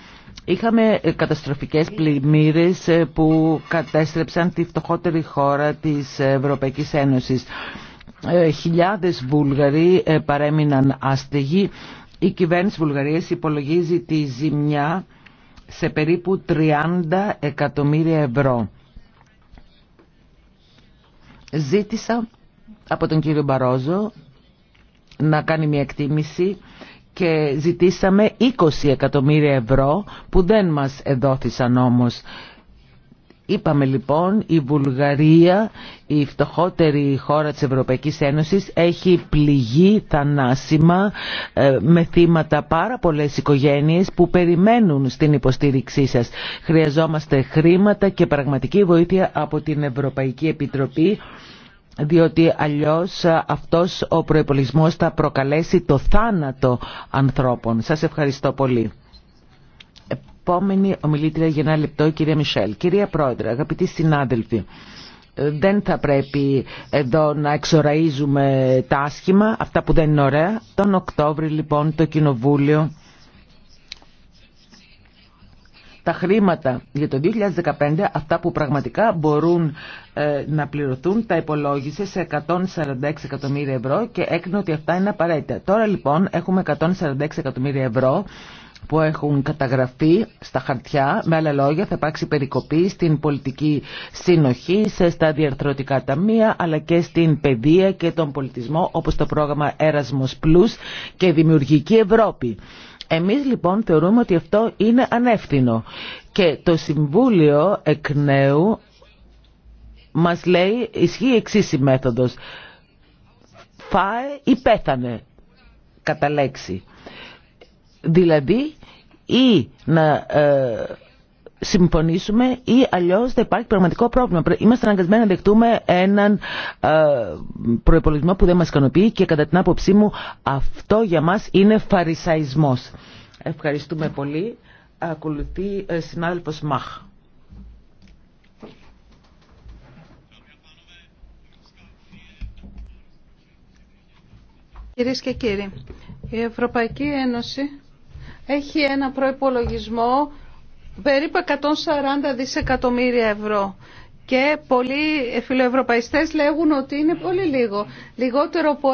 Είχαμε ε, καταστροφικές πλημμύρες ε, που κατέστρεψαν τη φτωχότερη χώρα της Ευρωπαϊκής Ένωσης. Χιλιάδες Βούλγαροι παρέμειναν άστεγοι. Η κυβέρνηση Βουλγαρίας υπολογίζει τη ζημιά σε περίπου 30 εκατομμύρια ευρώ. Ζήτησα από τον κύριο Μπαρόζο να κάνει μια εκτίμηση και ζητήσαμε 20 εκατομμύρια ευρώ που δεν μας εδόθησαν όμως. Είπαμε λοιπόν η Βουλγαρία, η φτωχότερη χώρα της Ευρωπαϊκής Ένωσης, έχει πληγεί θανάσιμα ε, με θύματα πάρα πολλές οικογένειες που περιμένουν στην υποστήριξή σας. Χρειαζόμαστε χρήματα και πραγματική βοήθεια από την Ευρωπαϊκή Επιτροπή διότι αλλιώς ε, αυτός ο προϋπολογισμός θα προκαλέσει το θάνατο ανθρώπων. Σας ευχαριστώ πολύ επόμενη ομιλήτρια για ένα λεπτό, η κυρία Μισελ. Κυρία Πρόεδρε, αγαπητοί συνάδελφοι, ε, δεν θα πρέπει εδώ να εξοραίζουμε τα άσχημα, αυτά που δεν είναι ωραία. Τον Οκτώβριο, λοιπόν το Κοινοβούλιο τα χρήματα για το 2015, αυτά που πραγματικά μπορούν ε, να πληρωθούν, τα υπολόγισε σε 146 εκατομμύρια ευρώ και έκρινε ότι αυτά είναι απαραίτητα. Τώρα λοιπόν έχουμε 146 εκατομμύρια ευρώ που έχουν καταγραφεί στα χαρτιά. Με άλλα λόγια θα υπάρξει περικοπή στην πολιτική συνοχή, στα διαρθρωτικά ταμεία αλλά και στην παιδεία και τον πολιτισμό όπως το πρόγραμμα Erasmus Plus και Δημιουργική Ευρώπη. Εμείς λοιπόν θεωρούμε ότι αυτό είναι ανεύθυνο και το Συμβούλιο εκ νέου μας λέει ισχύει εξής η μέθοδος. Φάε ή πέθανε κατά λέξη. Δηλαδή ή να ε, συμφωνήσουμε ή αλλιώς θα υπάρχει πραγματικό πρόβλημα. Είμαστε αναγκασμένοι να δεχτούμε έναν ε, προϋπολογισμό που δεν μας ικανοποιεί και κατά την άποψή μου αυτό για μας είναι φαρισαϊσμός. Ευχαριστούμε πολύ. Ακολουθεί ε, συνάδελφος Μαχ. Κυρίες και κύριοι, η Ευρωπαϊκή Ένωση έχει ένα προϋπολογισμό περίπου 140 δισεκατομμύρια ευρώ. Και πολλοί φιλοευρωπαϊστές λέγουν ότι είναι πολύ λίγο, λιγότερο από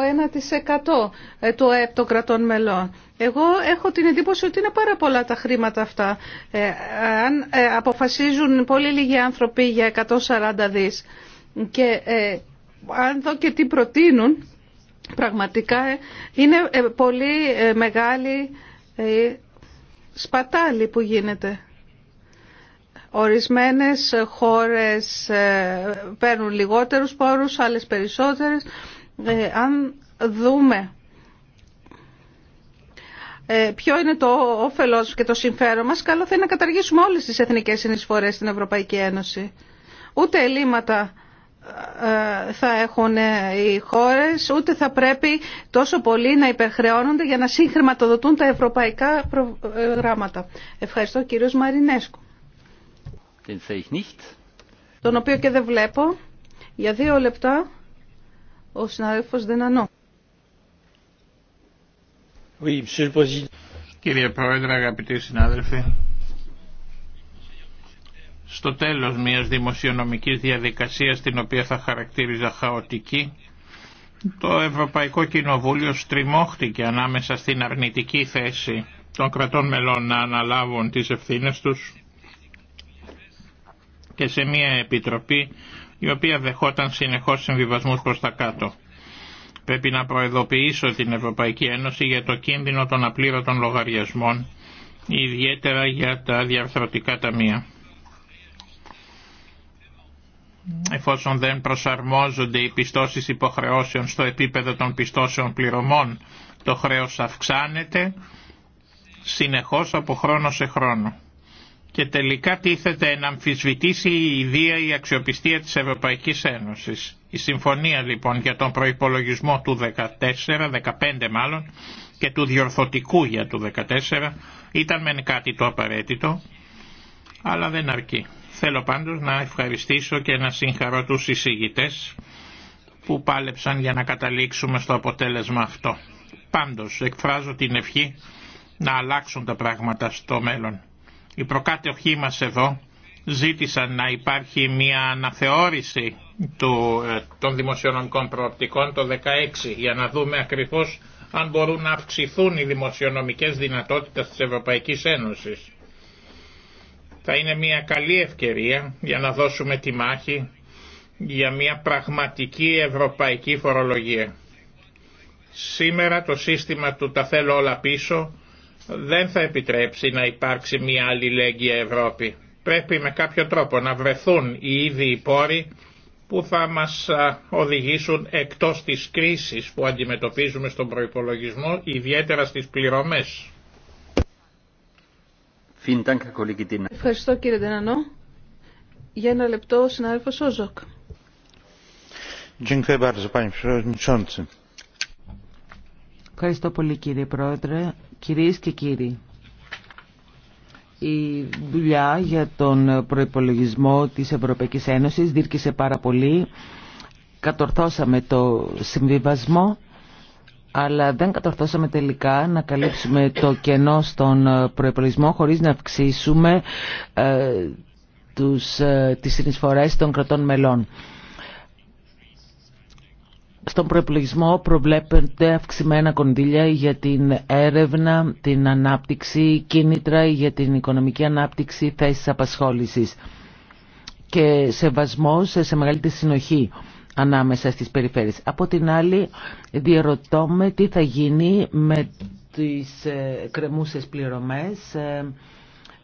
1% ε, του ΕΕ των κρατών μελών. Εγώ έχω την εντύπωση ότι είναι πάρα πολλά τα χρήματα αυτά. Ε, αν ε, αποφασίζουν πολύ λίγοι άνθρωποι για 140 δις και αν δω και τι προτείνουν, πραγματικά είναι πολύ μεγάλη σπατάλη που γίνεται. Ορισμένες χώρες ε, παίρνουν λιγότερους πόρους, άλλες περισσότερες. Ε, αν δούμε ε, ποιο είναι το όφελος και το συμφέρον μας, καλό θα είναι να καταργήσουμε όλες τις εθνικές συνεισφορές στην Ευρωπαϊκή Ένωση. Ούτε ελλείμματα θα έχουν ε, οι χώρες, ούτε θα πρέπει τόσο πολύ να υπερχρεώνονται για να συγχρηματοδοτούν τα ευρωπαϊκά προγράμματα. Ευχαριστώ κύριος Μαρινέσκου. Τον οποίο και δεν βλέπω. Για δύο λεπτά ο συνάδελφος Δενανό. Κύριε Πρόεδρε, αγαπητοί συνάδελφοι, στο τέλος μιας δημοσιονομικής διαδικασίας την οποία θα χαρακτήριζα χαοτική το Ευρωπαϊκό Κοινοβούλιο στριμώχτηκε ανάμεσα στην αρνητική θέση των κρατών μελών να αναλάβουν τις ευθύνες τους και σε μια επιτροπή η οποία δεχόταν συνεχώς συμβιβασμούς προς τα κάτω. Πρέπει να προεδοποιήσω την Ευρωπαϊκή Ένωση για το κίνδυνο των απλήρωτων λογαριασμών, ιδιαίτερα για τα διαρθρωτικά ταμεία εφόσον δεν προσαρμόζονται οι πιστώσεις υποχρεώσεων στο επίπεδο των πιστώσεων πληρωμών, το χρέος αυξάνεται συνεχώς από χρόνο σε χρόνο. Και τελικά τίθεται να αμφισβητήσει η ιδία η αξιοπιστία της Ευρωπαϊκής Ένωσης. Η συμφωνία λοιπόν για τον προϋπολογισμό του 14, 15 μάλλον, και του διορθωτικού για του 14 ήταν μεν κάτι το απαραίτητο, αλλά δεν αρκεί. Θέλω πάντως να ευχαριστήσω και να συγχαρώ τους εισηγητές που πάλεψαν για να καταλήξουμε στο αποτέλεσμα αυτό. Πάντως εκφράζω την ευχή να αλλάξουν τα πράγματα στο μέλλον. Οι προκάτοχοί μας εδώ ζήτησαν να υπάρχει μια αναθεώρηση του, ε, των δημοσιονομικών προοπτικών το 2016 για να δούμε ακριβώς αν μπορούν να αυξηθούν οι δημοσιονομικές δυνατότητες της Ευρωπαϊκής Ένωσης θα είναι μια καλή ευκαιρία για να δώσουμε τη μάχη για μια πραγματική ευρωπαϊκή φορολογία. Σήμερα το σύστημα του «τα θέλω όλα πίσω» δεν θα επιτρέψει να υπάρξει μια αλληλέγγυα Ευρώπη. Πρέπει με κάποιο τρόπο να βρεθούν οι ίδιοι πόροι που θα μας οδηγήσουν εκτός της κρίσης που αντιμετωπίζουμε στον προϋπολογισμό, ιδιαίτερα στις πληρωμές. Ευχαριστώ κύριε Δενανό Για ένα λεπτό Ευχαριστώ πολύ κύριε Πρόεδρε. Κυρίες και κύριοι, η δουλειά για τον προϋπολογισμό της Ευρωπαϊκής Ένωσης δίρκησε πάρα πολύ. Κατορθώσαμε το συμβιβασμό αλλά δεν κατορθώσαμε τελικά να καλύψουμε το κενό στον ε, προεπλογισμό χωρίς να αυξήσουμε ε, τους, ε, τις συνεισφορές των κρατών μελών. Στον προεπλογισμό προβλέπεται αυξημένα κονδύλια για την έρευνα, την ανάπτυξη, κίνητρα για την οικονομική ανάπτυξη, θέσεις απασχόλησης και σεβασμός σε μεγαλύτερη συνοχή ανάμεσα στις περιφέρειες. Από την άλλη διερωτώ με τι θα γίνει με τις ε, κρεμούσες πληρωμές. Ε,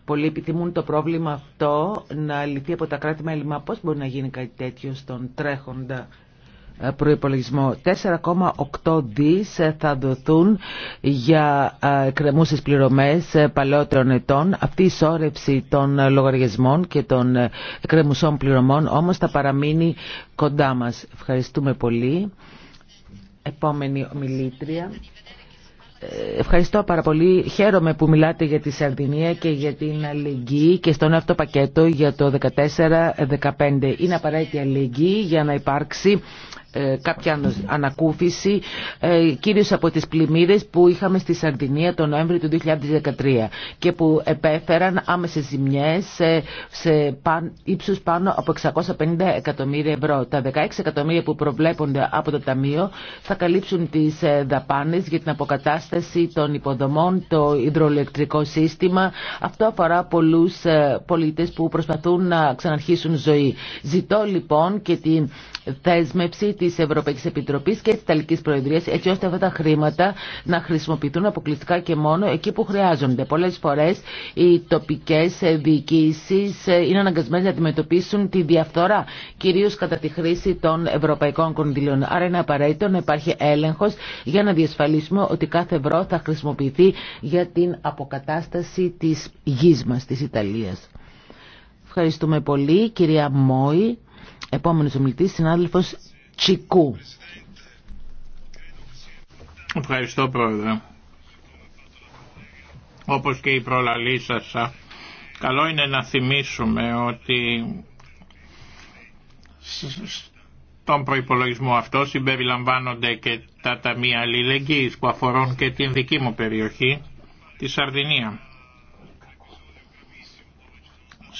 πολλοί επιθυμούν το πρόβλημα αυτό να λυθεί από τα κράτη Μα Πώς μπορεί να γίνει κάτι τέτοιο στον τρέχοντα ε, προϋπολογισμό. 4,8 δις ε, θα δοθούν για ε, κρεμούσες πληρωμές παλαιότερων ετών. Αυτή η σώρευση των λογαριασμών και των κρεμουσών πληρωμών όμως θα παραμείνει κοντά μας. Ευχαριστούμε πολύ. Επόμενη ομιλήτρια. Ευχαριστώ πάρα πολύ. Χαίρομαι που μιλάτε για τη Σαρδινία και για την αλληλεγγύη και στον αυτό πακέτο για το 14-15. Είναι απαραίτητη αλληλεγγύη για να υπάρξει ε, κάποια ανακούφιση ε, κυρίως από τις πλημμύρες που είχαμε στη Σαρδινία τον Νοέμβριο του 2013 και που επέφεραν άμεσες ζημιές ε, σε ύψους πάνω από 650 εκατομμύρια ευρώ. Τα 16 εκατομμύρια που προβλέπονται από το Ταμείο θα καλύψουν τις δαπάνες για την αποκατάσταση των υποδομών, το υδροελεκτρικό σύστημα. Αυτό αφορά πολλούς πολίτες που προσπαθούν να ξαναρχίσουν ζωή. Ζητώ λοιπόν και την δέσμευση της Ευρωπαϊκής Επιτροπής και της Ιταλικής Προεδρίας έτσι ώστε αυτά τα χρήματα να χρησιμοποιηθούν αποκλειστικά και μόνο εκεί που χρειάζονται. Πολλές φορές οι τοπικές διοικήσεις ε, είναι αναγκασμένες να αντιμετωπίσουν τη διαφθορά κυρίως κατά τη χρήση των ευρωπαϊκών κονδυλίων. Άρα είναι απαραίτητο να υπάρχει έλεγχος για να διασφαλίσουμε ότι κάθε ευρώ θα χρησιμοποιηθεί για την αποκατάσταση της γης μας, της Ιταλίας. Ευχαριστούμε πολύ κυρία Μόη. Επόμενος ομιλητής, συνάδελφος Τσικού. Ευχαριστώ πρόεδρε. Όπως και η προλαλή σας, καλό είναι να θυμίσουμε ότι στον προϋπολογισμό αυτό συμπεριλαμβάνονται και τα ταμεία αλληλεγγύης που αφορούν και την δική μου περιοχή, τη Σαρδινία.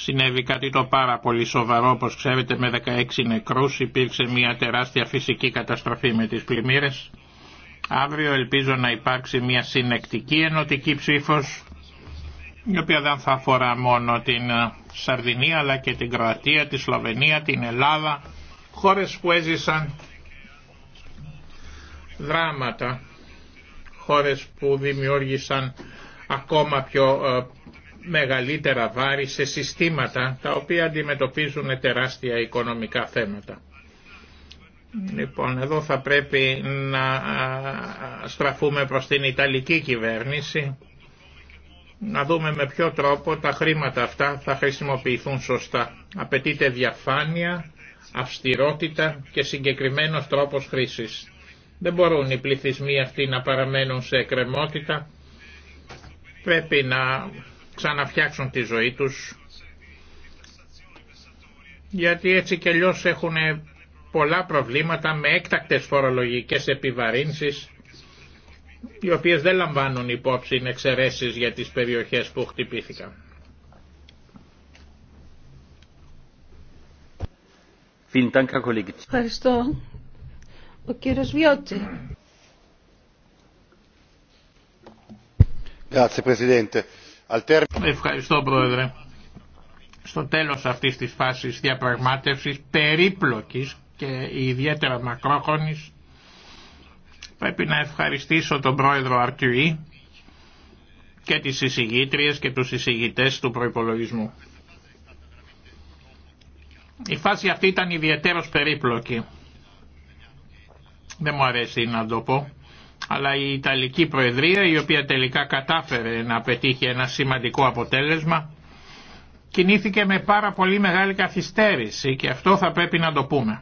Συνέβη κάτι το πάρα πολύ σοβαρό, όπως ξέρετε, με 16 νεκρούς. Υπήρξε μια τεράστια φυσική καταστροφή με τις πλημμύρες. Αύριο ελπίζω να υπάρξει μια συνεκτική ενωτική ψήφος, η οποία δεν θα αφορά μόνο την ε, Σαρδινία, αλλά και την Κροατία, τη Σλοβενία, την Ελλάδα, χώρες που έζησαν δράματα, χώρες που δημιούργησαν ακόμα πιο ε, μεγαλύτερα βάρη σε συστήματα τα οποία αντιμετωπίζουν τεράστια οικονομικά θέματα. Λοιπόν, εδώ θα πρέπει να στραφούμε προς την Ιταλική κυβέρνηση, να δούμε με ποιο τρόπο τα χρήματα αυτά θα χρησιμοποιηθούν σωστά. Απαιτείται διαφάνεια, αυστηρότητα και συγκεκριμένος τρόπος χρήσης. Δεν μπορούν οι πληθυσμοί αυτοί να παραμένουν σε εκκρεμότητα. Πρέπει να ξαναφτιάξουν τη ζωή τους γιατί έτσι και αλλιώ έχουν πολλά προβλήματα με έκτακτες φορολογικές επιβαρύνσεις οι οποίες δεν λαμβάνουν υπόψη εξαιρέσεις για τις περιοχές που χτυπήθηκαν. Ευχαριστώ. Ο κύριος Βιώτη. Grazie Presidente. Ευχαριστώ Πρόεδρε. Στο τέλος αυτής της φάσης διαπραγμάτευσης περίπλοκης και ιδιαίτερα μακρόχρονης πρέπει να ευχαριστήσω τον Πρόεδρο Αρτιουή και τις συζηγήτριες και τους συζηγητές του προϋπολογισμού. Η φάση αυτή ήταν ιδιαίτερος περίπλοκη. Δεν μου αρέσει να το πω αλλά η Ιταλική Προεδρία η οποία τελικά κατάφερε να πετύχει ένα σημαντικό αποτέλεσμα κινήθηκε με πάρα πολύ μεγάλη καθυστέρηση και αυτό θα πρέπει να το πούμε.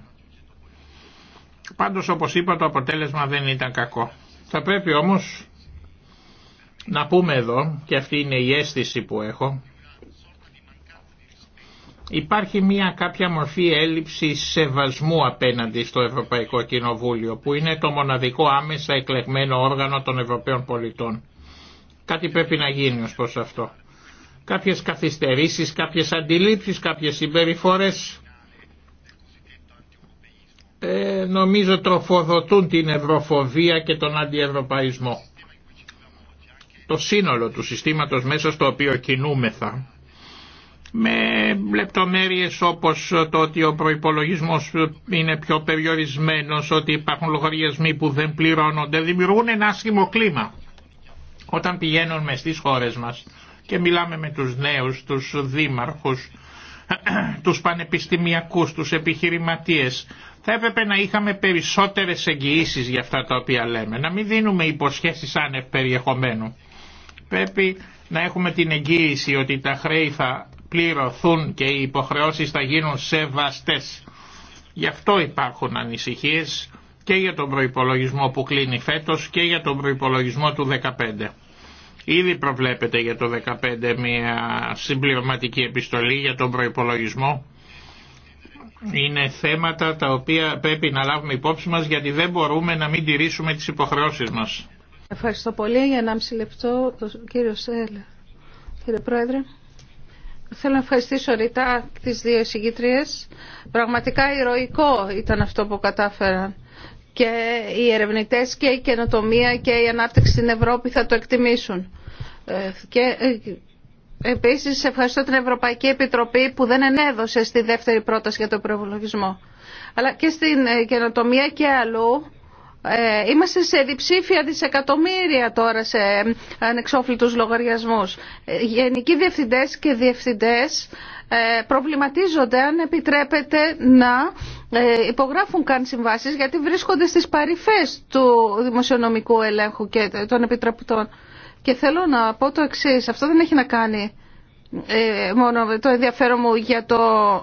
Πάντως όπως είπα το αποτέλεσμα δεν ήταν κακό. Θα πρέπει όμως να πούμε εδώ, και αυτή είναι η αίσθηση που έχω, Υπάρχει μια κάποια μορφή έλλειψη σεβασμού απέναντι στο Ευρωπαϊκό Κοινοβούλιο που είναι το μοναδικό άμεσα εκλεγμένο όργανο των Ευρωπαίων πολιτών. Κάτι πρέπει να γίνει ως προς αυτό. Κάποιες καθυστερήσεις, κάποιες αντιλήψεις, κάποιες συμπεριφορές ε, νομίζω τροφοδοτούν την ευρωφοβία και τον αντιευρωπαϊσμό. Το σύνολο του συστήματος μέσα στο οποίο κινούμεθα με λεπτομέρειες όπως το ότι ο προϋπολογισμός είναι πιο περιορισμένος, ότι υπάρχουν λογαριασμοί που δεν πληρώνονται, δημιουργούν ένα άσχημο κλίμα. Όταν πηγαίνουμε στις χώρες μας και μιλάμε με τους νέους, τους δήμαρχους, τους πανεπιστημιακούς, τους επιχειρηματίες, θα έπρεπε να είχαμε περισσότερες εγγυήσει για αυτά τα οποία λέμε, να μην δίνουμε υποσχέσεις ανεπεριεχομένου. περιεχομένου. Πρέπει να έχουμε την εγγύηση ότι τα χρέη θα πληρωθούν και οι υποχρεώσεις θα γίνουν σεβαστές. Γι' αυτό υπάρχουν ανησυχίες και για τον προϋπολογισμό που κλείνει φέτος και για τον προϋπολογισμό του 2015. Ήδη προβλέπεται για το 2015 μια συμπληρωματική επιστολή για τον προϋπολογισμό. Είναι θέματα τα οποία πρέπει να λάβουμε υπόψη μας γιατί δεν μπορούμε να μην τηρήσουμε τις υποχρεώσεις μας. Ευχαριστώ πολύ για 1,5 λεπτό κύριο Κύριε Πρόεδρε. Θέλω να ευχαριστήσω ρητά τις δύο εισηγήτριες. Πραγματικά ηρωικό ήταν αυτό που κατάφεραν. Και οι ερευνητές και η καινοτομία και η ανάπτυξη στην Ευρώπη θα το εκτιμήσουν. Ε, και ε, επίσης ευχαριστώ την Ευρωπαϊκή Επιτροπή που δεν ενέδωσε στη δεύτερη πρόταση για το προευλογισμό. Αλλά και στην ε, καινοτομία και αλλού ε, είμαστε σε διψήφια δισεκατομμύρια τώρα σε ανεξόφλητους λογαριασμούς. Ε, γενικοί διευθυντές και διευθυντές ε, προβληματίζονται αν επιτρέπεται να υπογράφουν καν συμβάσεις γιατί βρίσκονται στις παρυφές του δημοσιονομικού ελέγχου και των επιτραπτών. Και θέλω να πω το εξή. αυτό δεν έχει να κάνει μόνο το ενδιαφέρον μου για το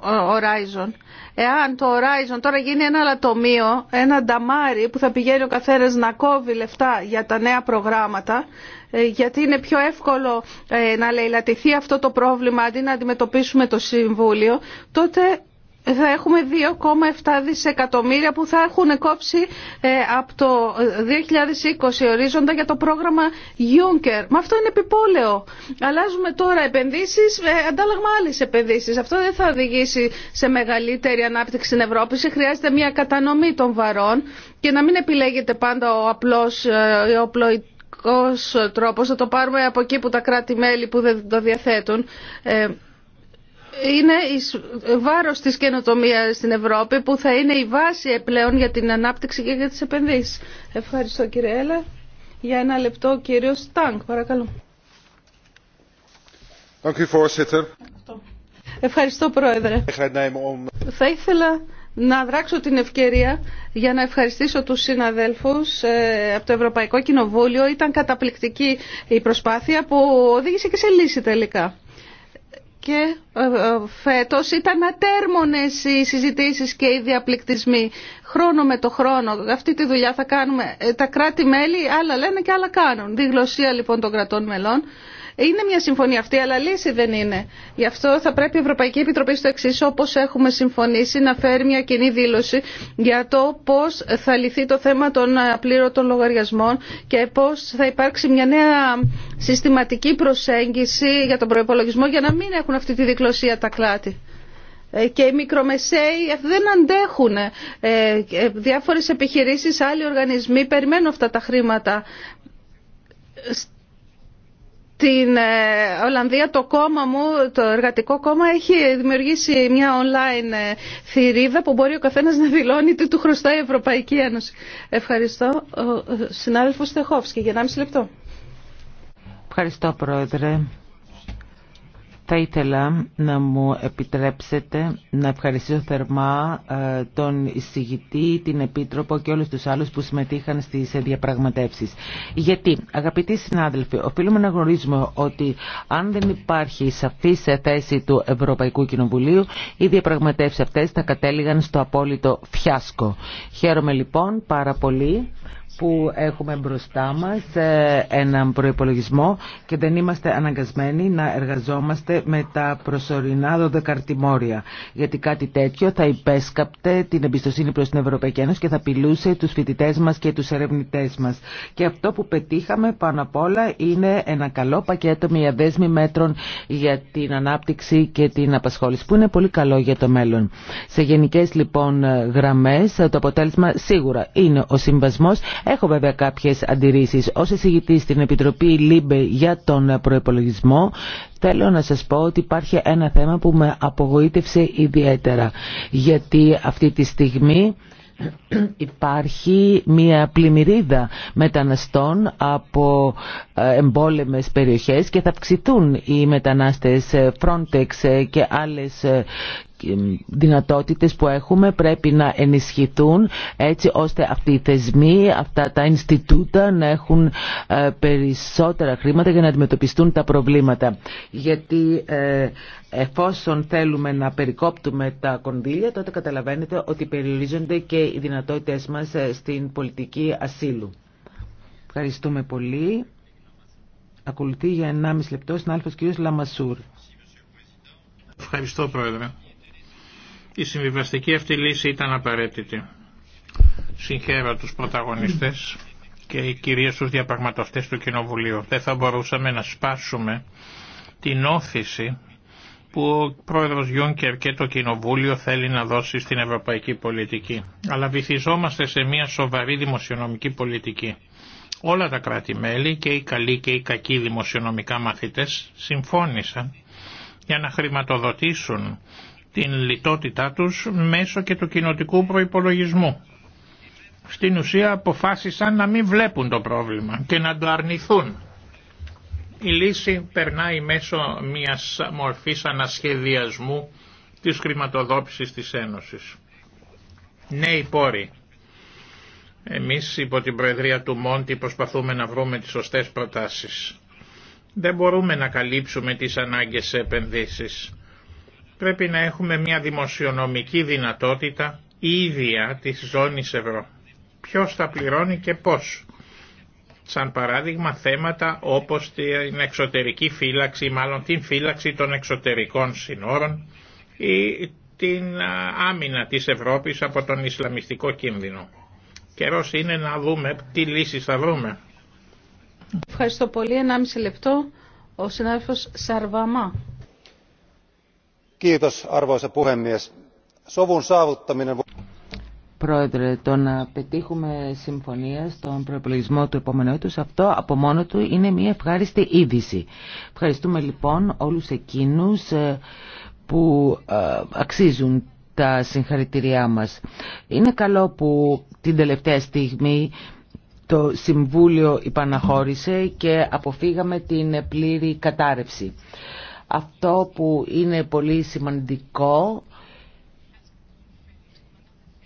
Horizon Εάν το Horizon τώρα γίνει ένα λατομείο, ένα νταμάρι που θα πηγαίνει ο καθένα να κόβει λεφτά για τα νέα προγράμματα, ε, γιατί είναι πιο εύκολο ε, να λαιλατηθεί αυτό το πρόβλημα αντί να αντιμετωπίσουμε το Συμβούλιο, τότε θα έχουμε 2,7 δισεκατομμύρια που θα έχουν κόψει ε, από το 2020 ε, ορίζοντα για το πρόγραμμα Juncker. Μα αυτό είναι επιπόλαιο. Αλλάζουμε τώρα επενδύσεις, ε, αντάλλαγμα άλλε επενδύσεις. Αυτό δεν θα οδηγήσει σε μεγαλύτερη ανάπτυξη στην Ευρώπη. Χρειάζεται μια κατανομή των βαρών και να μην επιλέγεται πάντα ο απλός, ο τρόπος. Θα το πάρουμε από εκεί που τα κράτη-μέλη που δεν το διαθέτουν είναι η βάρος της καινοτομία στην Ευρώπη που θα είναι η βάση πλέον για την ανάπτυξη και για τις επενδύσεις. Ευχαριστώ κύριε Έλα. Για ένα λεπτό ο κύριος Τάγκ, παρακαλώ. Ευχαριστώ πρόεδρε. Θα ήθελα να δράξω την ευκαιρία για να ευχαριστήσω τους συναδέλφους ε, από το Ευρωπαϊκό Κοινοβούλιο. Ήταν καταπληκτική η προσπάθεια που οδήγησε και σε λύση τελικά και ε, ε, φέτος ήταν ατέρμονες οι συζητήσεις και οι διαπληκτισμοί χρόνο με το χρόνο. Αυτή τη δουλειά θα κάνουμε ε, τα κράτη-μέλη, άλλα λένε και άλλα κάνουν. Διγλωσία λοιπόν των κρατών μελών είναι μια συμφωνία αυτή, αλλά λύση δεν είναι. Γι' αυτό θα πρέπει η Ευρωπαϊκή Επιτροπή στο εξή, όπω έχουμε συμφωνήσει, να φέρει μια κοινή δήλωση για το πώ θα λυθεί το θέμα των απλήρωτων ε, λογαριασμών και πώ θα υπάρξει μια νέα συστηματική προσέγγιση για τον προπολογισμό για να μην έχουν αυτή τη δικλωσία τα κλάτη ε, και οι μικρομεσαίοι δεν αντέχουν. Ε, διάφορες επιχειρήσεις, άλλοι οργανισμοί περιμένουν αυτά τα χρήματα στην ε, Ολλανδία το κόμμα μου, το εργατικό κόμμα, έχει δημιουργήσει μια online ε, θηρίδα που μπορεί ο καθένας να δηλώνει τι του χρωστάει η Ευρωπαϊκή Ένωση. Ευχαριστώ. Ο ε, συνάδελφος Στεχόφσκι, για μισή λεπτό. Ευχαριστώ, Πρόεδρε. Θα ήθελα να μου επιτρέψετε να ευχαριστήσω θερμά ε, τον εισηγητή, την Επίτροπο και όλους τους άλλους που συμμετείχαν στις διαπραγματεύσεις. Γιατί, αγαπητοί συνάδελφοι, οφείλουμε να γνωρίζουμε ότι αν δεν υπάρχει σαφή σε θέση του Ευρωπαϊκού Κοινοβουλίου, οι διαπραγματεύσεις αυτές θα κατέληγαν στο απόλυτο φιάσκο. Χαίρομαι λοιπόν πάρα πολύ που έχουμε μπροστά μας ε, έναν προϋπολογισμό και δεν είμαστε αναγκασμένοι να εργαζόμαστε με τα προσωρινά δωδεκαρτημόρια. Γιατί κάτι τέτοιο θα υπέσκαπτε την εμπιστοσύνη προς την Ευρωπαϊκή Ένωση και θα απειλούσε τους φοιτητές μας και τους ερευνητές μας. Και αυτό που πετύχαμε πάνω απ' όλα είναι ένα καλό πακέτο, μια δέσμη μέτρων για την ανάπτυξη και την απασχόληση που είναι πολύ καλό για το μέλλον. Σε γενικές λοιπόν γραμμές το αποτέλεσμα σίγουρα είναι ο συμβασμός Έχω βέβαια κάποιες αντιρρήσεις. Ως εισηγητή στην Επιτροπή ΛΥΜΠΕ για τον προπολογισμό θέλω να σας πω ότι υπάρχει ένα θέμα που με απογοήτευσε ιδιαίτερα. Γιατί αυτή τη στιγμή υπάρχει μια πλημμυρίδα μεταναστών από ε, εμπόλεμες περιοχές και θα αυξηθούν οι μετανάστες ε, Frontex ε, και άλλες δυνατότητες που έχουμε πρέπει να ενισχυθούν έτσι ώστε αυτοί οι θεσμοί, αυτά τα Ινστιτούτα να έχουν ε, περισσότερα χρήματα για να αντιμετωπιστούν τα προβλήματα. Γιατί ε, εφόσον θέλουμε να περικόπτουμε τα κονδύλια τότε καταλαβαίνετε ότι περιορίζονται και οι δυνατότητες μας ε, στην πολιτική ασύλου. Ευχαριστούμε πολύ. Ακολουθεί για 1,5 λεπτό στην άλφας κ. Λαμασούρ. Ευχαριστώ Πρόεδρε. Η συμβιβαστική αυτή λύση ήταν απαραίτητη. Συγχαίρω τους πρωταγωνιστές και κυρίως τους διαπραγματευτές του Κοινοβουλίου. Δεν θα μπορούσαμε να σπάσουμε την όθηση που ο πρόεδρος Γιούνκερ και το Κοινοβούλιο θέλει να δώσει στην ευρωπαϊκή πολιτική. Αλλά βυθιζόμαστε σε μια σοβαρή δημοσιονομική πολιτική. Όλα τα κράτη-μέλη και οι καλοί και οι κακοί δημοσιονομικά μαθητές συμφώνησαν για να χρηματοδοτήσουν την λιτότητά τους μέσω και του κοινοτικού προϋπολογισμού. Στην ουσία αποφάσισαν να μην βλέπουν το πρόβλημα και να το αρνηθούν. Η λύση περνάει μέσω μιας μορφής ανασχεδιασμού της χρηματοδότησης της Ένωσης. Νέοι πόροι. Εμείς υπό την Προεδρία του Μόντι προσπαθούμε να βρούμε τις σωστές προτάσεις. Δεν μπορούμε να καλύψουμε τις ανάγκες σε επενδύσεις πρέπει να έχουμε μια δημοσιονομική δυνατότητα ίδια της ζώνης ευρώ. Ποιος θα πληρώνει και πώς. Σαν παράδειγμα θέματα όπως την εξωτερική φύλαξη, μάλλον την φύλαξη των εξωτερικών συνόρων ή την άμυνα της Ευρώπης από τον Ισλαμιστικό κίνδυνο. Καιρός είναι να δούμε τι λύσεις θα βρούμε. Ευχαριστώ πολύ. 1,5 λεπτό ο συνάδελφος Σαρβαμά arvoisa puhemies sovun saavuttaminen. πρόεδρε το να πετύχουμε συμφωνία στον προπολογισμό του επόμενου αυτό από μόνο του είναι μια ευχάριστη είδηση. Ευχαριστούμε λοιπόν όλους εκείνους ε, που ε, αξίζουν τα συγχαρητηριά μας. Είναι καλό που την τελευταία στιγμή το Συμβούλιο υπαναχώρησε και αποφύγαμε την πλήρη κατάρρευση. Αυτό που είναι πολύ σημαντικό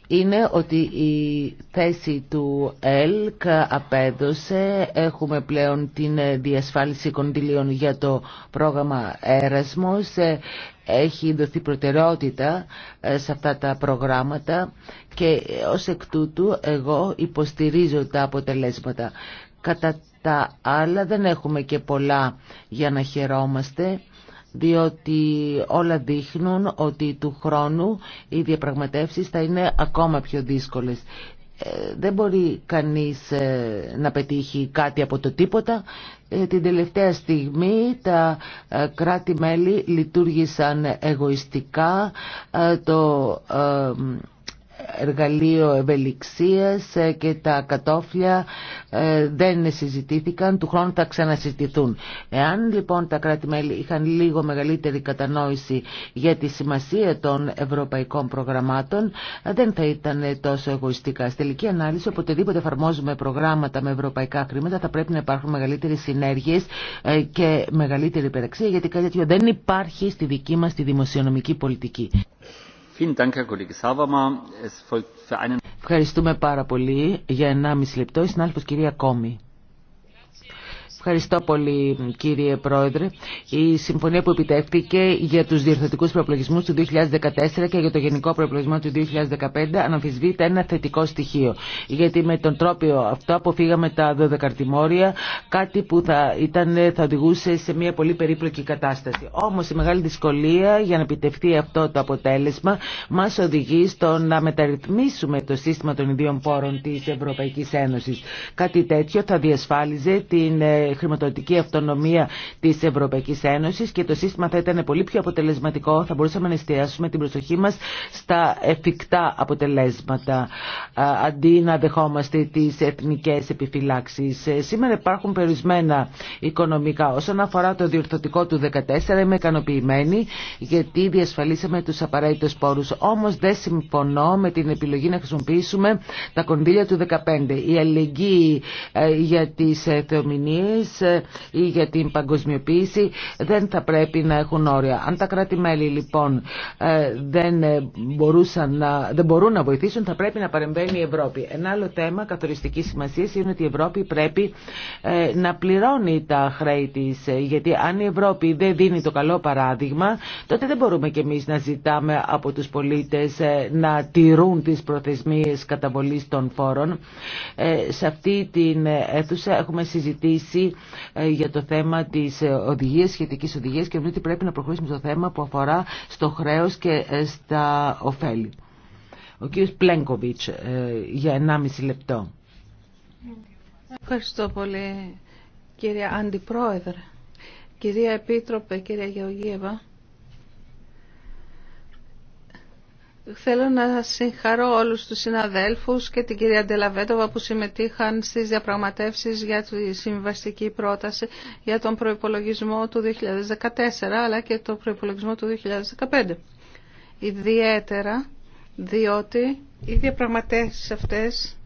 είναι ότι η θέση του ΕΛΚ απέδωσε. Έχουμε πλέον την διασφάλιση κοντιλίων για το πρόγραμμα Έρασμος. Έχει δοθεί προτεραιότητα ε, σε αυτά τα προγράμματα και ως εκ τούτου εγώ υποστηρίζω τα αποτελέσματα. Κατά τα άλλα δεν έχουμε και πολλά για να χαιρόμαστε διότι όλα δείχνουν ότι του χρόνου οι διαπραγματεύσεις θα είναι ακόμα πιο δύσκολες. Ε, δεν μπορεί κανείς ε, να πετύχει κάτι από το τίποτα. Ε, την τελευταία στιγμή τα κράτη-μέλη λειτουργήσαν εγωιστικά. Το εργαλείο ευελιξίας ε, και τα κατόφλια ε, δεν συζητήθηκαν, του χρόνου θα ξανασυζητηθούν. Εάν λοιπόν τα κράτη-μέλη είχαν λίγο μεγαλύτερη κατανόηση για τη σημασία των ευρωπαϊκών προγραμμάτων, ε, δεν θα ήταν τόσο εγωιστικά. Στη τελική ανάλυση, οποτεδήποτε εφαρμόζουμε προγράμματα με ευρωπαϊκά χρήματα, θα πρέπει να υπάρχουν μεγαλύτερε συνέργειε και μεγαλύτερη υπεραξία, γιατί κάτι τέτοιο δεν υπάρχει στη δική μα τη δημοσιονομική πολιτική. Ευχαριστούμε πάρα πολύ. Για 1,5 λεπτό η συνάδελφος κυρία Κόμη. Ευχαριστώ πολύ κύριε Πρόεδρε. Η συμφωνία που επιτεύχθηκε για τους διορθωτικούς προεπλογισμούς του 2014 και για το γενικό προεπλογισμό του 2015 αναμφισβείται ένα θετικό στοιχείο. Γιατί με τον τρόπο αυτό αποφύγαμε τα δωδεκαρτημόρια, κάτι που θα, ήταν, θα οδηγούσε σε μια πολύ περίπλοκη κατάσταση. Όμως η μεγάλη δυσκολία για να επιτευχθεί αυτό το αποτέλεσμα μας οδηγεί στο να μεταρρυθμίσουμε το σύστημα των ιδίων πόρων της Ευρωπαϊκής Ένωσης. Κάτι τέτοιο θα διασφάλιζε την ε, χρηματοδοτική αυτονομία τη Ευρωπαϊκή Ένωση και το σύστημα θα ήταν πολύ πιο αποτελεσματικό, θα μπορούσαμε να εστιάσουμε την προσοχή μα στα εφικτά αποτελέσματα αντί να δεχόμαστε τι εθνικέ επιφυλάξει. Σήμερα υπάρχουν περιορισμένα οικονομικά. Όσον αφορά το διορθωτικό του 2014 είμαι ικανοποιημένη γιατί διασφαλίσαμε του απαραίτητου πόρου. Όμω δεν συμφωνώ με την επιλογή να χρησιμοποιήσουμε τα κονδύλια του 2015. Η αλληλεγγύη ε, για τι ε, θεομηνίε ε, ή για την παγκοσμιοποίηση δεν θα πρέπει να έχουν όρια. Αν τα κράτη-μέλη λοιπόν ε, δεν, ε, μπορούσαν να, δεν μπορούν να βοηθήσουν θα πρέπει να παρεμβαίνει η Ευρώπη. Ένα άλλο θέμα καθοριστικής σημασίας είναι ότι η Ευρώπη πρέπει να πληρώνει τα χρέη της γιατί αν η Ευρώπη δεν δίνει το καλό παράδειγμα τότε δεν μπορούμε κι εμείς να ζητάμε από τους πολίτες να τηρούν τις προθεσμίες καταβολής των φόρων. Σε αυτή την αίθουσα έχουμε συζητήσει ε, για το θέμα της ε, οδηγίας, σχετικής οδηγίας και νομίζω ότι πρέπει να προχωρήσουμε στο θέμα που αφορά στο χρέος και ε, στα ωφέλη. Ο κύριος Πλένκοβιτς για 1,5 λεπτό. Ευχαριστώ πολύ κυρία Αντιπρόεδρε. Κυρία Επίτροπε, κυρία Γεωργίευα, Θέλω να συγχαρώ όλους τους συναδέλφους και την κυρία Ντελαβέτοβα που συμμετείχαν στις διαπραγματεύσεις για τη συμβαστική πρόταση για τον προϋπολογισμό του 2014 αλλά και τον προϋπολογισμό του 2015. Ιδιαίτερα διότι οι διαπραγματεύσεις αυτές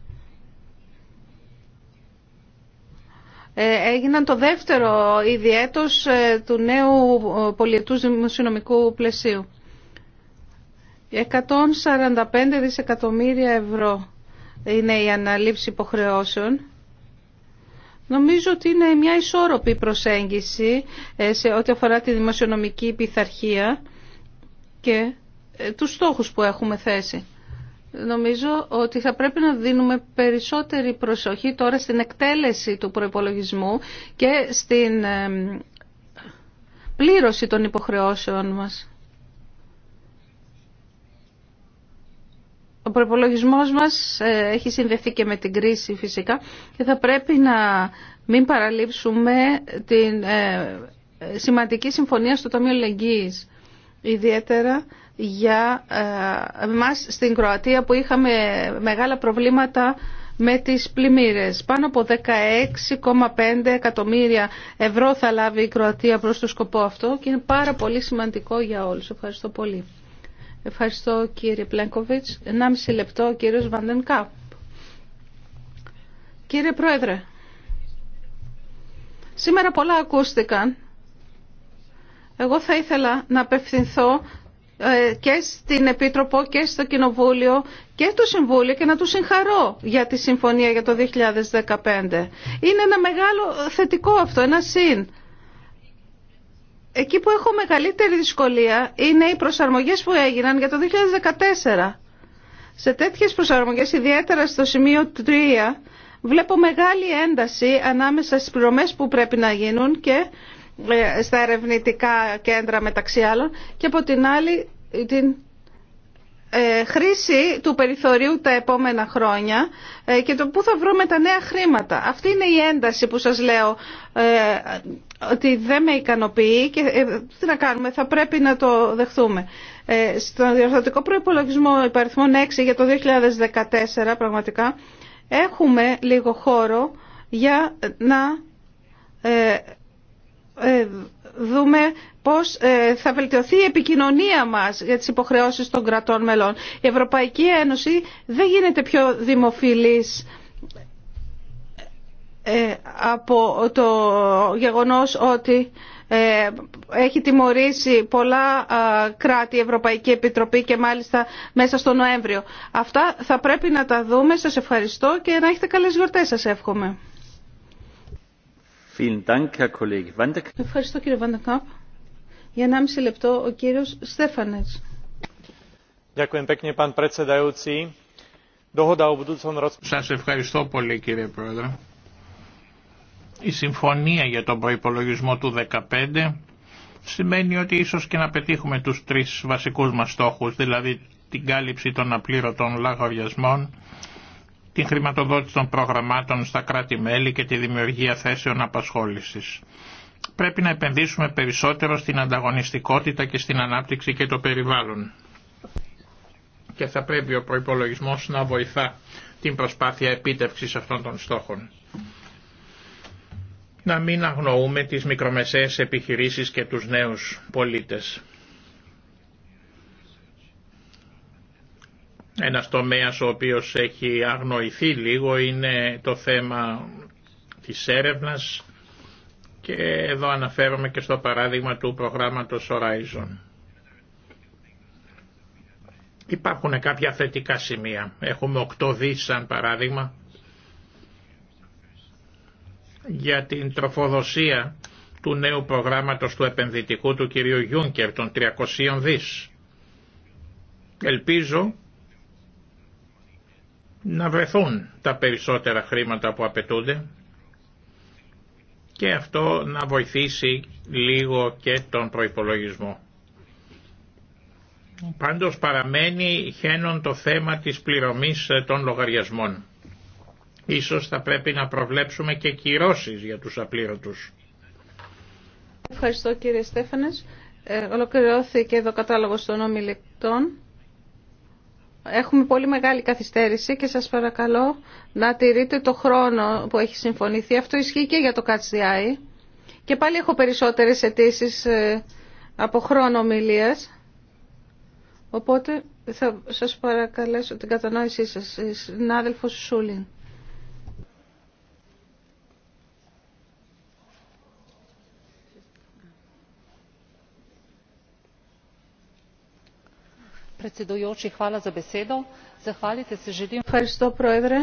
ε, έγιναν το δεύτερο ιδιαίτος ε, του νέου ε, πολιετούς δημοσιονομικού πλαισίου. 145 δισεκατομμύρια ευρώ είναι η αναλήψη υποχρεώσεων. Νομίζω ότι είναι μια ισόρροπη προσέγγιση ε, σε ό,τι αφορά τη δημοσιονομική πειθαρχία και ε, τους στόχους που έχουμε θέσει. Νομίζω ότι θα πρέπει να δίνουμε περισσότερη προσοχή τώρα στην εκτέλεση του προϋπολογισμού και στην ε, πλήρωση των υποχρεώσεων μας. Ο προπολογισμό μας ε, έχει συνδεθεί και με την κρίση φυσικά και θα πρέπει να μην παραλείψουμε την ε, σημαντική συμφωνία στο Ταμείο Λεγγύης. Ιδιαίτερα για ε, μας στην Κροατία που είχαμε μεγάλα προβλήματα με τις πλημμύρες. Πάνω από 16,5 εκατομμύρια ευρώ θα λάβει η Κροατία προς το σκοπό αυτό και είναι πάρα πολύ σημαντικό για όλους. Ευχαριστώ πολύ. Ευχαριστώ κύριε Πλένκοβιτς. 1,5 λεπτό ο κύριος Βαντενκάπ. Κύριε Πρόεδρε, σήμερα πολλά ακούστηκαν. Εγώ θα ήθελα να απευθυνθώ ε, και στην Επίτροπο και στο Κοινοβούλιο και στο Συμβούλιο και να του συγχαρώ για τη συμφωνία για το 2015. Είναι ένα μεγάλο θετικό αυτό, ένα συν Εκεί που έχω μεγαλύτερη δυσκολία είναι οι προσαρμογές που έγιναν για το 2014. Σε τέτοιες προσαρμογές, ιδιαίτερα στο σημείο 3, βλέπω μεγάλη ένταση ανάμεσα στις πληρωμές που πρέπει να γίνουν και ε, στα ερευνητικά κέντρα μεταξύ άλλων και από την άλλη την ε, χρήση του περιθωρίου τα επόμενα χρόνια ε, και το πού θα βρούμε τα νέα χρήματα. Αυτή είναι η ένταση που σας λέω ε, ότι δεν με ικανοποιεί και τι να κάνουμε, θα πρέπει να το δεχθούμε. Στον διορθωτικό προϋπολογισμό υπαριθμών 6 για το 2014 πραγματικά έχουμε λίγο χώρο για να δούμε πώς ε, θα βελτιωθεί η επικοινωνία μας για τις υποχρεώσεις των κρατών μελών. Η Ευρωπαϊκή Ένωση δεν γίνεται πιο δημοφιλής ε, από το γεγονός ότι ε, έχει τιμωρήσει πολλά κράτη η Ευρωπαϊκή Επιτροπή και μάλιστα μέσα στο Νοέμβριο. Αυτά θα πρέπει να τα δούμε. Σας ευχαριστώ και να έχετε καλές γιορτές σας εύχομαι. Ευχαριστώ κύριε Βαντεκάπ. Για 1,5 λεπτό ο κύριος Στέφανετς. Σας ευχαριστώ πολύ κύριε Πρόεδρε. Η συμφωνία για τον προϋπολογισμό του 2015 σημαίνει ότι ίσως και να πετύχουμε τους τρεις βασικούς μας στόχους, δηλαδή την κάλυψη των απλήρωτων λαγοριασμών, την χρηματοδότηση των προγραμμάτων στα κράτη-μέλη και τη δημιουργία θέσεων απασχόλησης. Πρέπει να επενδύσουμε περισσότερο στην ανταγωνιστικότητα και στην ανάπτυξη και το περιβάλλον. Και θα πρέπει ο προϋπολογισμός να βοηθά την προσπάθεια επίτευξης αυτών των στόχων. Να μην αγνοούμε τις μικρομεσαίες επιχειρήσεις και τους νέους πολίτες. Ένα τομέας ο οποίος έχει αγνοηθεί λίγο είναι το θέμα της έρευνας και εδώ αναφέρομαι και στο παράδειγμα του προγράμματος Horizon. Υπάρχουν κάποια θετικά σημεία. Έχουμε 8 δις σαν παράδειγμα για την τροφοδοσία του νέου προγράμματος του επενδυτικού του κυρίου Γιούνκερ των 300 δις. Ελπίζω να βρεθούν τα περισσότερα χρήματα που απαιτούνται και αυτό να βοηθήσει λίγο και τον προϋπολογισμό. Πάντως παραμένει χαίνον το θέμα της πληρωμής ε, των λογαριασμών. Ίσως θα πρέπει να προβλέψουμε και κυρώσεις για τους απλήρωτους. Ευχαριστώ κύριε Στέφανες. Ε, ολοκληρώθηκε εδώ κατάλογος των ομιλητών. Έχουμε πολύ μεγάλη καθυστέρηση και σας παρακαλώ να τηρείτε το χρόνο που έχει συμφωνηθεί. Αυτό ισχύει και για το ΚΑΤΣΔΙ. Και πάλι έχω περισσότερες αιτήσει ε, από χρόνο ομιλία. Οπότε θα σας παρακαλέσω την κατανόησή σας, συνάδελφος Σούλιν. Ευχαριστώ, Πρόεδρε.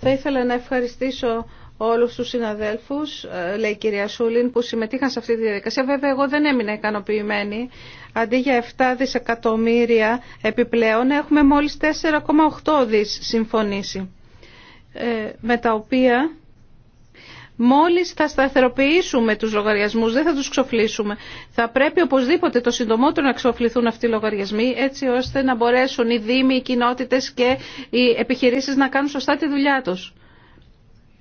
Θα ήθελα να ευχαριστήσω όλους τους συναδέλφους, ε, λέει η κυρία Σούλιν, που συμμετείχαν σε αυτή τη διαδικασία. Βέβαια, εγώ δεν έμεινα ικανοποιημένη. Αντί για 7 δισεκατομμύρια επιπλέον, έχουμε μόλις 4,8 δις συμφωνήσει, ε, με τα οποία Μόλις θα σταθεροποιήσουμε τους λογαριασμούς, δεν θα τους ξοφλήσουμε. Θα πρέπει οπωσδήποτε το συντομότερο να ξοφληθούν αυτοί οι λογαριασμοί, έτσι ώστε να μπορέσουν οι δήμοι, οι κοινότητες και οι επιχειρήσεις να κάνουν σωστά τη δουλειά τους.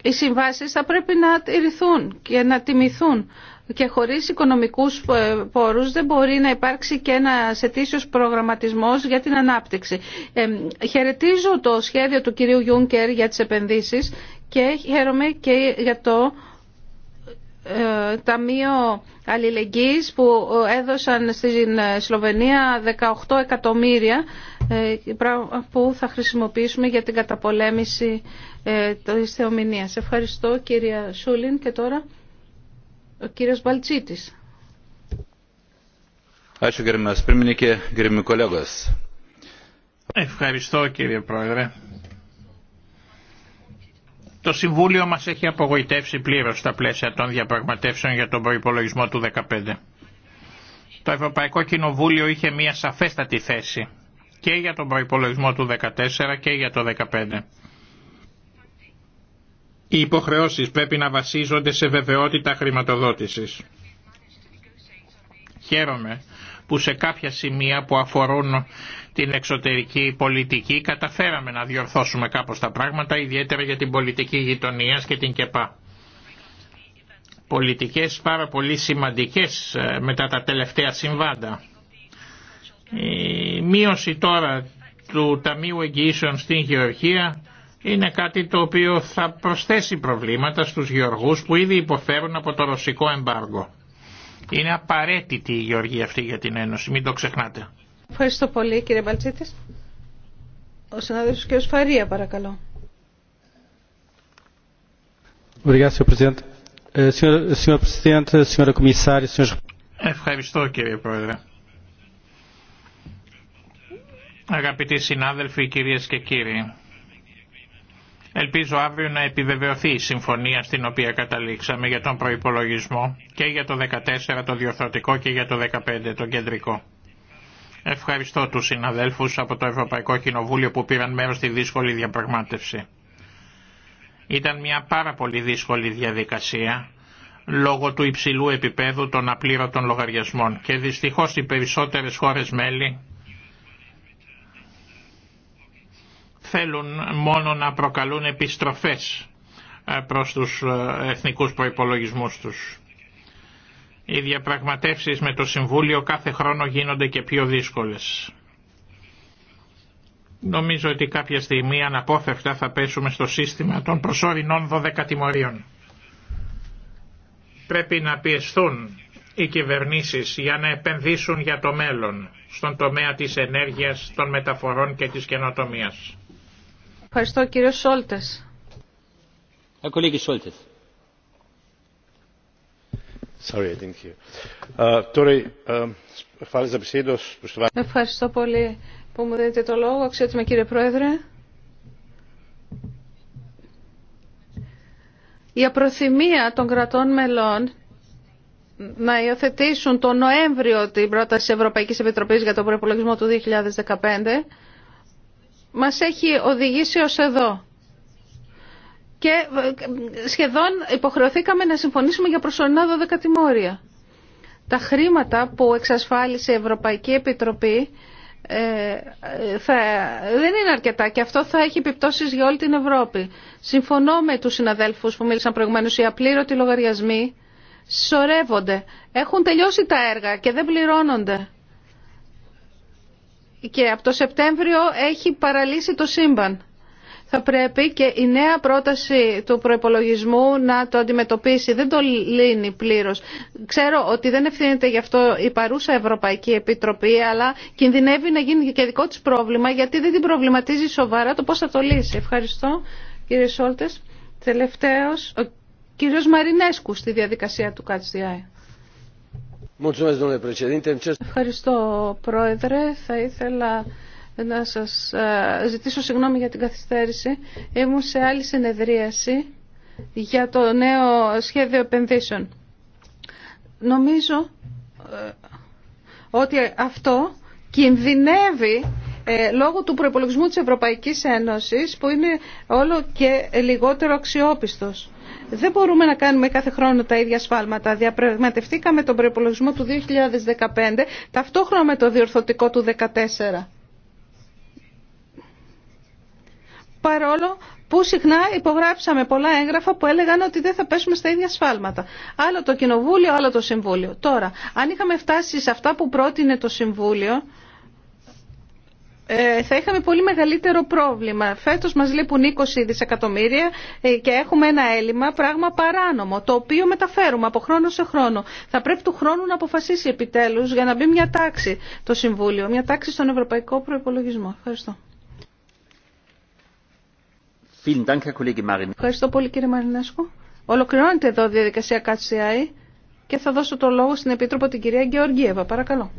Οι συμβάσεις θα πρέπει να τηρηθούν και να τιμηθούν και χωρίς οικονομικούς ε, πόρους δεν μπορεί να υπάρξει και ένα αιτήσιο προγραμματισμός για την ανάπτυξη. Ε, χαιρετίζω το σχέδιο του κυρίου Γιούνκερ για τις επενδύσεις και χαίρομαι και για το ε, Ταμείο Αλληλεγγύης που έδωσαν στην Σλοβενία 18 εκατομμύρια που θα χρησιμοποιήσουμε για την καταπολέμηση της θεομηνίας. Ευχαριστώ κυρία Σούλιν και τώρα... Ευχαριστώ κύριε Πρόεδρε. Το Συμβούλιο μας έχει απογοητεύσει πλήρως στα πλαίσια των διαπραγματεύσεων για τον προϋπολογισμό του 2015. Το Ευρωπαϊκό Κοινοβούλιο είχε μια σαφέστατη θέση και για τον προϋπολογισμό του 2014 και για το 2015. Οι υποχρεώσεις πρέπει να βασίζονται σε βεβαιότητα χρηματοδότησης. Χαίρομαι που σε κάποια σημεία που αφορούν την εξωτερική πολιτική καταφέραμε να διορθώσουμε κάπως τα πράγματα, ιδιαίτερα για την πολιτική γειτονίας και την ΚΕΠΑ. Πολιτικές πάρα πολύ σημαντικές ε, μετά τα τελευταία συμβάντα. Η μείωση τώρα του Ταμείου Εγγυήσεων στην Γεωργία είναι κάτι το οποίο θα προσθέσει προβλήματα στους γεωργούς που ήδη υποφέρουν από το ρωσικό εμπάργο. Είναι απαραίτητη η γεωργία αυτή για την Ένωση, μην το ξεχνάτε. Ευχαριστώ πολύ κύριε Μπαλτσίτης. Ο συνάδελφος κ. Φαρία παρακαλώ. Ε, Ευχαριστώ κύριε Πρόεδρε. Αγαπητοί συνάδελφοι, κυρίες και κύριοι, Ελπίζω αύριο να επιβεβαιωθεί η συμφωνία στην οποία καταλήξαμε για τον προϋπολογισμό και για το 14 το διορθωτικό και για το 15 το κεντρικό. Ευχαριστώ τους συναδέλφους από το Ευρωπαϊκό Κοινοβούλιο που πήραν μέρος στη δύσκολη διαπραγμάτευση. Ήταν μια πάρα πολύ δύσκολη διαδικασία λόγω του υψηλού επίπεδου των απλήρωτων λογαριασμών και δυστυχώς οι περισσότερες χώρες μέλη θέλουν μόνο να προκαλούν επιστροφές ε, προς τους ε, εθνικούς προϋπολογισμούς τους. Οι διαπραγματεύσεις με το Συμβούλιο κάθε χρόνο γίνονται και πιο δύσκολες. Νομίζω ότι κάποια στιγμή αναπόφευκτα θα πέσουμε στο σύστημα των προσωρινών 12 Πρέπει να πιεστούν οι κυβερνήσεις για να επενδύσουν για το μέλλον στον τομέα της ενέργειας, των μεταφορών και της καινοτομίας. Ευχαριστώ κύριο Σόλτες. Ευχαριστώ πολύ που μου δίνετε το λόγο. Αξιότιμα κύριε Πρόεδρε. Η απροθυμία των κρατών μελών να υιοθετήσουν τον Νοέμβριο την πρόταση Ευρωπαϊκής Επιτροπής για τον προϋπολογισμό του 2015 μας έχει οδηγήσει ως εδώ. Και ε, σχεδόν υποχρεωθήκαμε να συμφωνήσουμε για προσωρινά 12 Τα χρήματα που εξασφάλισε η Ευρωπαϊκή Επιτροπή ε, δεν είναι αρκετά και αυτό θα έχει επιπτώσεις για όλη την Ευρώπη. Συμφωνώ με τους συναδέλφους που μίλησαν προηγουμένως, οι απλήρωτοι λογαριασμοί σωρεύονται. Έχουν τελειώσει τα έργα και δεν πληρώνονται και από το Σεπτέμβριο έχει παραλύσει το σύμπαν. Θα πρέπει και η νέα πρόταση του προπολογισμού να το αντιμετωπίσει. Δεν το λύνει πλήρω. Ξέρω ότι δεν ευθύνεται γι' αυτό η παρούσα Ευρωπαϊκή Επιτροπή, αλλά κινδυνεύει να γίνει και δικό τη πρόβλημα, γιατί δεν την προβληματίζει σοβαρά το πώ θα το λύσει. Ευχαριστώ, κύριε Σόλτε. Τελευταίο, ο κύριο Μαρινέσκου στη διαδικασία του ΚΑΤΣΔΙ. Ευχαριστώ Πρόεδρε. Θα ήθελα να σας ε, ζητήσω συγγνώμη για την καθυστέρηση. Ήμουν σε άλλη συνεδρίαση για το νέο σχέδιο επενδύσεων. Νομίζω ε, ότι αυτό κινδυνεύει ε, λόγω του προϋπολογισμού της Ευρωπαϊκής Ένωσης που είναι όλο και λιγότερο αξιόπιστος. Δεν μπορούμε να κάνουμε κάθε χρόνο τα ίδια σφάλματα. Διαπραγματευτήκαμε τον προπολογισμό του 2015 ταυτόχρονα με το διορθωτικό του 2014. Παρόλο που συχνά υπογράψαμε πολλά έγγραφα που έλεγαν ότι δεν θα πέσουμε στα ίδια σφάλματα. Άλλο το Κοινοβούλιο, άλλο το Συμβούλιο. Τώρα, αν είχαμε φτάσει σε αυτά που πρότεινε το Συμβούλιο, ε, θα είχαμε πολύ μεγαλύτερο πρόβλημα. Φέτος μας λείπουν 20 δισεκατομμύρια ε, και έχουμε ένα έλλειμμα, πράγμα παράνομο, το οποίο μεταφέρουμε από χρόνο σε χρόνο. Θα πρέπει του χρόνου να αποφασίσει επιτέλους για να μπει μια τάξη το Συμβούλιο, μια τάξη στον Ευρωπαϊκό Προϋπολογισμό. Ευχαριστώ. Ευχαριστώ πολύ κύριε Μαρινέσκο. Ολοκληρώνεται εδώ η διαδικασία ΚΑΤΣΙΑΗ και θα δώσω το λόγο στην Επίτροπο την κυρία Γεωργίευα. Παρακαλώ.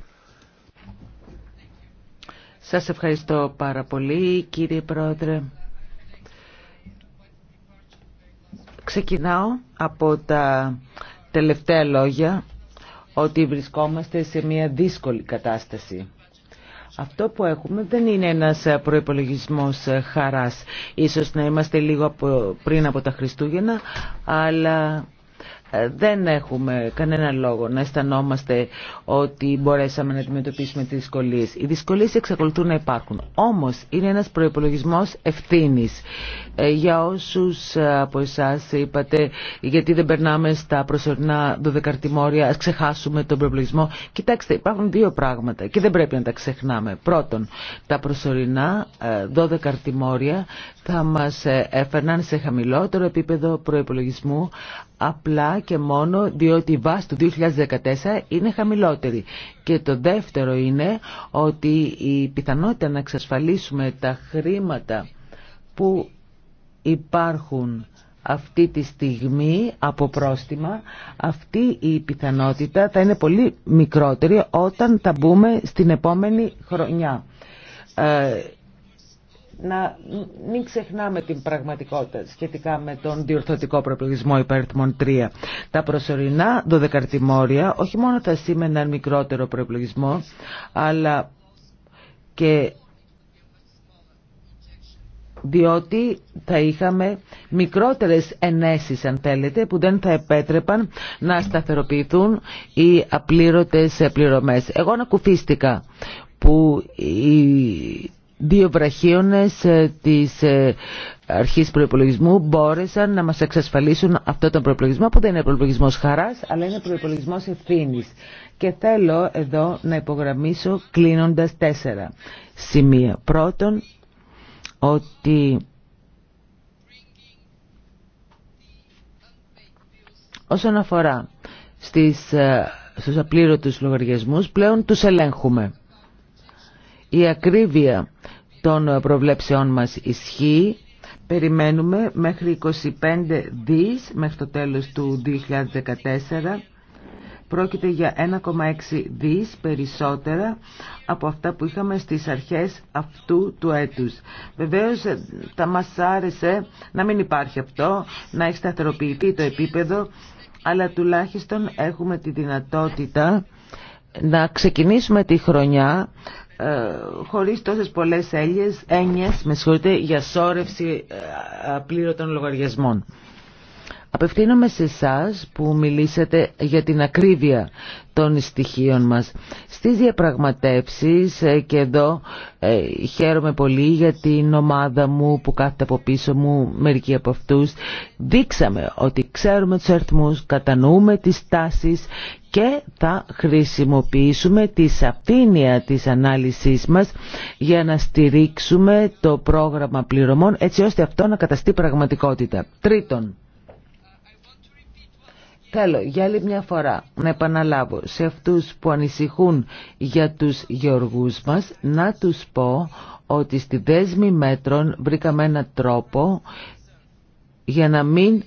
Σας ευχαριστώ πάρα πολύ κύριε Πρόεδρε. Ξεκινάω από τα τελευταία λόγια ότι βρισκόμαστε σε μια δύσκολη κατάσταση. Αυτό που έχουμε δεν είναι ένας προϋπολογισμός χαράς. Ίσως να είμαστε λίγο πριν από τα Χριστούγεννα, αλλά δεν έχουμε κανένα λόγο να αισθανόμαστε ότι μπορέσαμε να αντιμετωπίσουμε τις δυσκολίες. Οι δυσκολίες εξακολουθούν να υπάρχουν. Όμως είναι ένας προϋπολογισμός ευθύνης. Ε, για όσους ε, από εσά είπατε γιατί δεν περνάμε στα προσωρινά δωδεκαρτημόρια, ας ξεχάσουμε τον προϋπολογισμό. Κοιτάξτε, υπάρχουν δύο πράγματα και δεν πρέπει να τα ξεχνάμε. Πρώτον, τα προσωρινά ε, δωδεκαρτημόρια θα μας έφερναν σε χαμηλότερο επίπεδο προϋπολογισμού απλά και μόνο διότι η βάση του 2014 είναι χαμηλότερη. Και το δεύτερο είναι ότι η πιθανότητα να εξασφαλίσουμε τα χρήματα που υπάρχουν αυτή τη στιγμή από πρόστιμα, αυτή η πιθανότητα θα είναι πολύ μικρότερη όταν τα μπούμε στην επόμενη χρονιά. Ε, να μην ξεχνάμε την πραγματικότητα σχετικά με τον διορθωτικό υπέρ υπέρθμων 3. Τα προσωρινά δωδεκαρτημόρια όχι μόνο θα σήμαιναν μικρότερο προπληγισμό, αλλά και διότι θα είχαμε μικρότερες ενέσεις αν θέλετε που δεν θα επέτρεπαν να σταθεροποιηθούν οι απλήρωτες πληρωμές. Εγώ ανακουφίστηκα που η δύο βραχίονες ε, της ε, αρχής προϋπολογισμού μπόρεσαν να μας εξασφαλίσουν αυτό τον προϋπολογισμό που δεν είναι προϋπολογισμός χαράς αλλά είναι προϋπολογισμός ευθύνη. Και θέλω εδώ να υπογραμμίσω κλείνοντας τέσσερα σημεία. Πρώτον, ότι όσον αφορά στις, ε, στους απλήρωτους λογαριασμούς πλέον τους ελέγχουμε. Η ακρίβεια των προβλέψεών μας ισχύει. Περιμένουμε μέχρι 25 δις μέχρι το τέλος του 2014. Πρόκειται για 1,6 δις περισσότερα από αυτά που είχαμε στις αρχές αυτού του έτους. Βεβαίως θα μας άρεσε να μην υπάρχει αυτό, να έχει σταθεροποιηθεί το επίπεδο, αλλά τουλάχιστον έχουμε τη δυνατότητα να ξεκινήσουμε τη χρονιά ε, χωρίς τόσες πολλές έννοιες, με για σώρευση ε, απλήρωτων λογαριασμών. Απευθύνομαι σε εσά που μιλήσατε για την ακρίβεια των στοιχείων μας. Στις διαπραγματεύσεις ε, και εδώ ε, χαίρομαι πολύ για την ομάδα μου που κάθεται από πίσω μου, μερικοί από αυτούς. Δείξαμε ότι ξέρουμε τους αριθμούς, κατανοούμε τις τάσεις και θα χρησιμοποιήσουμε τη σαφήνεια της ανάλυσης μας για να στηρίξουμε το πρόγραμμα πληρωμών έτσι ώστε αυτό να καταστεί πραγματικότητα. Τρίτον, Θέλω για άλλη μια φορά να επαναλάβω σε αυτούς που ανησυχούν για τους γεωργούς μας να τους πω ότι στη δέσμη μέτρων βρήκαμε ένα τρόπο για να μην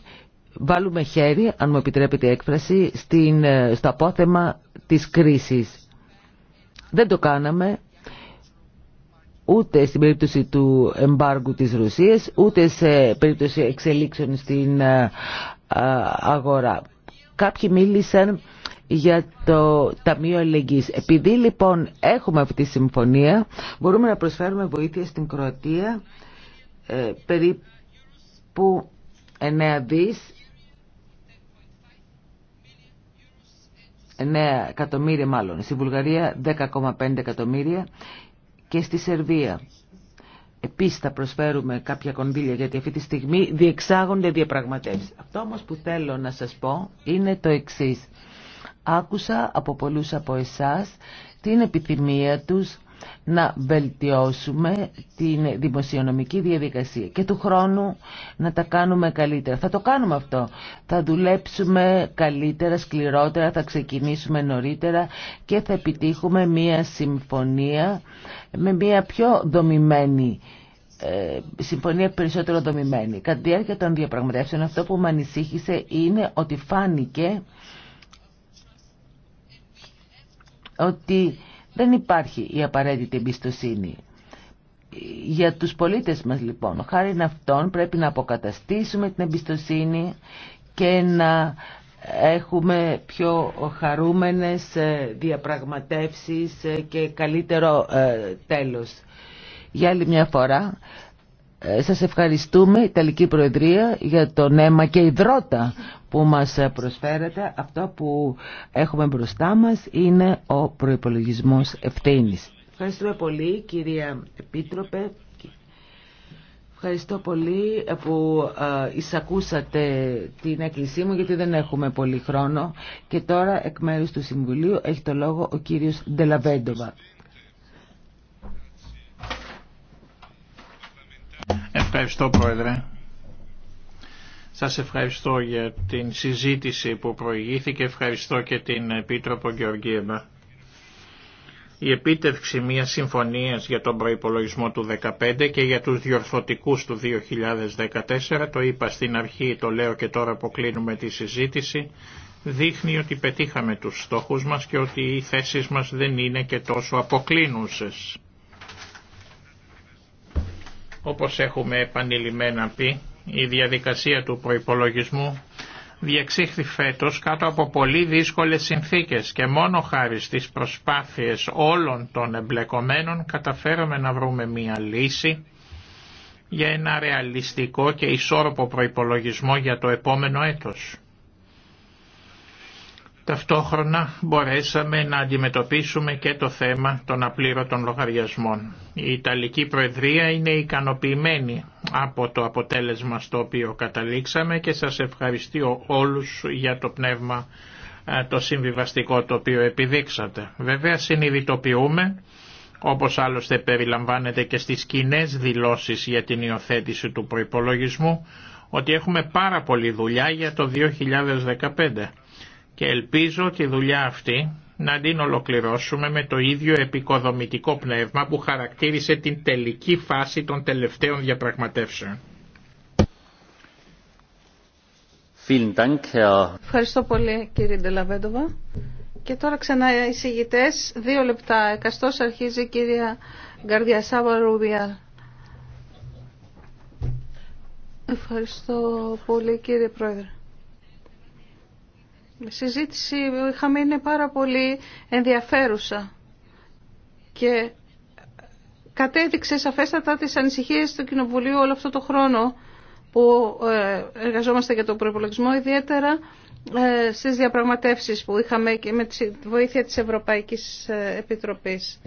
βάλουμε χέρι, αν μου επιτρέπετε η έκφραση, στην, ε, στο απόθεμα της κρίσης. Δεν το κάναμε ούτε στην περίπτωση του εμπάργου της Ρωσίας, ούτε σε περίπτωση εξελίξεων στην ε, ε, αγορά. Κάποιοι μίλησαν για το Ταμείο Αλληλεγγύης. Επειδή λοιπόν έχουμε αυτή τη συμφωνία, μπορούμε να προσφέρουμε βοήθεια στην Κροατία ε, περίπου 9 δις 9 εκατομμύρια μάλλον, στη Βουλγαρία 10,5 εκατομμύρια και στη Σερβία Επίσης θα προσφέρουμε κάποια κονδύλια γιατί αυτή τη στιγμή διεξάγονται διαπραγματεύσεις. Αυτό όμως που θέλω να σας πω είναι το εξής. Άκουσα από πολλούς από εσάς την επιθυμία τους να βελτιώσουμε την δημοσιονομική διαδικασία και του χρόνου να τα κάνουμε καλύτερα. Θα το κάνουμε αυτό. Θα δουλέψουμε καλύτερα, σκληρότερα, θα ξεκινήσουμε νωρίτερα και θα επιτύχουμε μία συμφωνία με μία πιο δομημένη ε, συμφωνία περισσότερο δομημένη. Κατά τη διάρκεια των διαπραγματεύσεων αυτό που με ανησύχησε είναι ότι φάνηκε ότι δεν υπάρχει η απαραίτητη εμπιστοσύνη. Για τους πολίτες μας λοιπόν, χάρη αυτών πρέπει να αποκαταστήσουμε την εμπιστοσύνη και να έχουμε πιο χαρούμενες ε, διαπραγματεύσεις ε, και καλύτερο ε, τέλος. Για άλλη μια φορά ε, σας ευχαριστούμε, Ιταλική Προεδρία, για το αίμα και υδρότα που μας προσφέρετε. Αυτό που έχουμε μπροστά μας είναι ο προϋπολογισμός ευθύνης. Ευχαριστούμε πολύ, κυρία Επίτροπε. Ευχαριστώ πολύ που ε, εισακούσατε την έκκλησή μου γιατί δεν έχουμε πολύ χρόνο. Και τώρα εκ μέρους του Συμβουλίου έχει το λόγο ο κύριος Ντελαβέντοβα. Ευχαριστώ Πρόεδρε. Σας ευχαριστώ για την συζήτηση που προηγήθηκε. Ευχαριστώ και την Επίτροπο Γεωργίευα. Η επίτευξη μιας συμφωνίας για τον προϋπολογισμό του 2015 και για τους διορθωτικούς του 2014, το είπα στην αρχή, το λέω και τώρα που τη συζήτηση, δείχνει ότι πετύχαμε τους στόχους μας και ότι οι θέσεις μας δεν είναι και τόσο αποκλίνουσες. Όπως έχουμε επανειλημμένα πει, η διαδικασία του προϋπολογισμού διεξήχθη φέτος κάτω από πολύ δύσκολες συνθήκες και μόνο χάρη στις προσπάθειες όλων των εμπλεκομένων καταφέραμε να βρούμε μία λύση για ένα ρεαλιστικό και ισόρροπο προϋπολογισμό για το επόμενο έτος. Ταυτόχρονα μπορέσαμε να αντιμετωπίσουμε και το θέμα των απλήρωτων λογαριασμών. Η Ιταλική Προεδρία είναι ικανοποιημένη από το αποτέλεσμα στο οποίο καταλήξαμε και σας ευχαριστώ όλους για το πνεύμα ε, το συμβιβαστικό το οποίο επιδείξατε. Βέβαια συνειδητοποιούμε, όπως άλλωστε περιλαμβάνεται και στις κοινέ δηλώσεις για την υιοθέτηση του προϋπολογισμού, ότι έχουμε πάρα πολλή δουλειά για το 2015 και ελπίζω τη δουλειά αυτή να την ολοκληρώσουμε με το ίδιο επικοδομητικό πνεύμα που χαρακτήρισε την τελική φάση των τελευταίων διαπραγματεύσεων. Ευχαριστώ πολύ κύριε Ντελαβέντοβα. Και τώρα ξανά οι συγητές, δύο λεπτά. Εκαστός αρχίζει η κυρία Γκαρδιασάβα Ρουβιά. Ευχαριστώ πολύ κύριε Πρόεδρε. Η συζήτηση που είχαμε είναι πάρα πολύ ενδιαφέρουσα και κατέδειξε σαφέστατα τις ανησυχίες του Κοινοβουλίου όλο αυτό το χρόνο που ε, εργαζόμαστε για τον προπολογισμό, ιδιαίτερα ε, στις διαπραγματεύσεις που είχαμε και με τη βοήθεια της Ευρωπαϊκής ε, Επιτροπής.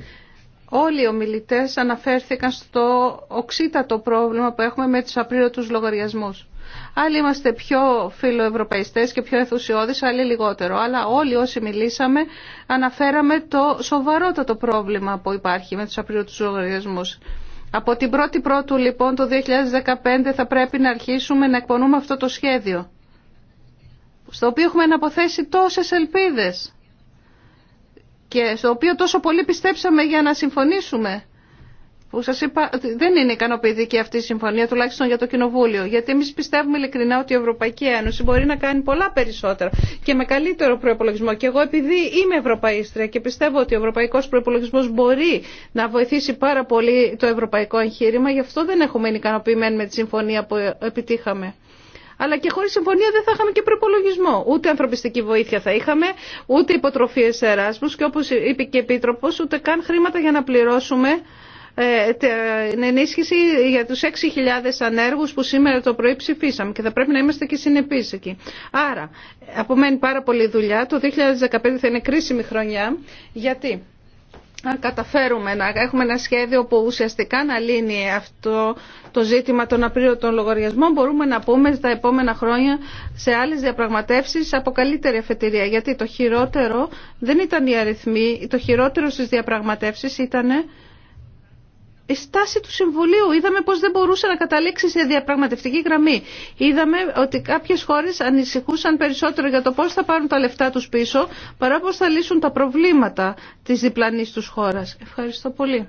Όλοι οι ομιλητές αναφέρθηκαν στο οξύτατο πρόβλημα που έχουμε με τους απλήρωτους λογαριασμούς. Άλλοι είμαστε πιο φιλοευρωπαϊστές και πιο ενθουσιώδεις, άλλοι λιγότερο. Αλλά όλοι όσοι μιλήσαμε αναφέραμε το σοβαρότατο πρόβλημα που υπάρχει με τους του λογαριασμούς. Από την 1η Πρώτου λοιπόν το 2015 θα πρέπει να αρχίσουμε να εκπονούμε αυτό το σχέδιο στο οποίο έχουμε αναποθέσει τόσες ελπίδες και στο οποίο τόσο πολύ πιστέψαμε για να συμφωνήσουμε που σας είπα δεν είναι ικανοποιητική αυτή η συμφωνία, τουλάχιστον για το Κοινοβούλιο. Γιατί εμείς πιστεύουμε ειλικρινά ότι η Ευρωπαϊκή Ένωση μπορεί να κάνει πολλά περισσότερα και με καλύτερο προπολογισμό. Και εγώ επειδή είμαι Ευρωπαίστρια και πιστεύω ότι ο Ευρωπαϊκός προπολογισμό μπορεί να βοηθήσει πάρα πολύ το ευρωπαϊκό εγχείρημα, γι' αυτό δεν έχουμε ικανοποιημένοι με τη συμφωνία που επιτύχαμε. Αλλά και χωρί συμφωνία δεν θα είχαμε και προπολογισμό. Ούτε ανθρωπιστική βοήθεια θα είχαμε, ούτε υποτροφίε εράσμου και όπω είπε και ούτε καν χρήματα για να πληρώσουμε ε, την ενίσχυση για τους 6.000 ανέργους που σήμερα το πρωί ψηφίσαμε και θα πρέπει να είμαστε και συνεπείς εκεί. Άρα, απομένει πάρα πολλή δουλειά. Το 2015 θα είναι κρίσιμη χρονιά. Γιατί? Αν καταφέρουμε να έχουμε ένα σχέδιο που ουσιαστικά να λύνει αυτό το ζήτημα των απλήρωτων λογαριασμών, μπορούμε να πούμε στα επόμενα χρόνια σε άλλες διαπραγματεύσεις από καλύτερη αφετηρία. Γιατί το χειρότερο δεν ήταν οι αριθμοί, το χειρότερο στις διαπραγματεύσει ήταν η στάση του Συμβουλίου. Είδαμε πως δεν μπορούσε να καταλήξει σε διαπραγματευτική γραμμή. Είδαμε ότι κάποιες χώρες ανησυχούσαν περισσότερο για το πώς θα πάρουν τα λεφτά τους πίσω παρά πώς θα λύσουν τα προβλήματα της διπλανής τους χώρας. Ευχαριστώ πολύ.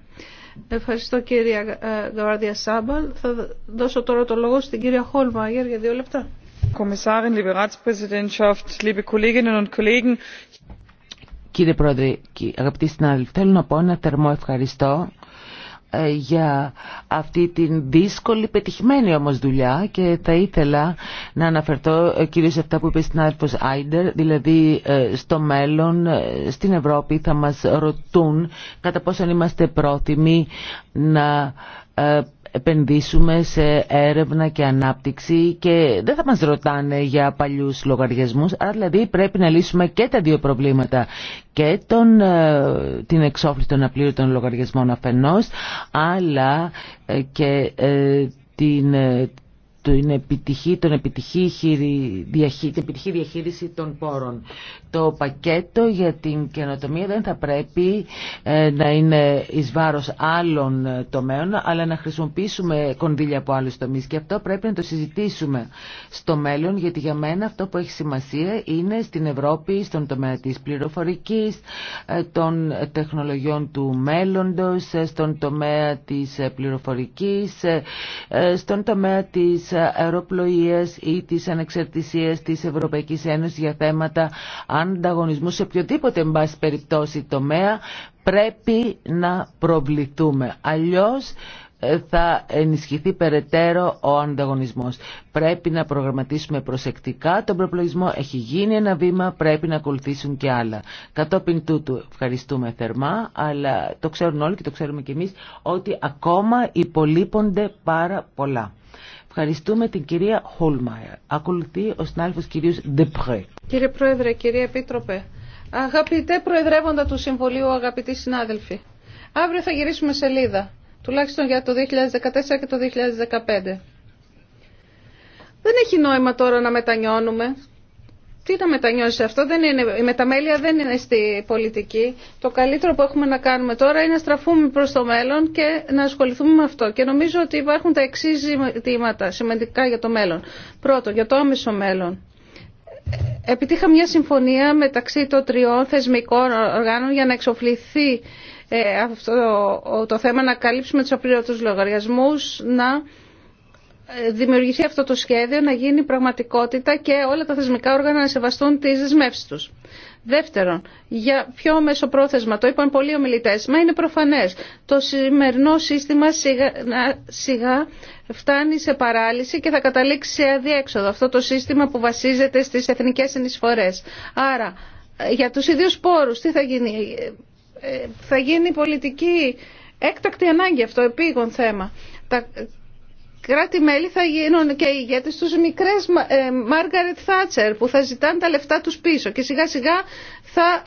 Ευχαριστώ κυρία ε, Γκαρδία Σάμπαλ. Θα δώσω τώρα το λόγο στην κυρία Χόλμαγερ για δύο λεπτά. Κομισάριν, liebe Ratspräsidentschaft, liebe Kolleginnen und Kollegen. Κύριε Πρόεδρε, αγαπητοί συνάδελφοι, θέλω να πω ένα θερμό ευχαριστώ ε, για αυτή την δύσκολη, πετυχημένη όμως δουλειά και θα ήθελα να αναφερθώ ε, κυρίως σε αυτά που είπε στην Άρφος Άιντερ, δηλαδή ε, στο μέλλον στην Ευρώπη θα μας ρωτούν κατά πόσον είμαστε πρόθυμοι να επενδύσουμε σε έρευνα και ανάπτυξη και δεν θα μας ρωτάνε για παλιούς λογαριασμούς, άρα δηλαδή πρέπει να λύσουμε και τα δύο προβλήματα και τον, ε, την εξόφληση των απλήρωτων λογαριασμών αφενός, αλλά ε, και ε, την, την επιτυχή, τον επιτυχή, την επιτυχή διαχείριση των πόρων. Το πακέτο για την καινοτομία δεν θα πρέπει ε, να είναι εις βάρος άλλων ε, τομέων, αλλά να χρησιμοποιήσουμε κονδύλια από άλλους τομείς και αυτό πρέπει να το συζητήσουμε στο μέλλον, γιατί για μένα αυτό που έχει σημασία είναι στην Ευρώπη, στον τομέα της πληροφορικής, ε, των τεχνολογιών του μέλλοντος, στον τομέα της πληροφορικής, στον τομέα της αεροπλοείας ή της ανεξαρτησίας της Ευρωπαϊκής Ένωσης για θέματα ανταγωνισμού σε οποιοδήποτε εν πάση περιπτώσει τομέα πρέπει να προβληθούμε. Αλλιώς ε, θα ενισχυθεί περαιτέρω ο ανταγωνισμός. Πρέπει να προγραμματίσουμε προσεκτικά τον προπλογισμό. Έχει γίνει ένα βήμα, πρέπει να ακολουθήσουν και άλλα. Κατόπιν τούτου ευχαριστούμε θερμά, αλλά το ξέρουν όλοι και το ξέρουμε κι εμείς, ότι ακόμα υπολείπονται πάρα πολλά. Ευχαριστούμε την κυρία Χολμάιερ. Ακολουθεί ο συνάδελφος κυρίως Ντεπρέ. Κύριε Πρόεδρε, κύριε Επίτροπε, αγαπητέ Προεδρεύοντα του Συμβουλίου, αγαπητοί συνάδελφοι, αύριο θα γυρίσουμε σελίδα, τουλάχιστον για το 2014 και το 2015. Δεν έχει νόημα τώρα να μετανιώνουμε. Τι να μετανιώσει αυτό, δεν είναι, η μεταμέλεια δεν είναι στη πολιτική. Το καλύτερο που έχουμε να κάνουμε τώρα είναι να στραφούμε προς το μέλλον και να ασχοληθούμε με αυτό. Και νομίζω ότι υπάρχουν τα εξή ζητήματα σημαντικά για το μέλλον. Πρώτο, για το άμεσο μέλλον. Επιτύχα μια συμφωνία μεταξύ των τριών θεσμικών οργάνων για να εξοφληθεί ε, αυτό το θέμα, να καλύψουμε τους απλήρωτους λογαριασμούς, να δημιουργηθεί αυτό το σχέδιο να γίνει πραγματικότητα και όλα τα θεσμικά όργανα να σεβαστούν τις δεσμεύσεις τους. Δεύτερον, για πιο μεσοπρόθεσμα, το είπαν πολλοί ομιλητέ, μα είναι προφανές, το σημερινό σύστημα σιγά, σιγά φτάνει σε παράλυση και θα καταλήξει σε αδιέξοδο αυτό το σύστημα που βασίζεται στις εθνικές συνεισφορές. Άρα, για τους ίδιους πόρους, τι θα γίνει, ε, ε, θα γίνει πολιτική έκτακτη ανάγκη αυτό, επίγον θέμα. Τα κράτη-μέλη θα γίνουν και οι ηγέτες τους μικρές Μάργαρετ Θάτσερ που θα ζητάνε τα λεφτά τους πίσω και σιγά σιγά θα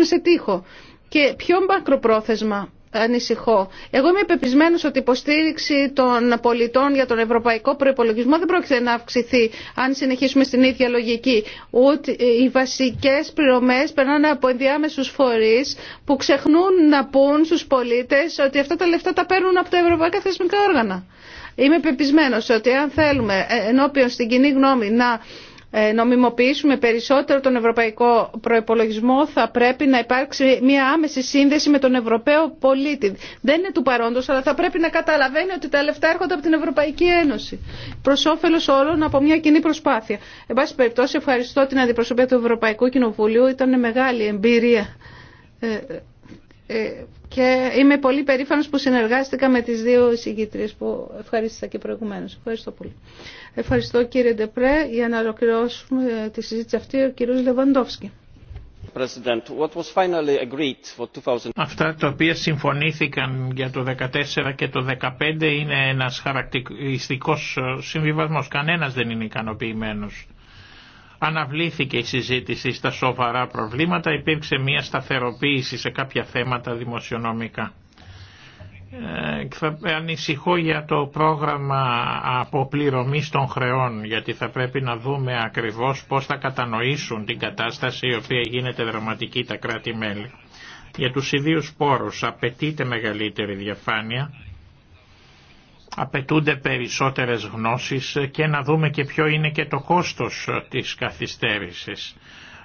ε, σε τείχο. Και ποιο μακροπρόθεσμα ανησυχώ. Εγώ είμαι πεπισμένο ότι η υποστήριξη των πολιτών για τον ευρωπαϊκό προπολογισμό δεν πρόκειται να αυξηθεί αν συνεχίσουμε στην ίδια λογική. Ούτε οι βασικέ πληρωμέ περνάνε από ενδιάμεσου φορεί που ξεχνούν να πούν στου πολίτε ότι αυτά τα λεφτά τα παίρνουν από τα ευρωπαϊκά θεσμικά όργανα. Είμαι πεπισμένο ότι αν θέλουμε ε, ενώπιον στην κοινή γνώμη να ε, νομιμοποιήσουμε περισσότερο τον ευρωπαϊκό προϋπολογισμό θα πρέπει να υπάρξει μια άμεση σύνδεση με τον Ευρωπαίο πολίτη. Δεν είναι του παρόντος αλλά θα πρέπει να καταλαβαίνει ότι τα λεφτά έρχονται από την Ευρωπαϊκή Ένωση προς όφελος όλων από μια κοινή προσπάθεια. Εν πάση περιπτώσει ευχαριστώ την αντιπροσωπεία του Ευρωπαϊκού Κοινοβουλίου. Ήταν μεγάλη εμπειρία ε, ε, και είμαι πολύ περήφανος που συνεργάστηκα με τις δύο εισηγήτριες που ευχαρίστησα και προηγουμένως. Ευχαριστώ πολύ. Ευχαριστώ κύριε Ντεπρέ. Για να ολοκληρώσουμε τη συζήτηση αυτή, ο κύριος Λεβαντόφσκι. Αυτά τα οποία συμφωνήθηκαν για το 2014 και το 2015 είναι ένας χαρακτηριστικός συμβιβασμός. Κανένας δεν είναι ικανοποιημένος. Αναβλήθηκε η συζήτηση στα σοβαρά προβλήματα, υπήρξε μια σταθεροποίηση σε κάποια θέματα δημοσιονομικά. Ε, θα ανησυχώ για το πρόγραμμα αποπληρωμής των χρεών γιατί θα πρέπει να δούμε ακριβώς πώς θα κατανοήσουν την κατάσταση η οποία γίνεται δραματική τα κράτη-μέλη. Για τους ιδίους πόρους απαιτείται μεγαλύτερη διαφάνεια, απαιτούνται περισσότερες γνώσεις και να δούμε και ποιο είναι και το κόστος της καθυστέρησης.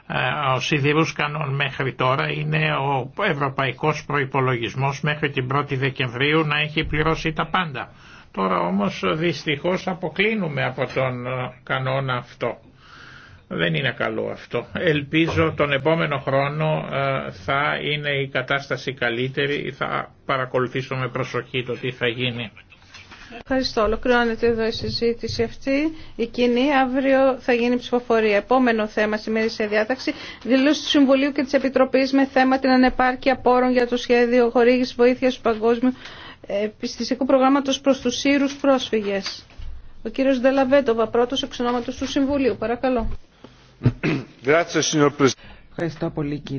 Ε, ο σιδηρούς κανόν μέχρι τώρα είναι ο ευρωπαϊκός προϋπολογισμός μέχρι την 1η Δεκεμβρίου να έχει πληρώσει τα πάντα. Τώρα όμως δυστυχώς αποκλίνουμε από τον ε, κανόνα αυτό. Δεν είναι καλό αυτό. Ελπίζω τον επόμενο χρόνο ε, θα είναι η κατάσταση καλύτερη, θα ειναι η κατασταση καλυτερη θα παρακολουθησουμε προσοχή το τι θα γίνει. Ευχαριστώ. Ολοκληρώνεται εδώ η συζήτηση αυτή. Η κοινή αύριο θα γίνει ψηφοφορία. Επόμενο θέμα σήμερα σε διάταξη. Δηλώσει του Συμβουλίου και τη Επιτροπή με θέμα την ανεπάρκεια πόρων για το σχέδιο χορήγηση βοήθεια του Παγκόσμιου Επιστημικού Προγράμματο προ του Σύρου Πρόσφυγε. Ο κύριο Ντελαβέντοβα, πρώτο εξ του Συμβουλίου. Παρακαλώ. Ευχαριστώ πολύ κύριε.